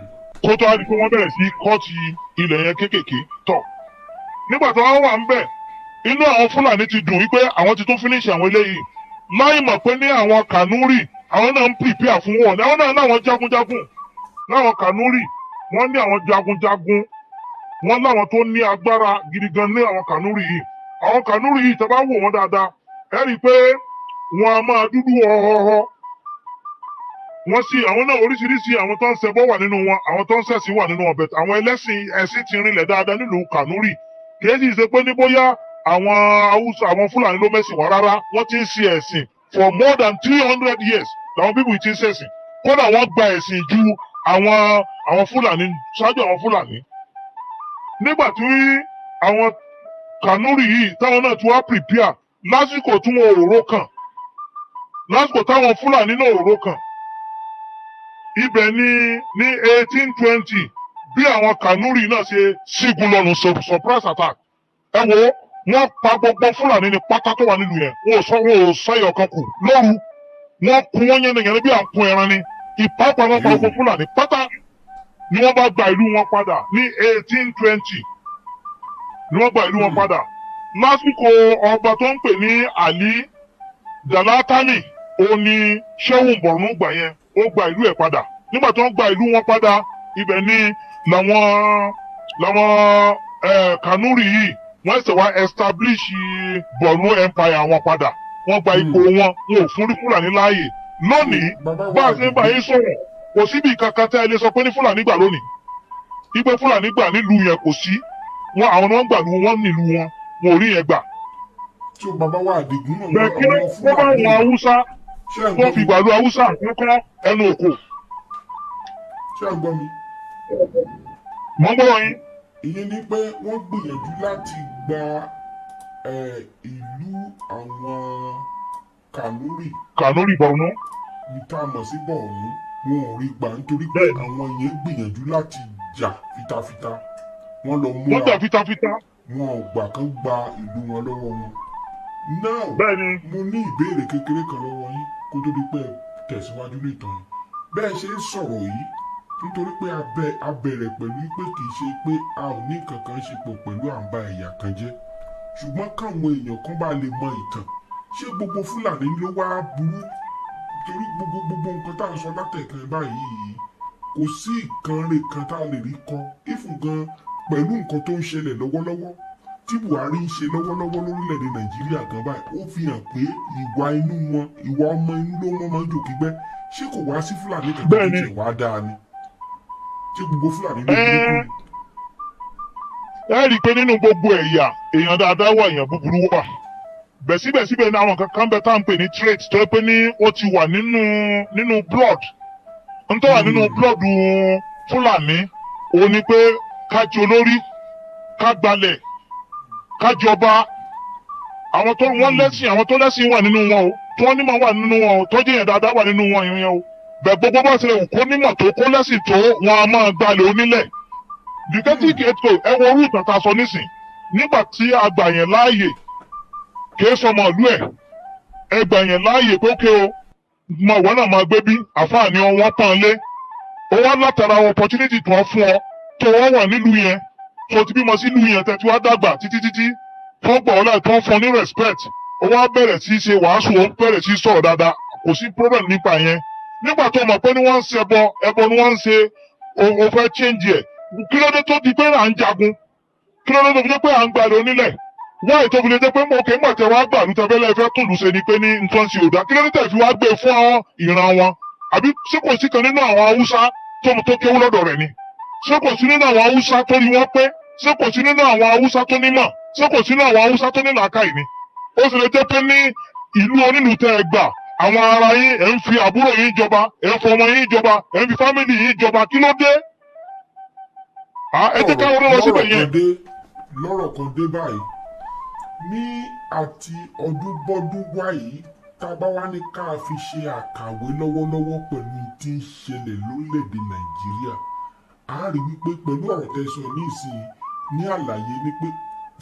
kó tó wá di pé wọ́n bẹ̀rẹ̀ sí kọ́ọ̀tì ilẹ̀ yẹn kéékèèké tọ̀ nígbà tó wá wà ń bẹ̀ inú àwọn fúlàní ti dùn wípé àwọn ti tún fínísì àwọn eléyìí láì mọ̀ pé ní àwọn kànúrì àwọn náà ń pìpìà fún wọn àwọn náà láwọn jagunjagun láwọn kànúrì wọn ní àwọn jagunjagun wọn láwọn tó ní agbára gidi gan ní àwọn kànúrì yìí àwọn kànúrì yìí tẹ́ bá wò wọ́n dáadáa ẹ rí i pé wọn á máa dúdú họhọhọ wọ́n sì àwọn náà oríṣiríṣi àwọn tó ń ṣẹbọ wà nínú wọn àwọn tó ń ṣẹ̀sìn wà nínú wọn bẹ̀tẹ̀ àwọn ẹlẹ́sìn ẹ̀sìn ti rinlẹ̀ dáadáa nílùú Kànúrì kìí sì ṣe pé ní bóyá àwọn Haúsá àwọn Fúlàní ló mẹ́sìn wá rárá wọ́n ti ń ṣe ẹ̀sìn for more than three hundred years làwọn bíbù ti ń ṣẹ̀sìn kódà wọ́n gba ẹ̀sìn ju àwọn àwọn Fúlàní ṣáájú àwọn Fúlàní nígbà tí àwọn Kànúrì yìí táwọn náà ti wá prepare lásìkò tí wọn òróró kàn lásìkò táwọn Fúlàní náà òróró kàn ibẹ̀ ni ní eighteen twenty bí àwọn kanuri náà ṣe sígun lọ́rùn surprise attack ẹ wo wọ́n pa gbogbo fúlàní ní pátá tó wà nílùú yẹn wọn ò sọ wọn ò sọ ẹyọ kan kù lóru wọ́n kun wọn yẹn nìyẹn bí à ń kun ẹran ni ìpápá wọn pa gbogbo fúlàní pátá ni wọ́n bá gba ìlú wọn padà ní eighteen twenty ni wọ́n gba ìlú wọn padà lásìkò ọba tó ń pè ní Ali Dalatani òun ni Ṣẹ́hùn Borno gbà yẹn ó gba ìlú ẹ̀ padà nígbà tó ń gba ìlú wọn padà ibẹ̀ ni làwọn làwọn kanuri yìí wọ́n ṣẹ̀ wá establish Borno empire wọn padà wọ́n gba ipò hmm. wọn wọn ò fún Fúlàní láàyè lónìí hmm. bá a ṣe ń bá yín sọ̀rọ̀ kò síbi kankan tẹ́ ẹ lè sọ pé ní Fúlàní gbà lónìí ìgbé Fúlàní gbà nílùú yẹn kò sí wọn àwọn ni wọ́n gbà lu wọn nílùú wọn wọn ò rí yẹn gbà. tí o bàbá wà àdìgún náà lọ àwọn Fúlàní. bẹ́ẹ̀ kí ló bá wọn Haúsá wọ́n fi ìgbàlú haúsá àkọ́kọ́ ẹnu òkò. ṣé ẹ gbọ́ mi. mo ń gbọ́ yín. ìyẹn ni pé wọ́n gbìyànjú láti gba ìlú àwọn kanúrì. kanúrì bọ̀ọ̀nù. ní tá a mọ̀ sí bọ̀ọ̀nù wọn ò rí gbà nítorí pé àwọn yẹn gbìyànjú láti jà fitafita wọ́n lọ múra wọ́n jà fitafita wọn ò gbà kán gba ìlú wọn lọ́wọ́ wọn now bẹ́ẹ̀ni mo ní ìbéèrè kékeré kan lọ́wọ́ yín kó tó di pé tẹ̀síwájú nìtàn yín bẹ́ẹ̀ ṣe ń sọ̀rọ̀ yìí nítorí pé abẹ́ abẹ̀rẹ̀ pẹ̀lú pé kì í ṣe pé a ò ní kankan ṣe pọ̀ pẹ̀lú à ń ba ẹ̀yà kan jẹ́ ṣùgbọ́n káwọn èèyàn kan bá lè mọ ìtàn ṣé gbogbo fúlàní ló wá burú torí gbogbo gbogbo nǹkan tá à sọ látẹ̀kan báyìí kò sí ìkànnì kan tá a lè rí kọ ìfún pẹ̀lú nǹkan tó ń ṣẹlẹ̀ lọ́wọ́lọ́wọ́ tí buhari ń ṣe lọ́wọ́lọ́wọ́ lórílẹ̀‐èdè nàìjíríà gan báyìí ó fi hàn pé ìwà inú wọn ìwà ọmọ inú ló mọ́ máa ń jò kígbẹ́ ṣé kò wá sí fúlàní kankan tó tiẹ̀ wá dáa ni ṣé gbogbo fúlàní ló ń gbé ẹ rí i pé nínú gbogbo ẹ̀yà èèyàn dáadáa wà èèyàn búburú wà bẹ́ẹ̀ síbẹ̀síbẹ̀ ní àwọn kankan bẹ́ẹ̀ tá à ń pè ní trait tó yẹ pé ní ó ti wà nínú nínú blood ń tó wà nínú hmm. blood fúlàní òun ni pé ká jolórí ká gbalẹ̀ kájọba àwọn tó wọ́n lẹ́sìn àwọn tó lẹ́sìn wà nínú wọn o tó wọ́n nímọ̀ wà nínú wọn o tó jẹ́yàn dáadáa wà nínú wọn yẹn o bẹ́ẹ̀ gbogbo bá ṣe kó nímọ̀ tó kó lẹ́sìn tó wọn a máa gbalẹ̀ onílẹ̀ dìtẹ́tìkì ètò ẹ wo orú ìtàn ta sọ nísìn nígbà tí a gbà yẹn láàyè kì sọmọ ìlú ẹ ẹ gbà yẹn láàyè kókè o mọ ìwọ náà máa gbé bí àfáàní ọ wọn ó wá látara opportunity tó fún ọ tó wọ́n wà nílùú yẹn mo ti bímọ sí yẹn tẹ́ tí dàgbà títí títí tó ń gbà ọ́ tó ń fún ní respect ó wá bẹ̀rẹ̀ sí í ṣe wàásù ó bẹ̀rẹ̀ sí í sọ̀rọ̀ dáadáa kò sí problem nípa yẹn nígbà tó mọ̀ pé ni wọ́n ń ṣe ẹbọ ẹbọ ni wọ́n ń ṣe o fẹ́ change ẹ̀ kí ló dé tó di pé à ń jagun kí ló dé tó fi dé pé à ń gbalẹ̀ onílẹ̀ wọ́n èyí tó fi lè dé pé mo kè é mọ̀ tẹ́ wá gbà ní tẹ́fẹ́lẹ́ ìfẹ́ tún lù ṣe ni pé ní nǹkan ṣe ò dá kí ló dé tẹ̀ fi wá gbé e fún ìran wọn àbí ṣé kò sí kan nínú àwọn haúsá tó mu tó kéwú lọ́dọ̀ rẹ̀ ni ṣé kò sí nínú àwọn haúsá tó ní wọ́n pé ṣé kò sí nínú àwọn haúsá tó ní mọ̀ ṣé kò sí nínú àwọn haúsá tó ní làákàyè ni ó sì lè jẹ́ pé ní ìlú onínú tẹ́ ẹ gbà àwọn ara yín ẹ̀ ń fi àbúrò yín jọba ẹ̀ ń fọmọ yín jọba ẹ̀ ń fi fámìlì yín jọba kí ló dé. ẹ jẹ́ ká wọlé lọ síbẹ̀ yẹn. lọ́rọ̀ kan dé báyìí ní àti ọdún bọ́dún wáyìí tábá wá ní ká fi ṣe àkàwé lọ́wọ́lọ́wọ́ pẹ̀lú tí ń ṣẹlẹ̀ lórílẹ̀‐èdè nàìjíríà a rí wípé pẹ̀lú ọ̀rọ̀ tẹ̀sán ní ìsìn ní àlàyé ni pé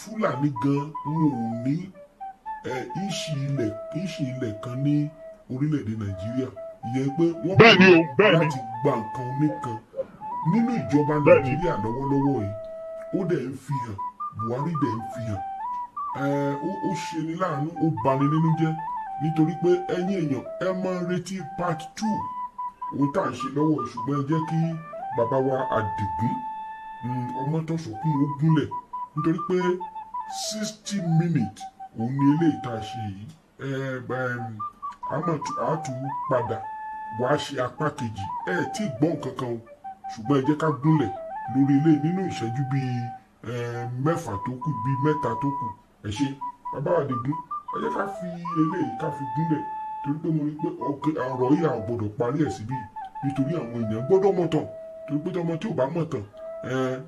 fúlàní gan wọn ò ní ìṣì ilẹ̀ kan ní orílẹ̀-èdè nàìjíríà ìyẹn pé wọ́n kọ́ láti gba nǹkan oníkan nínú ìjọba nàìjíríà lọ́wọ́lọ́wọ́ yìí ó dẹ̀ ń fi hàn buhari dẹ̀ ń fi hàn ó ṣe ni láàánú ó bani nínú jẹ́ nítorí pé ẹ̀yin èèyàn ẹ máa retí part two òun tá à ń ṣe lọ́wọ́ ṣùgbọ́n ẹ jẹ́ kí bàbá wa àdìgún ọmọtọ̀sọ́kún ó gúnlẹ̀ nítorí pé sixty minutes òun ni eléyìí tá a ṣe yìí àtún padà wá ṣe apá kejì ẹ tí gbọ́ nǹkan kan o ṣùgbọ́n ẹ jẹ́ ká gúnlẹ̀ lórí eléyìí nínú ìṣẹ́jú bíi mẹ́fà tó kù bíi mẹ́ta tó kù ẹ ṣe bàbá àdìgún ẹ jẹ́ ká fi eléyìí ká fi gúnlẹ̀ torí pé mo rí pé ọ̀rọ̀ yìí àwọn gbọ́dọ̀ parí ẹ̀ síbí nítorí àwọn èèyàn gbọ́dọ̀ mọ̀ torí pé ọmọ tí ò bá mọ̀ tán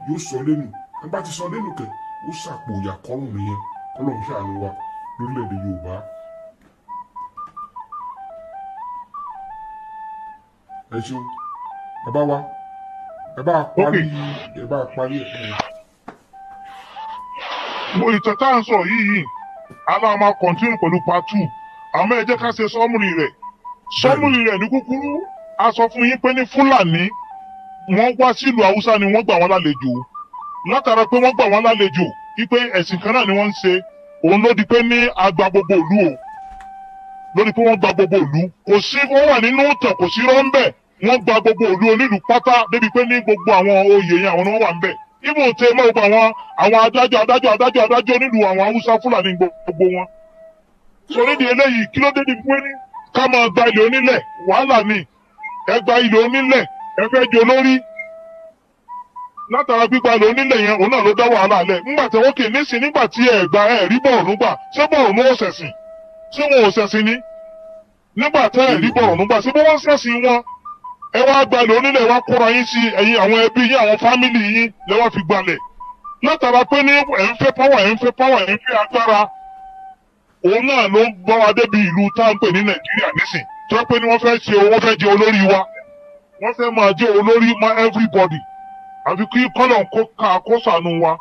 yóò sọ lẹ́nu ẹ bá ti sọ lẹ́nu kẹ ó sàpò ìyà kọ́rùn nìyẹn kọ́lọ́run ṣàánú wa lórílẹ̀‐èdè Yorùbá. ẹ ṣeun bàbá wa ẹ bá parí ẹ bá parí ẹ. mo ìtàn tá à ń sọ yìí yìí aláwọ̀ máa kọ̀ntínú pẹ̀lú part àmọ́ ẹ jẹ́ ká ṣe sọ́mùrì rẹ̀ sọ́mùrì rẹ̀ ní kúkúrú a sọ fún yín pé ní Fúlàní wọ́n wá sílùú haúsá ni wọ́n gbà wọ́n lálejò látara pé wọ́n gbà wọ́n lálejò wípé ẹ̀sìn kan náà ni wọ́n ń ṣe òun ló di pé ní agba gbogbo ìlú o di pé wọ́n gba gbogbo òlù. kò sí wọ́n wà nínú ìtàn kò sí rọ́ńbẹ̀ wọ́n gba gbogbo onílù pátá débi pé ní gbogbo àwọn oyè yẹn àwọn wà ẹ fẹ́ di olórí látara gbígba lò nílẹ̀ yẹn òun náà ló dá wàhálà lẹ̀ ńgbà tí wọ́n kì í nígbà tí ẹ̀ gba ẹ̀ rí bọ̀ọ̀nù gbà ṣé bọ̀ọ̀nù ò ṣé ni nígbà tí ẹ̀ rí bọ̀ọ̀nù gbà ṣé bí wọ́n wọn ẹ wá gba lò nílẹ̀ wá kóra yín sí ẹ̀yin àwọn ẹbí yín àwọn fámìlì yín fi gbalẹ̀ látara pé ní ẹ̀ ń fẹ́ pọ́wà ẹ̀ ń fẹ́ pọ́wà ẹ̀ ń fẹ́ wọ́n fẹ́ ṣe wa wọ́n fẹ́ máa jẹ́ olórí mọ́ everybody àfi kí kọ́lọ̀ ká kó sànù wa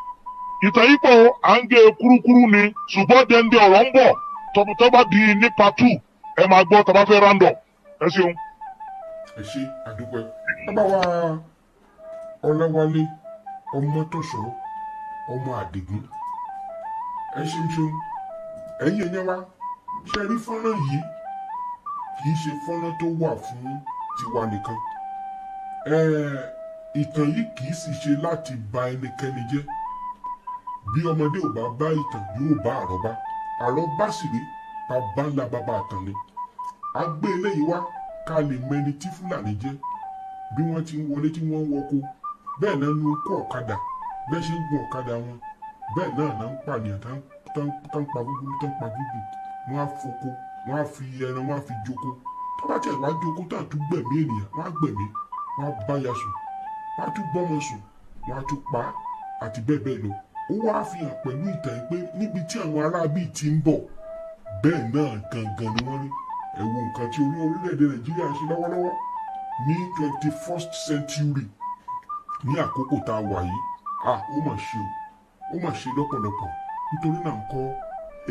ìtàn yìí pọ̀ kúrúkúrú ni ṣùgbọ́n ọ̀rọ̀ ń bọ̀ tó bá di ní part máa gbọ́ tó bá fẹ́ ẹ ṣeun. ẹ ṣe àdúpẹ́ bàbá ọlọ́wálé ọmọ ọmọ àdìgún ẹ ṣeun ṣeun ìtàn yìí kì í sì ṣe láti ba ẹnikẹ́ni jẹ́ bí ọmọdé ò bá bá ìtàn yóò bá àrọ́bá àrọ́bá sì rí bàbá ni a gbé eléyìí wá ká lè mẹni tí bí wọ́n ti ń wọlé tí wọ́n ń bẹ́ẹ̀ náà ni ọ̀kadà bẹ́ẹ̀ ṣe ń ọ̀kadà wọn bẹ́ẹ̀ náà náà ń tá ń pa gúgúrú wọ́n á foko wọ́n á fi ẹran wọ́n á wọ́n ya sùn wọ́n tún gbọ́mọ sùn wọ́n tún pa á àti bẹ́ẹ̀ bẹ́ẹ̀ lọ ó fi hàn pẹ̀lú ìtàn pé níbi tí àwọn ti ń bọ̀ bẹ́ẹ̀ náà gangan ni wọ́n rí ẹ nǹkan tí orí orílẹ̀-èdè nàìjíríà ṣe lọ́wọ́lọ́wọ́ ní twenty first century ní àkókò tá a wà yìí à ó mà ṣe o ó mà ṣe lọ́pọ̀lọpọ̀ nítorí náà ń kọ́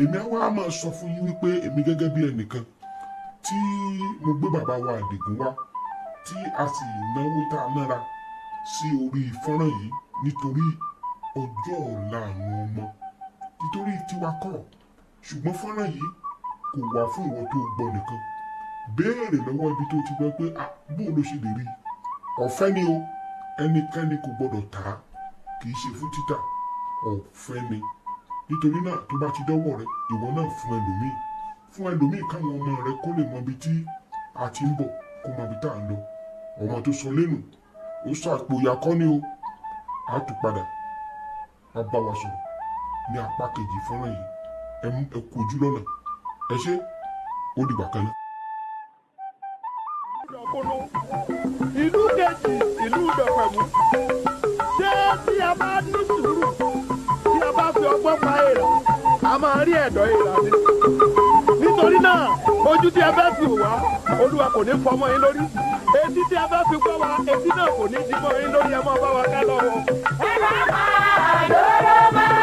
èmi àwa máa sọ fún yín wípé èmi gẹ́gẹ́ bí ẹnìkan tí mo gbé bàbá wa àdìgún tí a sì náwó tá a nára sí orí fọ́nrán yìí nítorí ọjọ́ ọ̀la àwọn ọmọ nítorí tiwa kọ́ ṣùgbọ́n fọ́nrán yìí kò wà fún ìwọ tó gbọ́ nìkan béèrè lọ́wọ́ ibi tó ti gbọ́ pé bó ló ṣe lè rí ọ̀fẹ́ ni o ẹnikẹ́ni kò gbọ́dọ̀ tà á kì ṣe fún títà ọ̀fẹ́ ni nítorí náà tó bá ti dọ́wọ́ rẹ ìwọ náà fún ẹlòmíì fún ẹlòmíì káwọn ọmọ rẹ kó lè mọ ibi tí a ti ń bọ̀ kó mọ ibi tá à ń lọ ọmọ tó sun lẹ́nu ó ṣàpòyà kọ́ ni o á tún padà á bá wa sọ̀rọ̀ ní apá kejì fọ́nrán yìí ẹ mú ẹ kú lọ́nà ẹ ṣé ó dìgbà kan náà. ìlú kejì ìlú ìdọ̀pẹ̀mú ṣé tí a bá ní sùúrù tí a bá fi ọgbọ́n pa èèrà a máa rí ẹ̀dọ̀ èèrà ni ojú tí a bá fi wá olúwa kò ní fọmọ yín lórí etí tí a bá fi gbọ́ wa etí náà kò ní dìbò yín lórí ẹ mọ́ bá wa ká lọ́wọ́. ẹ bá máa.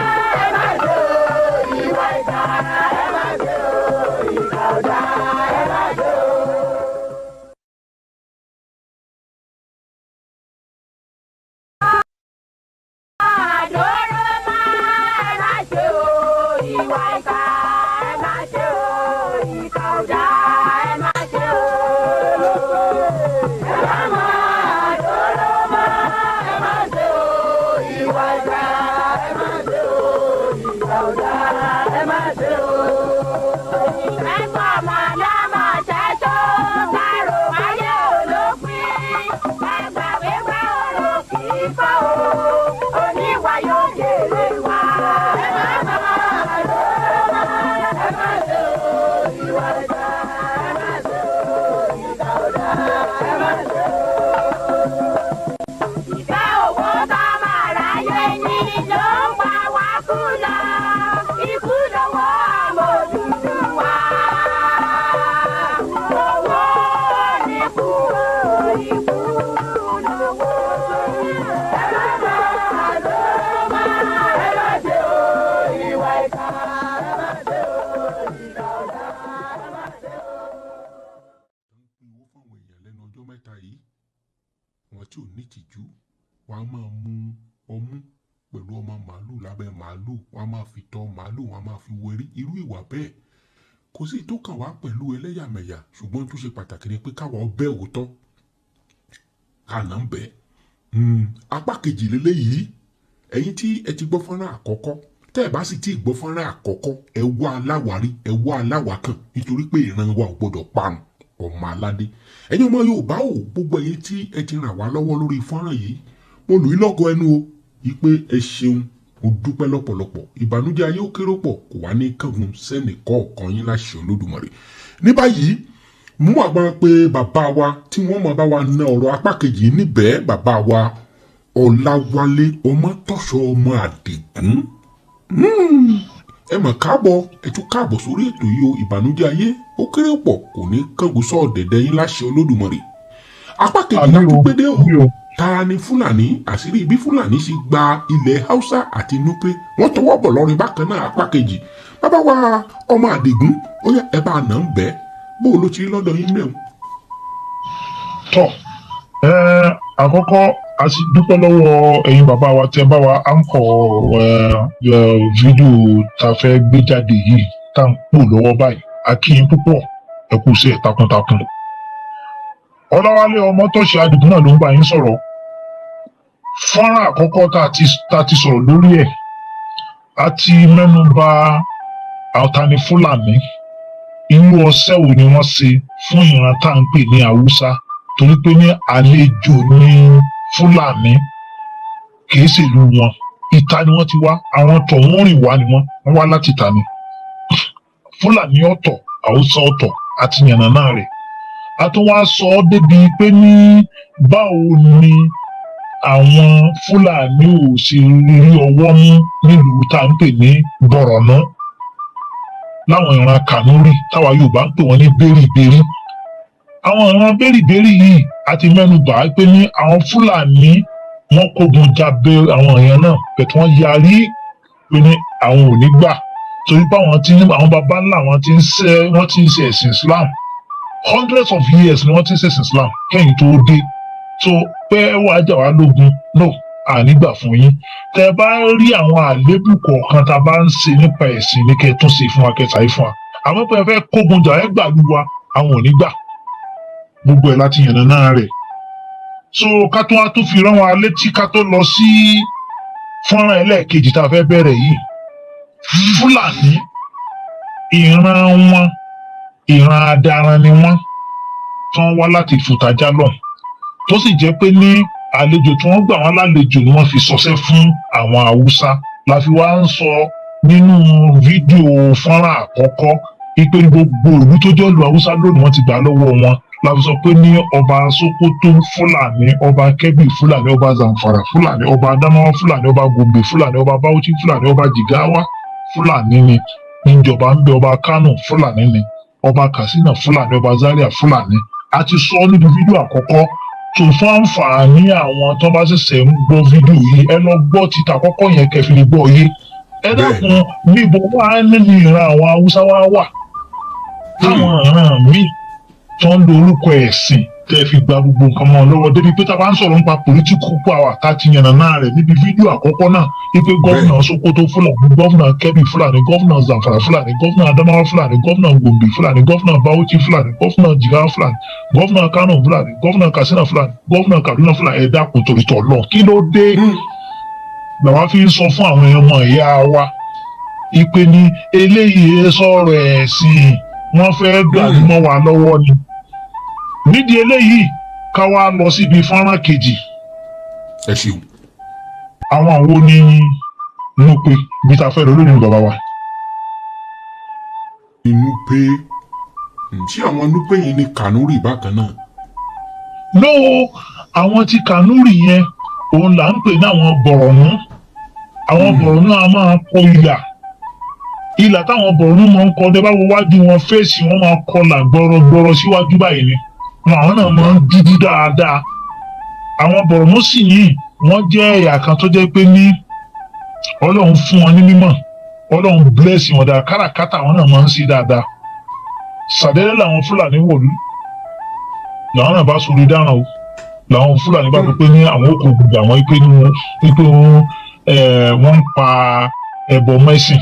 ẹ̀yin tí ẹ ti gbọ́ fọ́nrán àkọ́kọ́ tẹ́ ẹ̀ bá sì ti gbọ́ fọ́nrán àkọ́kọ́ ẹ wá aláwárí ẹ wá aláwákàn nítorí pé ìran wa ò gbọdọ̀ parun ọmọ aládé ẹ̀yin ọmọ Yorùbá ò gbogbo ẹ̀yin tí ẹ ti ràn wá lọ́wọ́ lórí fọ́nrán yìí mo lù í lọ́gọ ẹnu o yí pé ẹ ṣeun mo dúpẹ́ lọ́pọ̀lọpọ̀ ìbànújẹ́ ayé ó kéré pọ̀ kò wá ní kángun sẹ́nì kọ̀ọ̀kan yín láṣẹ Olódùmarè ní báyìí mú àgbọn pé bàbá wa tí wọ́n mọ̀ bá wa na ọ̀rọ̀ apá kejì níbẹ̀ bàbá wa ọ̀làwálé ọmọtọ́ṣọ́ ọmọ àdìgún hmm. ẹ mà káàbọ̀ ẹ tún káàbọ̀ sórí ètò yìí o ìbànújẹ́ ayé ó kéré pọ̀ kò ní kángun sọ ọ̀dẹ̀dẹ̀ yín láṣẹ olódùmarè apá kejì la tún gbédè o ta ni fúlàní àṣírí bí fúlàní ṣe gba ilẹ̀ haúsá àti nupe wọ́n tọwọ́ bọ̀ lọ́rin bákan náà apá kejì bàbá wa ọmọ àdìgún ó yẹ ẹ bá nà ń bẹ́ bó ló ti rí lọ́dọ̀ yín mẹ́wọ̀n. tọ́ ẹ àkọ́kọ́ a sì dúpẹ́ lọ́wọ́ ẹ̀yin bàbá wa tẹ́ bá wa àǹkọ̀ fídíò tá a fẹ́ gbé jáde yìí tá à ń pò lọ́wọ́ báyìí a kí yín púpọ̀ ẹ kú sí ẹ̀ takuntakun. ọ̀làwálé ọmọ tọ́sí adigun náà ló ń bá yín sọ̀rọ̀ fọ́nrán àkọ́kọ́ tá a ti sọ̀rọ̀ lórí ẹ̀ a ti mẹ́nu bà àtàní fúlàní irú ọṣẹ́ wo ni wọ́n ṣe fún ìran tá à ń pè ní haúsá torí pé ní àlejò ní fúlàní kì í ṣèlú wọn ìta ni wọ́n ti wá àwọn tọ̀hún rìn wá ni wọ́n wọ́n wá láti ìta ni fúlàní ọ̀tọ̀ haúsá ọ̀tọ̀ àti yànnàná rẹ̀ a tún wá sọ ọ́ débi pé ní báwo ni àwọn fúlàní ò ṣe rí ọwọ́ mú nílùú tá à ń pè ní bọ̀rọ̀nà láwọn ìran kànúrì táwa yorùbá ń pè wọ́n ní bẹ́rìbẹ́rì àwọn ìran bẹ́rìbẹ́rì yìí àti mẹ́nubà pé ní àwọn fúlàní wọ́n kógun jabẹ àwọn èèyàn náà bẹ̀tẹ̀ wọ́n yarí pé ní àwọn ò ní gbà torí pé àwọn tí àwọn baba ńlá wọn ti ń ṣe wọ́n ti ń ṣe ẹ̀sìn Islam hundreds of years ni wọ́n ti ń ṣe ẹ̀sìn Islam kẹ́yìn tó dé so pé wàá jà wá lógun no ànígbà fún yín tẹ bá rí àwọn àlébù kọ̀ọ̀kan tá a bá ń ṣe nípa ẹ̀sìn ní kẹ́ tún ṣe fún wa kẹta yìí fún wa àmọ́ pé ẹ fẹ́ kógun jà ẹ gbàlú wa àwọn ò ní gbà gbogbo ẹ̀ láti yànnà náà rẹ̀ so ká tó wá tó fi rán wa létí ká tó lọ sí fọ́nrán ẹlẹ́ẹ̀kejì tá a fẹ́ bẹ̀rẹ̀ yìí fúlàní ìran wọn ìran adaran ni wọ́n tó ń wá láti fùtàjà lọ tó sì jẹ́ pé ní àlejò tí wọ́n gbà wọ́n lálejò ni wọ́n fi sọsẹ́ fún àwọn haúsá la fi wá ń sọ nínú fídíò fọ́nrán àkọ́kọ́ ìpè gbogbo ìlú tó jẹ́ lu haúsá lónìí wọ́n ti gbà lọ́wọ́ wọn la sọ pé ní ọba Sokoto Fúlàní ọba Kẹ́bì Fúlàní ọba Zamfara Fúlàní ọba Adamawa Fúlàní ọba Gombe Fúlàní ọba Bauchi Fúlàní ọba Jigawa Fúlàní ni níjọba ń bẹ ọba Kano Fúlàní ni ọba Katsina Fúlàní ọba Zaria Fúlàní a ti sọ níbi fídíò àkọ́kọ́ tó fún àǹfààní àwọn tó bá ṣẹ̀ṣẹ̀ ń gbọ́ fídíò yìí ẹ lọ gbọ́ títa àkọ́kọ́ yẹn kẹfì lè gbọ́ yìí ẹ dákun níbo wá nínú ìran àwọn haúsá wa wà táwọn ìran míì tó ń lo orúkọ ẹ̀sìn tẹ́ fi gba gbogbo nǹkan mọ́ lọ́wọ́ débi pé táwa ń sọ̀rọ̀ nípa political power ká ti yànnà náà rẹ̀ níbi fídíò àkọ́kọ́ náà wípé gómìnà Sokoto Fúlàní gómìnà Kebbi Fúlàní gómìnà Zamfara Fúlàní gómìnà Adamawa Fúlàní gómìnà Gombe Fúlàní gómìnà Bauchi Fúlàní gómìnà Jigawa Fúlàní gómìnà Kano Fúlàní gómìnà Katsina Fúlàní gómìnà Kaduna Fúlàní ẹ̀dá kòtòrìtọ̀ lọ kí ló dé hmm. làwọn fi ń sọ fún àwọn ọmọ ìyá wa ìpè ní eléyìí sọ̀rọ̀ ẹ̀sìn wọ́n fẹ́ gbàdúmọ̀ wa lọ́wọ́ ni. Mm nídìí eléyìí ká wá lọ síbi fọ́nrán kejì. ẹ ṣeun. àwọn àwo ni mo pe bí ta fẹ́ rẹ olóyún bàbá wa. inú pé ṣé àwọn inú pé yẹn ni kanuri bákan náà. lóò àwọn ti kanuri yẹn òun là ń pè ní àwọn bọ̀rọ̀nú àwọn hmm. bọ̀rọ̀nú a máa kọ ìlà ìlà táwọn bọ̀rọ̀nú máa ń kọ ọdẹ báwo wájú wọn fèsì wọn máa kọlà gbọrọgbọrọ síwájú báyìí ni àwọn náà máa ń dúdú dáadáa àwọn bọ̀rọ̀mọ́sì yìí wọ́n jẹ́ ẹ̀yà kan tó jẹ́ pé ní ọlọ́run fún wọn ní mímọ̀ ọlọ́run bless wọn dáa káràkátà àwọn náà máa ń sí dáadáa sàdédé làwọn fúlàní wọ̀lú làwọn náà bá sori dáràn o làwọn fúlàní bá tó pé ní àwọn òkú gbogbo àwọn ipe ní ipe wọn ń pa ẹbọ mẹ́sìn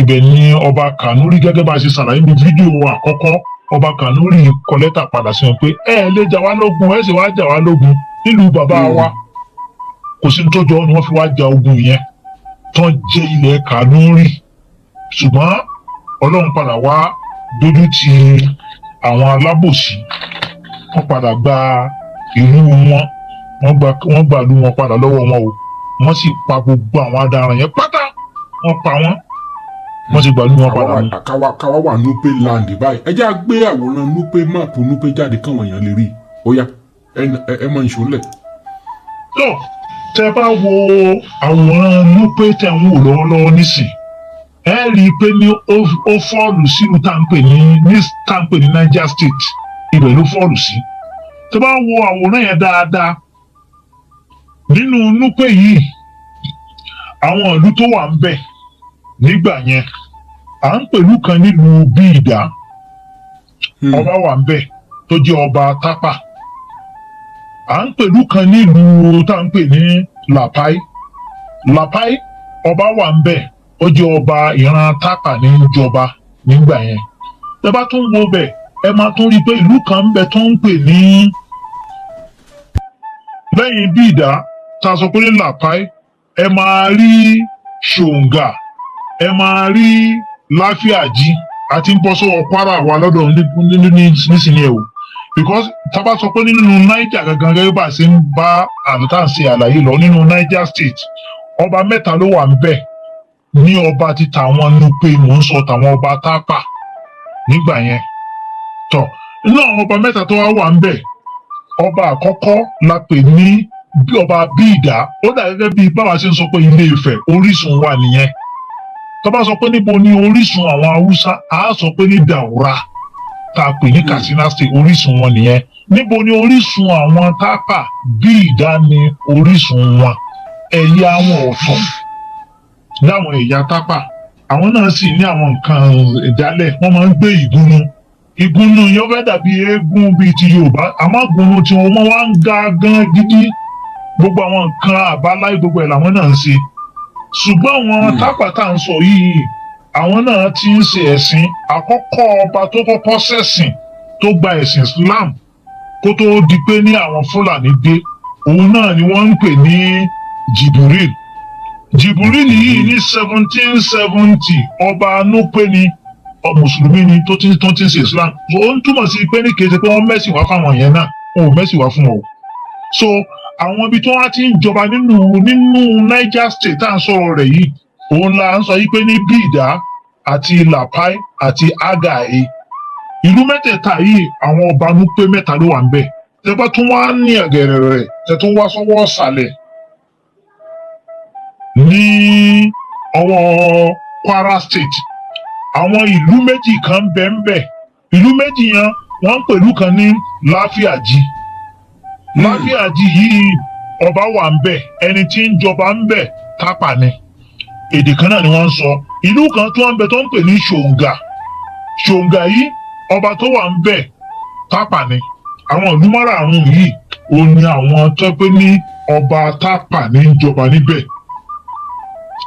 ibẹ̀ ni ọba Kànúrí gẹ́gẹ́ bá a ṣe ṣàlàyé ní fídíò àkọ́kọ́ ọba kanuri kọ lẹ́tà padà sí wọn pé ẹ ẹ lè jà wá lógun ẹ sì wá jà wá lógun nílùú bàbá wa hmm. kò sí tó jọ ni wọ́n fi wá ja ogun yẹn tán jẹ ilẹ̀ kanuri ṣùgbọ́n ọlọ́run padà wá dojú ti àwọn alábòsí wọ́n padà gba ìlú wọn wọ́n gba wọ́n gba ìlú wọn padà lọ́wọ́ wọn o wọ́n sì pa gbogbo àwọn adaràn yẹn pátá wọ́n pa wọ́n wọ́n ti gbà lù wọn padà ni. káwa káwa wà nupe land báyìí ẹ jẹ́ àgbé àwòrán nupe máàpù nupe jáde káwọn èèyàn lè rí i ó yá ẹ mọ ìṣó lẹ̀. tó tẹ bá wo àwòrán nupe tẹ ń wò lọ́wọ́lọ́wọ́ nísìn ẹ rí i pé ní ó fọ́ọ̀lù sínú táǹpẹ̀ ní ní táǹpẹ̀ ní Niger State ibẹ̀ ló fọ́ọ̀lù sí tẹ bá wo àwòrán yẹn dáadáa nínú nupe yìí àwọn ìlú tó wà ń bẹ́ẹ̀ nígbà yẹn à ń pẹ̀lú kan nílùú bí ìdá hmm. ọba wà ń bẹ̀ tó jẹ́ ọba tápà à ń pẹ̀lú kan nílùú tá à ń pè ní làpáì làpáì ọba wà ń bẹ̀ ó jẹ́ ọba ìran tápà ní ìjọba nígbà yẹn ẹ bá tún wo bẹ̀ ẹ máa tún rí i pé ìlú kan ń bẹ tó ń pè ní lẹ́yìn bí ìdá tá a sọ pé làpáì ẹ máa rí ṣòǹgà ẹ máa rí láfíà jí àti ń bọ́ sọ́wọ́ kwara wa lọ́dọ̀ nísìnyí ẹ̀ o because tábà sọ pé nínú Niger gangan gẹ́gẹ́ bá a ṣe ń bá àmì ṣe àlàyé lọ nínú Niger state ọba mẹ́ta ló wà níbẹ̀ ní ọba ti tàwọn nu pé mò ń sọ tàwọn ọba tápà nígbà yẹn tọ nínú àwọn ọba mẹ́ta tó wá wà níbẹ̀ ọba àkọ́kọ́ la pè ní ọba bíìdá ó dà gẹ́gẹ́ bí báwa ṣe ń sọ pé Ilé Ifẹ̀ orísun wà nìyẹn tó bá sọ pé níbo ni orísun àwọn haúsá a sọ pé ní Daura tá a pè ní hmm. Katsina State orísun wọn nìyẹn níbo ni orísun àwọn tápà bí ìdání orísun wọn ẹ̀yà àwọn ọ̀tọ̀ láwọn ẹ̀yà tápà àwọn náà sì ní àwọn nǹkan ìdálẹ̀ wọ́n máa ń gbé ìgúnnu ìgúnnu yóò fẹ́ dàbí eégún bíi ti Yorùbá àmọ́ ìgúnnu tí wọ́n wá ń ga gan gidi gbogbo àwọn nǹkan àbáláyé gbogbo ẹ̀ làwọn náà ń ṣe ṣùgbọ́n àwọn hmm. tápàtà ń sọ yìí àwọn náà ti ń ṣe ẹ̀sìn àkọ́kọ́ ọba tó kọ́kọ́ ṣẹ̀sìn tó gba ẹ̀sìn Islam kó tó di pé ní àwọn Fúlàní dé òun náà ni wọ́n ń pè ní Jibril Jibril yìí ní seventeen seventy ọba anúpé ni mùsùlùmí ni tó ti tó ti ń ṣe Islam ó ń túmọ̀ sí pé ní kété pé wọ́n mẹ́sìn wá fáwọn yẹn náà wọn ò mẹ́sìn wá fún wọn o so àwọn ibi tí wọ́n ti ń jọba nínú nínú Niger State tá à ń sọ̀rọ̀ rẹ̀ yìí òun la ń sọ yìí pé ní Bida àti Lapai àti Agaye ìlú mẹ́tẹ̀ẹ̀ta yìí àwọn ọba ń pé mẹ́ta ló wà ń bẹ̀ tẹ́gbẹ́ tó wá ní ẹ̀gẹ̀rẹ̀ rẹ̀ tẹ́ tó wá sọ́wọ́ ọ̀sàlẹ̀ ní ọwọ́ Kwara State àwọn ìlú méjì kan bẹ́ẹ̀ ń bẹ̀ ìlú méjì yẹn wọ́n ń kan ní Láfíàjì lábẹ́ àjì yìí ọba wà ń bẹ̀ ẹni tí ń jọba ń bẹ̀ tápà ni èdè kan náà ni wọ́n ń sọ ìlú kan tí wọ́n ń bẹ tó ń pè ní ṣòǹgà ṣòǹgà yìí ọba tó wà ń bẹ̀ tápà ni àwọn ìlú márààrún yìí ó ní àwọn tó pé ní ọba tápà ní ń jọba níbẹ̀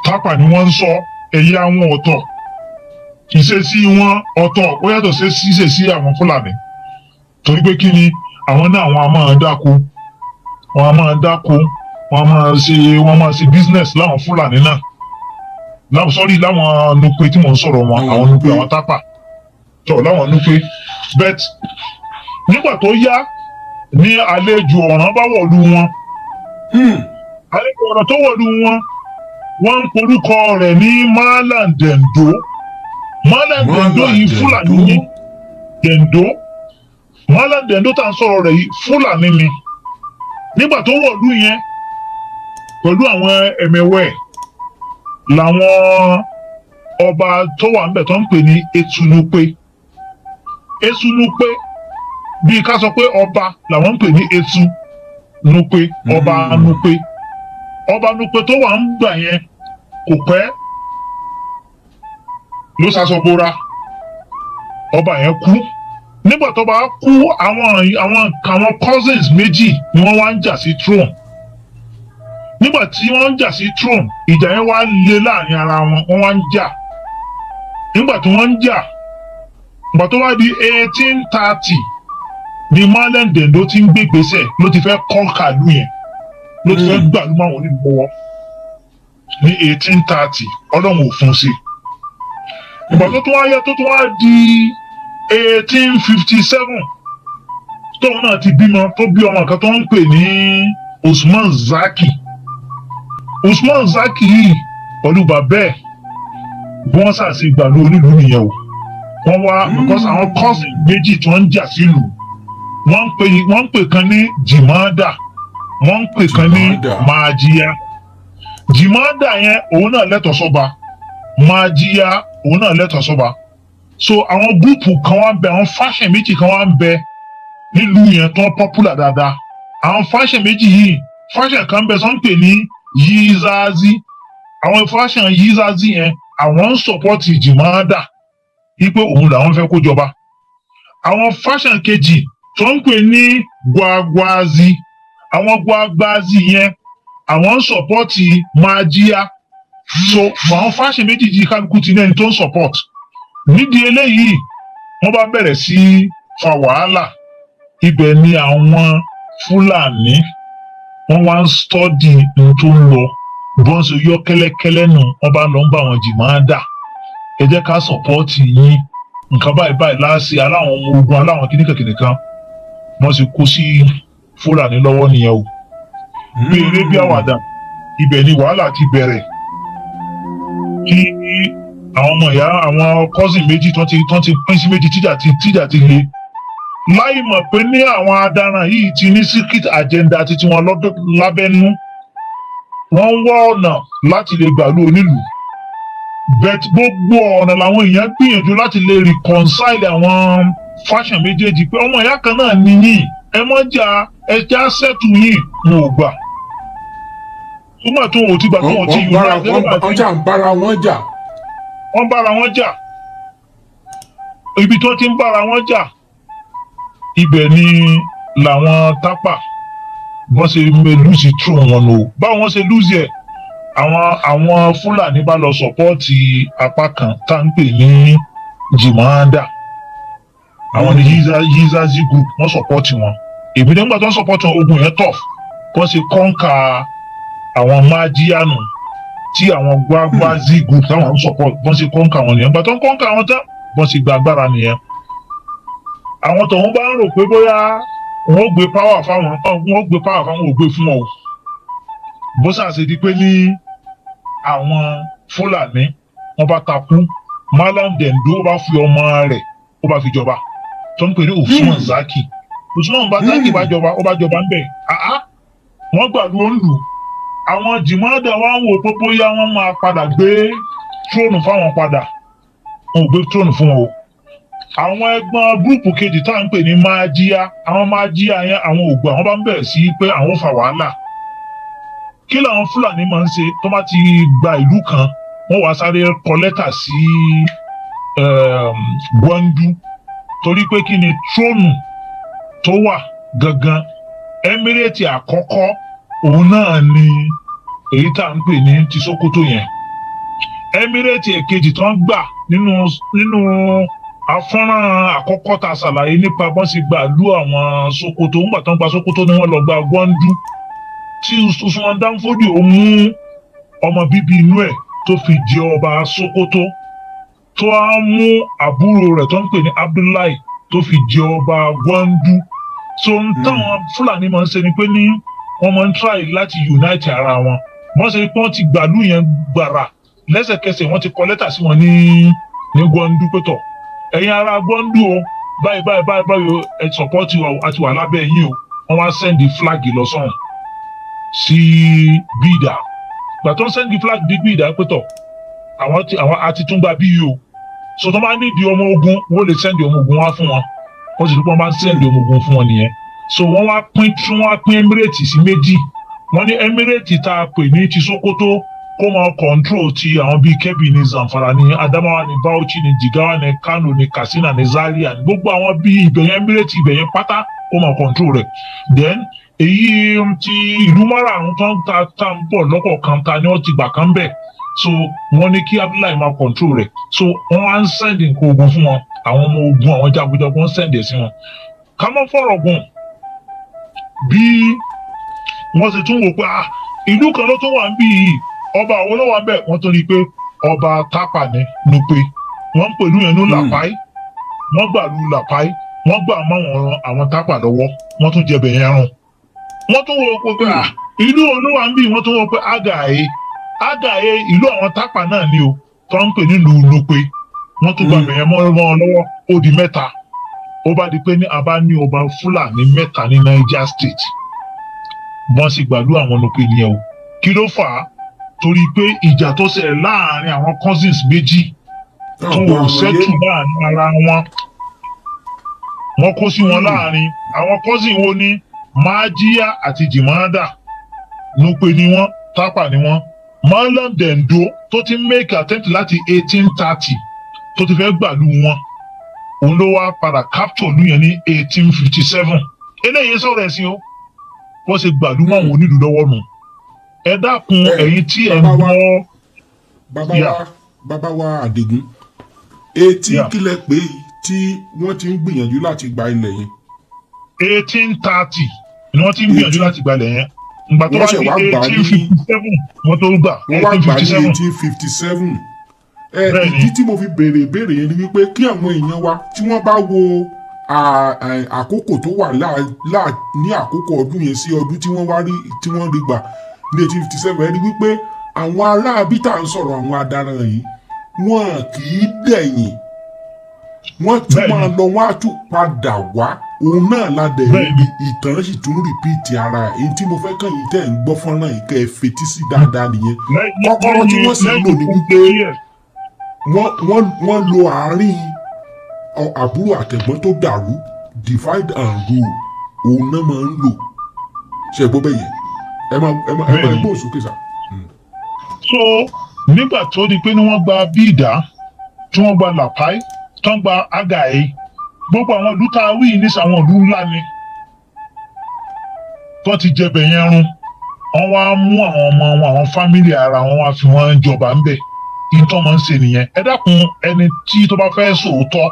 tápà ni wọ́n ń sọ ẹ̀yà wọn ọ̀tọ̀ ìṣesí wọn ọ̀tọ̀ ó yàtọ̀ sí ìṣesí àwọn fúlàní torí pé kí ni àwọn náà wọn a máa dáko wọn a máa dáko wọn a máa ṣe wọn a máa ṣe business láwọn fúlàní náà láwọn sọ́rí láwọn nupe tí mò ń sọ̀rọ̀ wọn àwọn nupe àwọn tápà tọ̀ láwọn nupe bet nígbà tó yá ní àlejò ọ̀ràn bá wọ̀lú wọn hmm. àlejò ọ̀ràn tó wọ̀lú wọn wọ́n ń porúkọ rẹ̀ ní Mallam Dẹ̀ǹdó Mallam Dẹ̀ǹdó yìí fúlàní ni Dẹ̀ǹdó. Mallam Dendo tá à ń sọ̀rọ̀ rẹ̀ yìí Fúlàní ni nígbà tó wọ̀lú yẹn pẹ̀lú àwọn ẹ̀mẹ̀wẹ̀ làwọn ọba tó wà níbẹ̀ tó ń pè ní Etunupe Etunupe bíi ká sọ pé ọba làwọn ń pè ní Etunupe ọba hmm. Nupe ọba Nupe tó wà ń gbà yẹn kò pẹ́ ló sasọ bora ọba yẹn kú nígbà tó bá kú àwọn àwọn àwọn cousins méjì ni wọ́n wá ń jà sí throne nígbà tí wọ́n ń jà sí throne ìjà yẹn wá le láàrin ara wọn wọ́n wá ń jà nígbà tí wọ́n ń jà ìgbà tó wá di eighteen thirty ni marlen dendo ti ń gbé gbèsè ló ti fẹ́ kọ́ńkà lù yẹn ló ti fẹ́ hmm. gbà lù máa wọn nínú wọn ní eighteen thirty ọlọ́run ò fún sí ìgbà tó tún wá tó tún wá di eighteen fifty seven tóun náà ti bímọ tó bí ọmọ kan tó ń pè ní Usman Zaki Usman Zaki yìí pẹ̀lú bàbá ẹ̀ bí wọ́n sàṣì gbà ló onílù nìyẹn o wọ́n wá hmm. because àwọn cousin méjì tí wọ́n ń jà sílùú wọ́n ń pè wọ́n ń pè kan ní Jimada wọ́n ń pè kan ní Majiya Jimada yẹn òun náà lẹ́tọ̀ọ́ sọ́ba Majiya òun náà lẹ́tọ̀ọ́ sọ́ba so àwọn gúùpù kan wá ń bẹ àwọn fashion méjì kan wá ń bẹ nílùú yẹn tó popular dáadáa àwọn fashion méjì yìí fashion kan bẹ sọ ń pè ní yizazi àwọn fashion yizazi yẹn àwọn ń support jimada wípé òun làwọn fẹ́ kó jọba àwọn fashion kejì tó ń pè ní gwagwazi àwọn gwagwazi yẹn àwọn ń support majia so àwọn fashion méjì yìí kálukú ti ní ẹni tó ń support nídìí eléyìí wọ́n bá bẹ̀rẹ̀ sí í fa wàhálà ibẹ̀ ni àwọn fúlàní wọ́n wá ń stọ́dì ohun tó ń lọ bọ́n ṣe yọ kẹ́lẹ́kẹ́lẹ́ nù wọ́n bá lọ ń bá wọn jì máa dà ẹ jẹ́ ká sọ̀pọ́ọ̀tì yín nǹkan báyìí báyìí láàṣì aláwọn ọmọ ogun aláwọn kíníkàkíní kan wọ́n sì kó sí fúlàní lọ́wọ́ nìyẹn o bí eré bí àwàdà ibẹ̀ ni wàhálà ti bẹ̀rẹ̀ kí àwọn ọmọ ìyá àwọn cousin méjì tó ti tó ti pín sí méjì tíjà ti tíjà ti le láì mọ̀ pé ní àwọn adaràn yìí ti ní secret agenda ti tiwọn lọ́dún lábẹ́nú wọ́n ń wá ọ̀nà láti lè gbàlú onílùú bet gbogbo ọ̀nà làwọn èèyàn gbìyànjú láti lè reconcile àwọn fashion méjèèjì pé ọmọ ìyá kan náà ni yín ẹ mọ́ jà ẹ já sẹ́tù yín wọn ò gbà. ó mà tó òtí gbà tó òtí yìí. wọ́n ń bára wọn jà wọ́n bára wọn jà ibi tó ti ń bára wọn jà ibẹ̀ ni làwọn tápà wọ́n ṣe lùsì tú wọn o báwọn ṣe lùsì ẹ̀ àwọn àwọn fúlàní bá lọ sọ̀pọ́ọ̀tì apá kan tá ń pè ní jìmọ́ádà àwọn ni yíza zigu wọ́n sọ̀pọ́ọ̀tì wọn èmi nígbà tó ń sọ̀pọ́ọ̀tì wọn ogun yẹn tọ̀ wọ́n ṣe kọ́ńkà àwọn májíyànù tí àwọn gbagbazi group táwọn ń support bọ́n ṣe kọ́ńkà wọn nìyẹn gbàtọ́ kọ́ńkà wọn tán bọ́n ṣe gba agbára nìyẹn àwọn tọ̀hún bá ń rò pé bóyá wọn ò gbé power fáwọn wọn ò gbé power fáwọn ò gbé fún wọn o bó ṣàṣe di pé ní àwọn fúlàní wọn bá takú Mallam Dendo bá fi ọmọ rẹ̀ ó bá fi jọba tó ń pè ní Usman Zaki hmm. Usman bá Zaki bá hmm. jọba ó bá jọba ń bẹ̀ ah wọn gbàdúró ń lù ú àwọn jìmọ́lódà wa ń wò pé bóyá wọ́n máa padà gbé tróònù fáwọn padà wọn ò gbé tróònù fún wọn o àwọn ẹ̀gbọ́n gúrùpù kejì tá à ń pè ní máa jíya àwọn máa jíya yẹn àwọn ògbó àwọn bá ń bẹ̀rẹ̀ sí pé àwọn fa wàhálà kí làwọn fúlàní máa ń ṣe tó bá ti gba ìlú kan wọ́n wàá sáré kọ lẹ́tà sí ehm, Gwandu torí pé kí ni tróònù tó wà gangan emirate àkọ́kọ́ òun náà ni èyí tá à ń pè ní ti Sókótó yẹn emirate èkejì tó ń gbà nínú nínú afọ́nrán àkọ́kọ́ tá ṣàlàyé nípa bọ́n sì gbà lú àwọn Sókótó ńgbà tó ń gba Sókótó ni wọ́n lọ gba Gwọ́ndú tí Usman Danfodiyo ó mú ọmọ bíbí inú ẹ̀ tó fi jẹ ọba Sókótó tó á mú àbúrò rẹ̀ tó ń pè ní Abdullahi tó fi jẹ ọba Gwọ́ndú so n táwọn hmm. Fúlàní máa ń ṣe ni pé ní. Mm wọ́n máa ń try láti unite ara wọn wọ́n ṣe pé wọ́n ti gbàlú yẹn gbàrà lẹ́sẹ̀kẹsẹ̀ wọ́n ti kọ lẹ́tà sí wọn ní ní Gwandu pẹ̀tọ̀ ẹ̀yin ara Gwandu o báyìí báyìí báyìí báyìí ẹ support wa àti wà lábẹ́ yín o wọ́n wá send the flag lọ sọ́hùn sí Bida gbàtọ́ send the flag bí Bida pẹ̀tọ̀ àwọn ti àwọn àti tún gba bí o so tó bá ní di ọmọ ogun wọ́n lè send ọmọ ogun wá fún wọn wọ́n sì rí pé wọ́n ń send ọmọ ogun fún wọn nìyẹn so wọ́n wá pín tí wọ́n wá pín emirate sí méjì wọ́n ní emirate tá a pè ní ti Sokoto kó control ti àwọn bíi Kebbi ní Zamfara ní Adamawa ní Bauchi ní Jigawa ní Kano ní Katsina ní Zaria ní gbogbo àwọn bíi ibẹ̀yẹn emirate ibẹ̀yẹn pátá kó control rẹ̀ then èyí ti ìlú márààrún tó ń ta tá ń bọ̀ lọ́kọ̀ọ̀kan ta ni wọ́n ti gbà kan bẹ́ẹ̀ so wọ́n ní kí Abdullahi máa control rẹ̀ so wọ́n á ń send nǹkan ogun fún wọn àwọn ọmọ ogun àwọn jagunjagun ń send ẹ̀ sí wọn ká fọ̀rọ̀ gùn bí wọ́n ṣe tún wò pé ah ìlú kan ló tún wà ń bí yìí ọba àwọn ló wà ń bẹ̀ wọ́n tún rí i pé ọba tápà ní nupe wọ́n ń pèlú yẹn ní làpáì wọ́n gbà lu làpáì wọ́n gbà máwọn ran àwọn tápà lọ́wọ́ wọ́n tún jẹbẹ̀ yẹn rún wọ́n tún wò pé ah ìlú olówà ń bí wọ́n tún wò pé àgàyè àgàyè ìlú àwọn tápà náà ni o tó ń pè nílùú nupe wọ́n tún gbàgbé hmm. yẹn mọ́ ọ lọ́wọ́ ó di ó bá di pé ní a bá ní ọba fúlàní mẹ́ta ní niger state wọ́n sì gbàlú àwọn nùpẹ̀ nìyẹn o kí ló fà á torí pé ìjà tó ṣẹlẹ̀ láàrin àwọn cousins méjì tó ò ṣẹ́tù láàrin ara wọn wọ́n kó sí wọn láàrin àwọn cousin wo ni májíyá àti jìmọ́dà nùpẹ̀ ni wọ́n tápà ni wọ́n Mallam tó ti make attempt láti eighteen tó ti fẹ́ gbàlú wọn òun ló wá padà capture ìlú yẹn ní eighteen fifty seven eléyìí sọ̀rọ̀ ẹ̀sìn o wọ́n ṣe gbàdúrà àwọn onílùú lọ́wọ́ nù ẹ dákun ẹ̀yin tí ẹ ń gbọ́. bàbá wa bàbá wa àdìgún etí kílẹ̀ pé tí wọ́n ti ń gbìyànjú láti gba ilẹ̀ yẹn. eighteen thirty ni wọ́n ti ń gbìyànjú láti gba ilẹ̀ yẹn ngbà tó wá ní eighteen fifty seven wọ́n tó gbà eighteen fifty seven ìdí tí mo fi béèrè ìbéèrè yẹn ni wípé kí àwọn èèyàn wa tí wọ́n bá wo àkókò tó wà ní àkókò ọdún yẹn sí ọdún tí wọ́n wá rí tí wọ́n rí gbà ní eighteen fifty seven ẹ rí wípé àwọn aráabí tá à ń sọ̀rọ̀ àwọn adaràn yìí wọn kì í dẹ̀yìn wọ́n tún máa lọ wọ́n á tún padà wá òun náà la dẹ̀ rí ìtàn sì tún rìpíìtì ara ẹ̀ èyí tí mo fẹ́ kàn yín tẹ̀ ń gbọ́ fọ́nrán yìí kẹ́ ẹ fetí sí dáadáa nìyẹn kọ́kọ́rọ́ tí wọ́n sì ń lò ní wípé wọ́n wọ́n wọ́n lo àárín àbúrò àtẹ̀gbọ́n tó dàrú divide and rule òun náà máa ń lò ṣe gbọ́ bẹ́ẹ̀ yẹn ẹ máa ẹ máa ẹ máa gbọ́ òsókè sá. so nígbà tó di pé wọ́n gba bíìdá tí wọ́n gba làpáì tí wọ́n gba àgàyè gbogbo àwọn ìlú tá a wí ní sàwọn ìlú ńlá ni tó ti jẹbẹ̀ yẹn run wọ́n wá mú àwọn ọmọ wọn àwọn fámìlì ara wọn wá fi wọ́n jọba ńbẹ̀ ìtọ́ máa ń ṣe nìyẹn ẹ dákun ẹni tí tó bá fẹ́ sòótọ́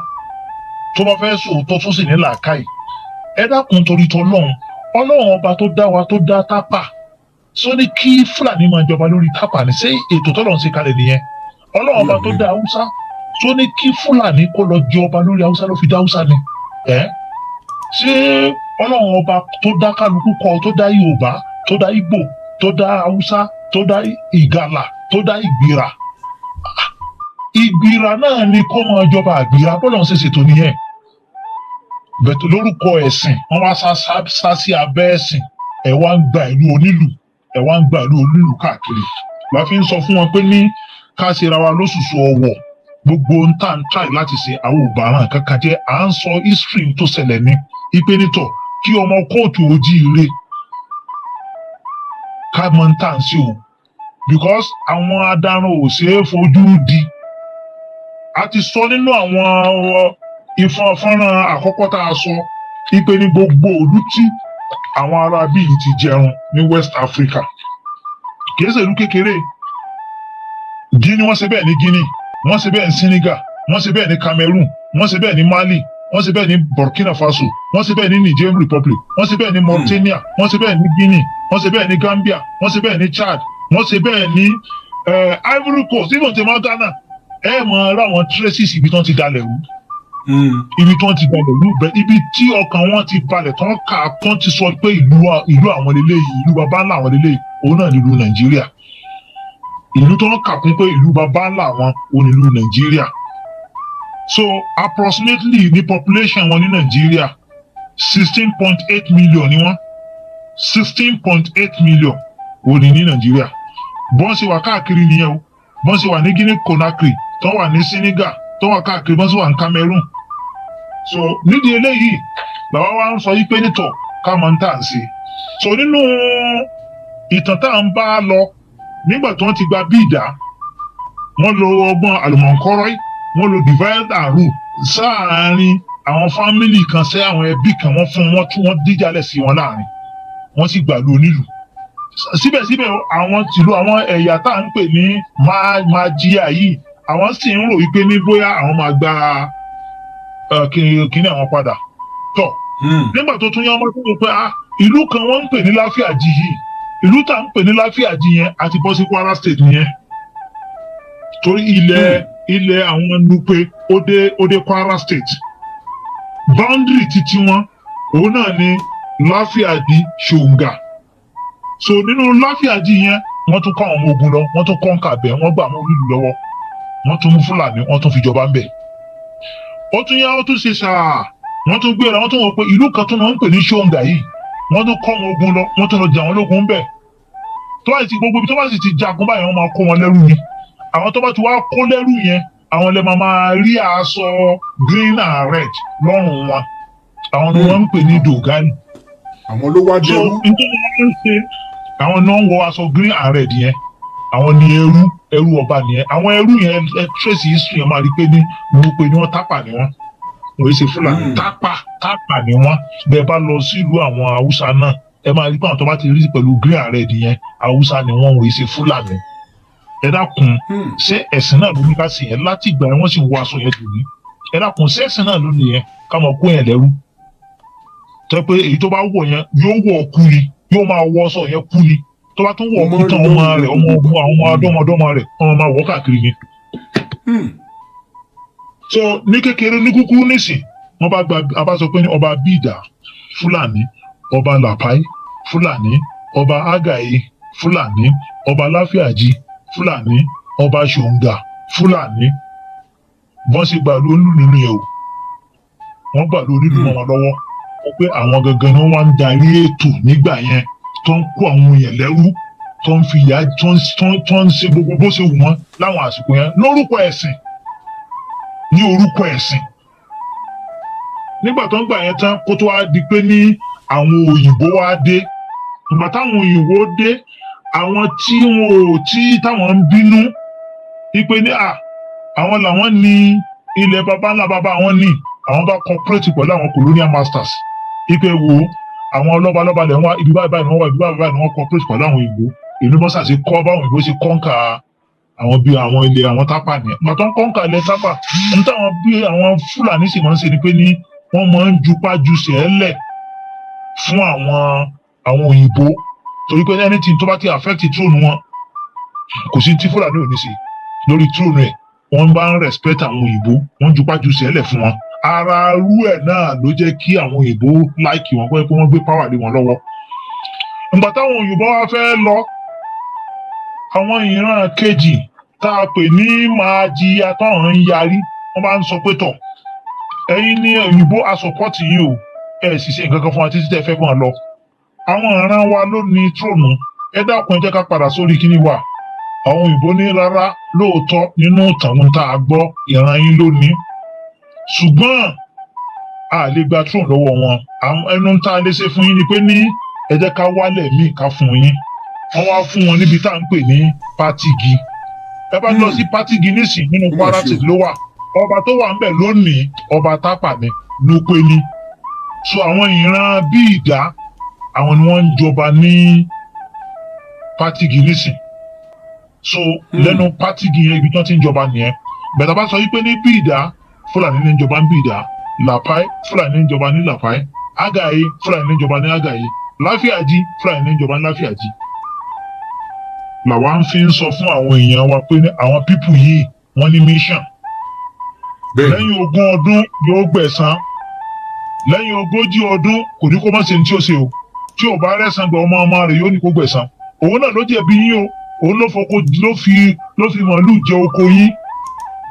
tó bá fẹ́ sòótọ́ tó sì ní làákàyè ẹ dákun torí tọlọ́run ọlọ́run ọba tó dá wa tó dá tápà sọ ni kí fúlàní máa jọba lórí tápà ní ṣé ètò tọ́lọ́run ṣe kalẹ̀ nìyẹn ọlọ́run ọba tó dá haúsá sọ ni kí fúlàní kó lọ jọba lórí haúsá ló fi dá haúsá ni ẹ ṣé ọlọ́run ọba tó dá kálukú kọ tó dá yorùbá tó dá ìgbò tó dá haúsá tó dá ìgalà tó dá ìgbìrà ìgbìrà náà ni kó máa jọba àgbìrà bọ́lá ń ṣe ṣètò nìyẹn bẹ̀tẹ̀ lórúkọ ẹ̀sìn wọ́n wá sá sí abẹ́ ẹ̀sìn ẹ̀ wá ń gba ìlú onílù ẹ̀ wá ń gba ìlú onílù káàkiri la fi ń sọ fún wọn pé ní ká ṣe ra wa lóṣooṣù ọ̀wọ̀ gbogbo ń tà ń tà láti ṣe àwọn òbáràn kankan jẹ́ à ń sọ history tó ṣẹlẹ̀ ní ipe kí ọmọ kóòtù ojíire ká mọ̀ ń tà ń ṣe òun because àwọn adarun ò ṣeé fojú di a ti sọ nínú àwọn ìfọn fọ́nrán àkọ́kọ́ tá a sọ ipe ní gbogbo òlú tí àwọn ará bíi ti jẹun ní West Africa kìí ṣèlú kékeré Guinea wọ́n ṣe bẹ́ẹ̀ ní Guinea wọ́n ṣe bẹ́ẹ̀ ní Senegal wọ́n ṣe bẹ́ẹ̀ ní Cameroon wọ́n ṣe bẹ́ẹ̀ ní Mali wọ́n ṣe bẹ́ẹ̀ ní Burkina Faso wọ́n ṣe bẹ́ẹ̀ ní Nigerian Republic wọ́n ṣe bẹ́ẹ̀ ní Mauritania wọ́n ṣe bẹ́ẹ̀ ní Guinea wọ́n ṣe bẹ́ẹ̀ ní Gambia wọ́n ṣe bẹ́ẹ̀ ní Chad wọ́n ṣe bẹ́ẹ̀ ní Ivory Coast even tí wọ́n Ghana ẹ mọ̀ ọ́ ráwọn traces ibi tí wọ́n ti dalẹ̀ wú hmm. ibi tí wọ́n ti balẹ̀ ìlú bẹ́ẹ̀ ibi tí ọkàn wọn ti balẹ̀ tán ká tán ti sọ pé ìlú àwọn lélẹ́yìí ìlú bàbá ńlá àwọn lélẹ́yìí òun náà nílùú Nàìjíríà ìlú tó ń kà kún pé ìlú bàbá ńlá wọn òun nílùú Nàìjíríà so approximately ní population wọn ní Nàìjíríà sixteen point eight million ni wọn sixteen point eight million òun ní Nàìjíríà bọ́n ṣe wà káàkiri nìyẹn o bọ́n ṣe wà ní Guinea Conakry tó wà ní Senegal tó wà káàkiri bọ́n ṣe wà ní Cameroon so nídìí eléyìí bàbá wa ń sọ yí pé nítọ̀ ká máa ń tà ń ṣe so nínú ìtàn tá à ń bá a lọ nígbà tí wọ́n ti gba bí ìdá wọ́n lo ọgbọ́n àlùmọ̀ǹkọ́rọ́ wọ́n lo divide and rule sáàárín àwọn fámìlì kan sí àwọn ẹbí kan wọ́n fún wọn tí wọ́n díjálẹ̀ sí wọn láàrin wọ́n sì gbàlú onílùú síbẹ̀síbẹ̀ àwọn tìlú àwọn ẹ̀yà tá à ń pè ní máa yìí àwọn sì ń rò wípé ní bóyá àwọn máa gba kíní àwọn padà tọ̀ hmm. nígbà tó tún yá ọmọ tó ń pẹ́ ah ìlú kan wọ́n ń pè ní láfíàjì yìí ìlú tá à ń pè ní láfíàjì yẹn àti bọ́ Kwara state yẹn torí ilẹ̀ hmm. ilẹ̀ àwọn nupe ó dé Kwara state boundary títí wọn òun náà ni láfíàjì ṣòǹgà so nínú láfíàjì yẹn wọ́n tún kó àwọn ọmọ ogun lọ wọ́n tún kọ́ ǹkà bẹ́ẹ̀ wọ́n gba àwọn olùlù lọ́wọ́ wọ́n tún mú fúlàní wọ́n tún fìjọba ń bẹ̀. ó tún yá wọ́n tún ṣe ṣáà wọ́n tún gbéra wọ́n tún wọ pé ìlú kan tún wọ́n ń pè ní ṣóńgà yìí wọ́n tún kọ́ àwọn ogun lọ wọ́n tún lọ jà wọ́n lógun bẹ̀. tó bá ti gbogbo ibi tó bá sì ti jagun báyìí wọ́n máa kó wọn lẹ́rú ni àwọn tó bá ti wá kó lẹ́rú yẹn àwọn lè máa rí aṣọ green and red lọ́rùn wọn àwọn ni wọ́n ń pè ní dogani. àwọn ló wá jẹ́rú àwọn náà ń wọ aṣọ green and red yẹn àwọn ni ẹrú ẹrú ọba nìyẹn àwọn ẹrú yẹn ẹ tracy history yẹn máa rí pé ní mo pe ni wọn tápà ni wọn wọn ṣe fúlàní hmm. tápà tápà ni wọn bẹ́ẹ̀ bá lọ sílùú àwọn haúsá náà ẹ máa rí pé àwọn tó bá ti rí pẹ̀lú green and red yẹn haúsá ni wọn wọn ṣe fúlàní ẹ dákun hmm. ṣé ẹ̀sìn náà ló ní ká ṣe yẹn láti ìgbà yẹn wọ́n sì wọ aṣọ yẹn dùn ní ẹ dákun ṣé ẹ̀sìn náà ló ní yẹn ká mọ̀ kó yẹn lẹ́rú tẹ́ pé èyí tó bá wọ̀ yẹn yóò wọ̀ ọkùnrin yóò máa wọ ọsọ yẹn kú ni tó bá tún wọ ọkú tán ọmọ rẹ̀ ọmọ ọmọ àwọn adọmọdọmọ rẹ̀ ọmọ máa wọ káàkiri ni. Hmm. so ní kékeré ní kúkú nísìn wọn bá gba abá sọ pé ọba bídà fúlàní ọba làpáì fúlàní ọba àgàyè fúlàní ọba láfíàjì fúlàní ọba ṣòǹgà fúlàní wọn sì gbà lórí nínú yẹn o wọn gbà lórí nínú wọn lọ́wọ́ kọ pé àwọn gangan náà wá ń darí ètò nígbà yẹn tó ń kó àwọn èèyàn lẹ́rú tó ń fi ìyà tó ń ṣe gbogbo bó ṣe wù wọ́n láwọn àsìkò yẹn lórúkọ ẹ̀sìn ní orúkọ ẹ̀sìn nígbà tó ń gbà yẹn tán kó tó wá di pé ní àwọn òyìnbó wá dé ìgbà táwọn òyìnbó dé àwọn tí wọn ò tí táwọn ń bínú wípé ní à àwọn làwọn ní ilẹ̀ baba ńlá wọn ní àwọn bá cooperate pẹ̀lú àwọn colonial masters ipe wo àwọn ọlọ́ba lọ́ba lẹ̀ wọ́n ibi báyìí báyìí ni wọ́n wà ibi báyìí báyìí ni wọ́n cooperate pẹ̀lú àwọn ìgbò ìlú bọ́sà ṣe kọ́ báwọn ìgbò ṣe kọ́ńkà àwọn bíi àwọn ilé àwọn tápà ni ìgbà tó ń kọ́ńkà ilẹ̀ tápà ń táwọn bíi àwọn fúlàní sì máa ń ṣe ni pé ní wọ́n máa ń jupá ju sẹ́ẹ̀lẹ̀ fún àwọn àwọn òyìnbó torí pé anything tó bá ti affect tróònù wọn kò sí tí fúlàní ò ní ṣe lórí tróònù ẹ̀ wọ́n bá ń respect àwọn òyìnbó wọ́n jupá ju sẹ́ẹ̀lẹ̀ fún wọn ara arú ẹ̀ náà ló jẹ́ kí àwọn òyìnbó láìkì wọn pé wọ́n gbé power lé wọn lọ́wọ́ ìgbà táwọn òyìnbó wa fẹ́ lọ àwọn ìran kejì tá a pè ní máa jìyà táwọn ń yarí wọ́n bá ń sọ pé tọ̀ ẹ̀yin ní òyìnbó asọ̀pọ̀tì yìí o ẹ̀ sì ṣe nǹkan kan fún wa títí tẹ́ fẹ́ kàn lọ àwọn ìran wa ló ní tróònù ẹ dákun ẹ jẹ́ ká padà sórí kíní wa àwọn òyìnbó ní rárá lóòótọ́ nínú ìtàn tá a gbọ́ ìran yín ló ṣùgbọ́n a lè gba throne lọ́wọ́ wọn ẹnu tá a lè ṣe fún yín ni pé ní ẹ jẹ́ ká wálẹ̀ míì ká fún yín wọ́n wá fún wọn níbi tá à ń pè ní pátìgì ẹ bá lọ sí hmm. pátìgì nísìnyí nínú parasit ló wà ọba tó wà ń bẹ̀ lónìí ọba tápà ni ló pé ní so àwọn ìran bí ìdá àwọn ni wọ́n ń jọba ní pátìgì nísìn so hmm. lẹ́nu pátìgì yẹn ibi tí wọ́n ti ń jọba nìyẹn bẹ̀rẹ̀ bá sọ wípé ní bí ìdá fúlàní ní ìjọba ń lapai, dá làpáì fúlàní ní ìjọba ní làpáì àgàyè fúlàní ní ìjọba ní àgàyè láfíàjì fúlàní ní ìjọba ní láfíàjì. làwa ń fi ń sọ fún àwọn èèyàn wa pé àwọn pípù yìí wọ́n ní mission. lẹ́yìn ogún ọdún yóò gbẹ̀san lẹ́yìn ogójì ọdún kò ní kó má ṣe ní tí ó ṣe o tí ò bá rẹ̀san gba ọmọ ọmọ rẹ̀ yóò ní kó gbẹ̀san òun náà ló jẹ̀bi yín o òun ló fọkọ ló fi ló fi màálù jẹ oko yín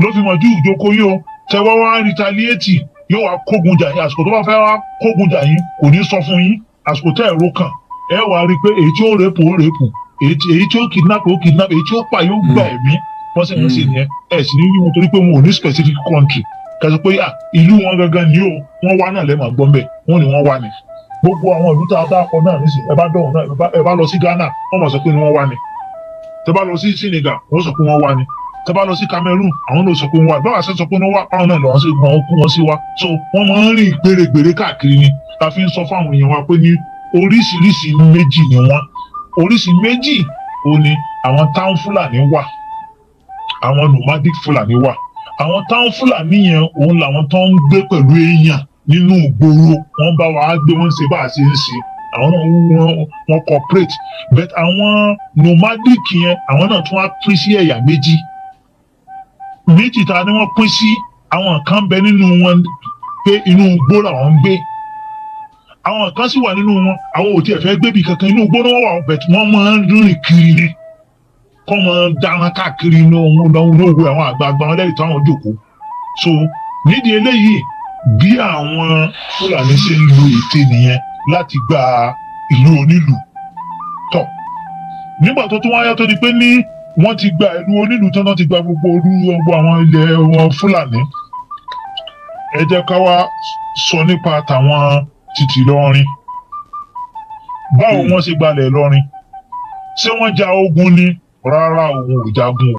ló fi màálù jẹ oko yín o tẹ wá wá retaliate yóò wá kógun jà yín àsìkò tó bá fẹ́ wá kógun jà yín kò ní sọ fún yín àsìkò tẹ ẹ̀rọ kàn ẹ wá rí i pé èyí tí ó rèpò ó rèpò èyí tí ó kidnap ó kidnap èyí tí ó pa yóò gbà ẹ̀mí wọ́n sì ń sìn yẹn ẹ̀ sì ní wíwọ́n torí pé wọn ò ní specific country kẹsì pé à ìlú wọn gangan ni o wọn wá náà lẹ́ẹ̀ma gbọ́n bẹ́ẹ̀ wọn ni wọ́n wá ni gbogbo àwọn ìlú tá a tá a kọ náà nísìnyí ẹ bá dọ̀wọ̀ náà ẹ bá lọ sí Ghana wọ́n mọ̀ sọ pé ni wọ́n wá ni tẹ bá lọ sí Senegal wọ́n sọ pé wọ́n wá ni tó bá lọ sí Cameroon àwọn náà sọ pé wọn wà báwa ṣe sọ pé wọn wà páwọn náà lọ́wọ́ sí wọn kú wọn sí wa so wọn máa ń rìn gbèrègbèrè káàkiri ni la fi ń sọ fáwọn èèyàn wa pé ní oríṣiríṣi méjì ni wọn oríṣi méjì ó ní àwọn táwọn Fúlàní wà àwọn nomadic Fúlàní wà àwọn táwọn Fúlàní yẹn òun làwọn tó ń gbé pẹ̀lú èèyàn nínú ìgboro wọn bá wàá gbé wọn ṣe bá a ṣe ń ṣe àwọn wọn wọn cooperate but àwọn nomadic yẹn àwọn náà tún wá pín sí ẹ̀yà méjì méjì ta ni wọ́n pín sí àwọn kan bẹ nínú wọn pé inú igbó làwọn ń gbé àwọn kan sì wà nínú wọn àwọn ò tiẹ̀ fẹ́ gbébì kankan inú igbó ni wà bẹ̀ tí wọ́n máa ń rìn kiri ni kọ́ máa ń dáná káàkiri inú ohun lóògùn àwọn àgbààgbà wọn lẹ́yìn táwọn jòkó so nídìí eléyìí bí àwọn Fúlàní ṣe ń lo ète nìyẹn láti gba ìlú onílù tọ nígbà tó tún wáyá tó di pé ní wọ́n ti gba ìlú onílù tán wọ́n ti gba gbogbo olú gbogbo àwọn ilẹ̀ wọn fúlàní ẹ jẹ́ ká wá sọ nípa tàwọn títí lọ́rin báwo hmm. wọ́n ṣe gbalẹ̀ lọ́rin ṣé wọ́n ja ogun ni rárá òun ò jagun.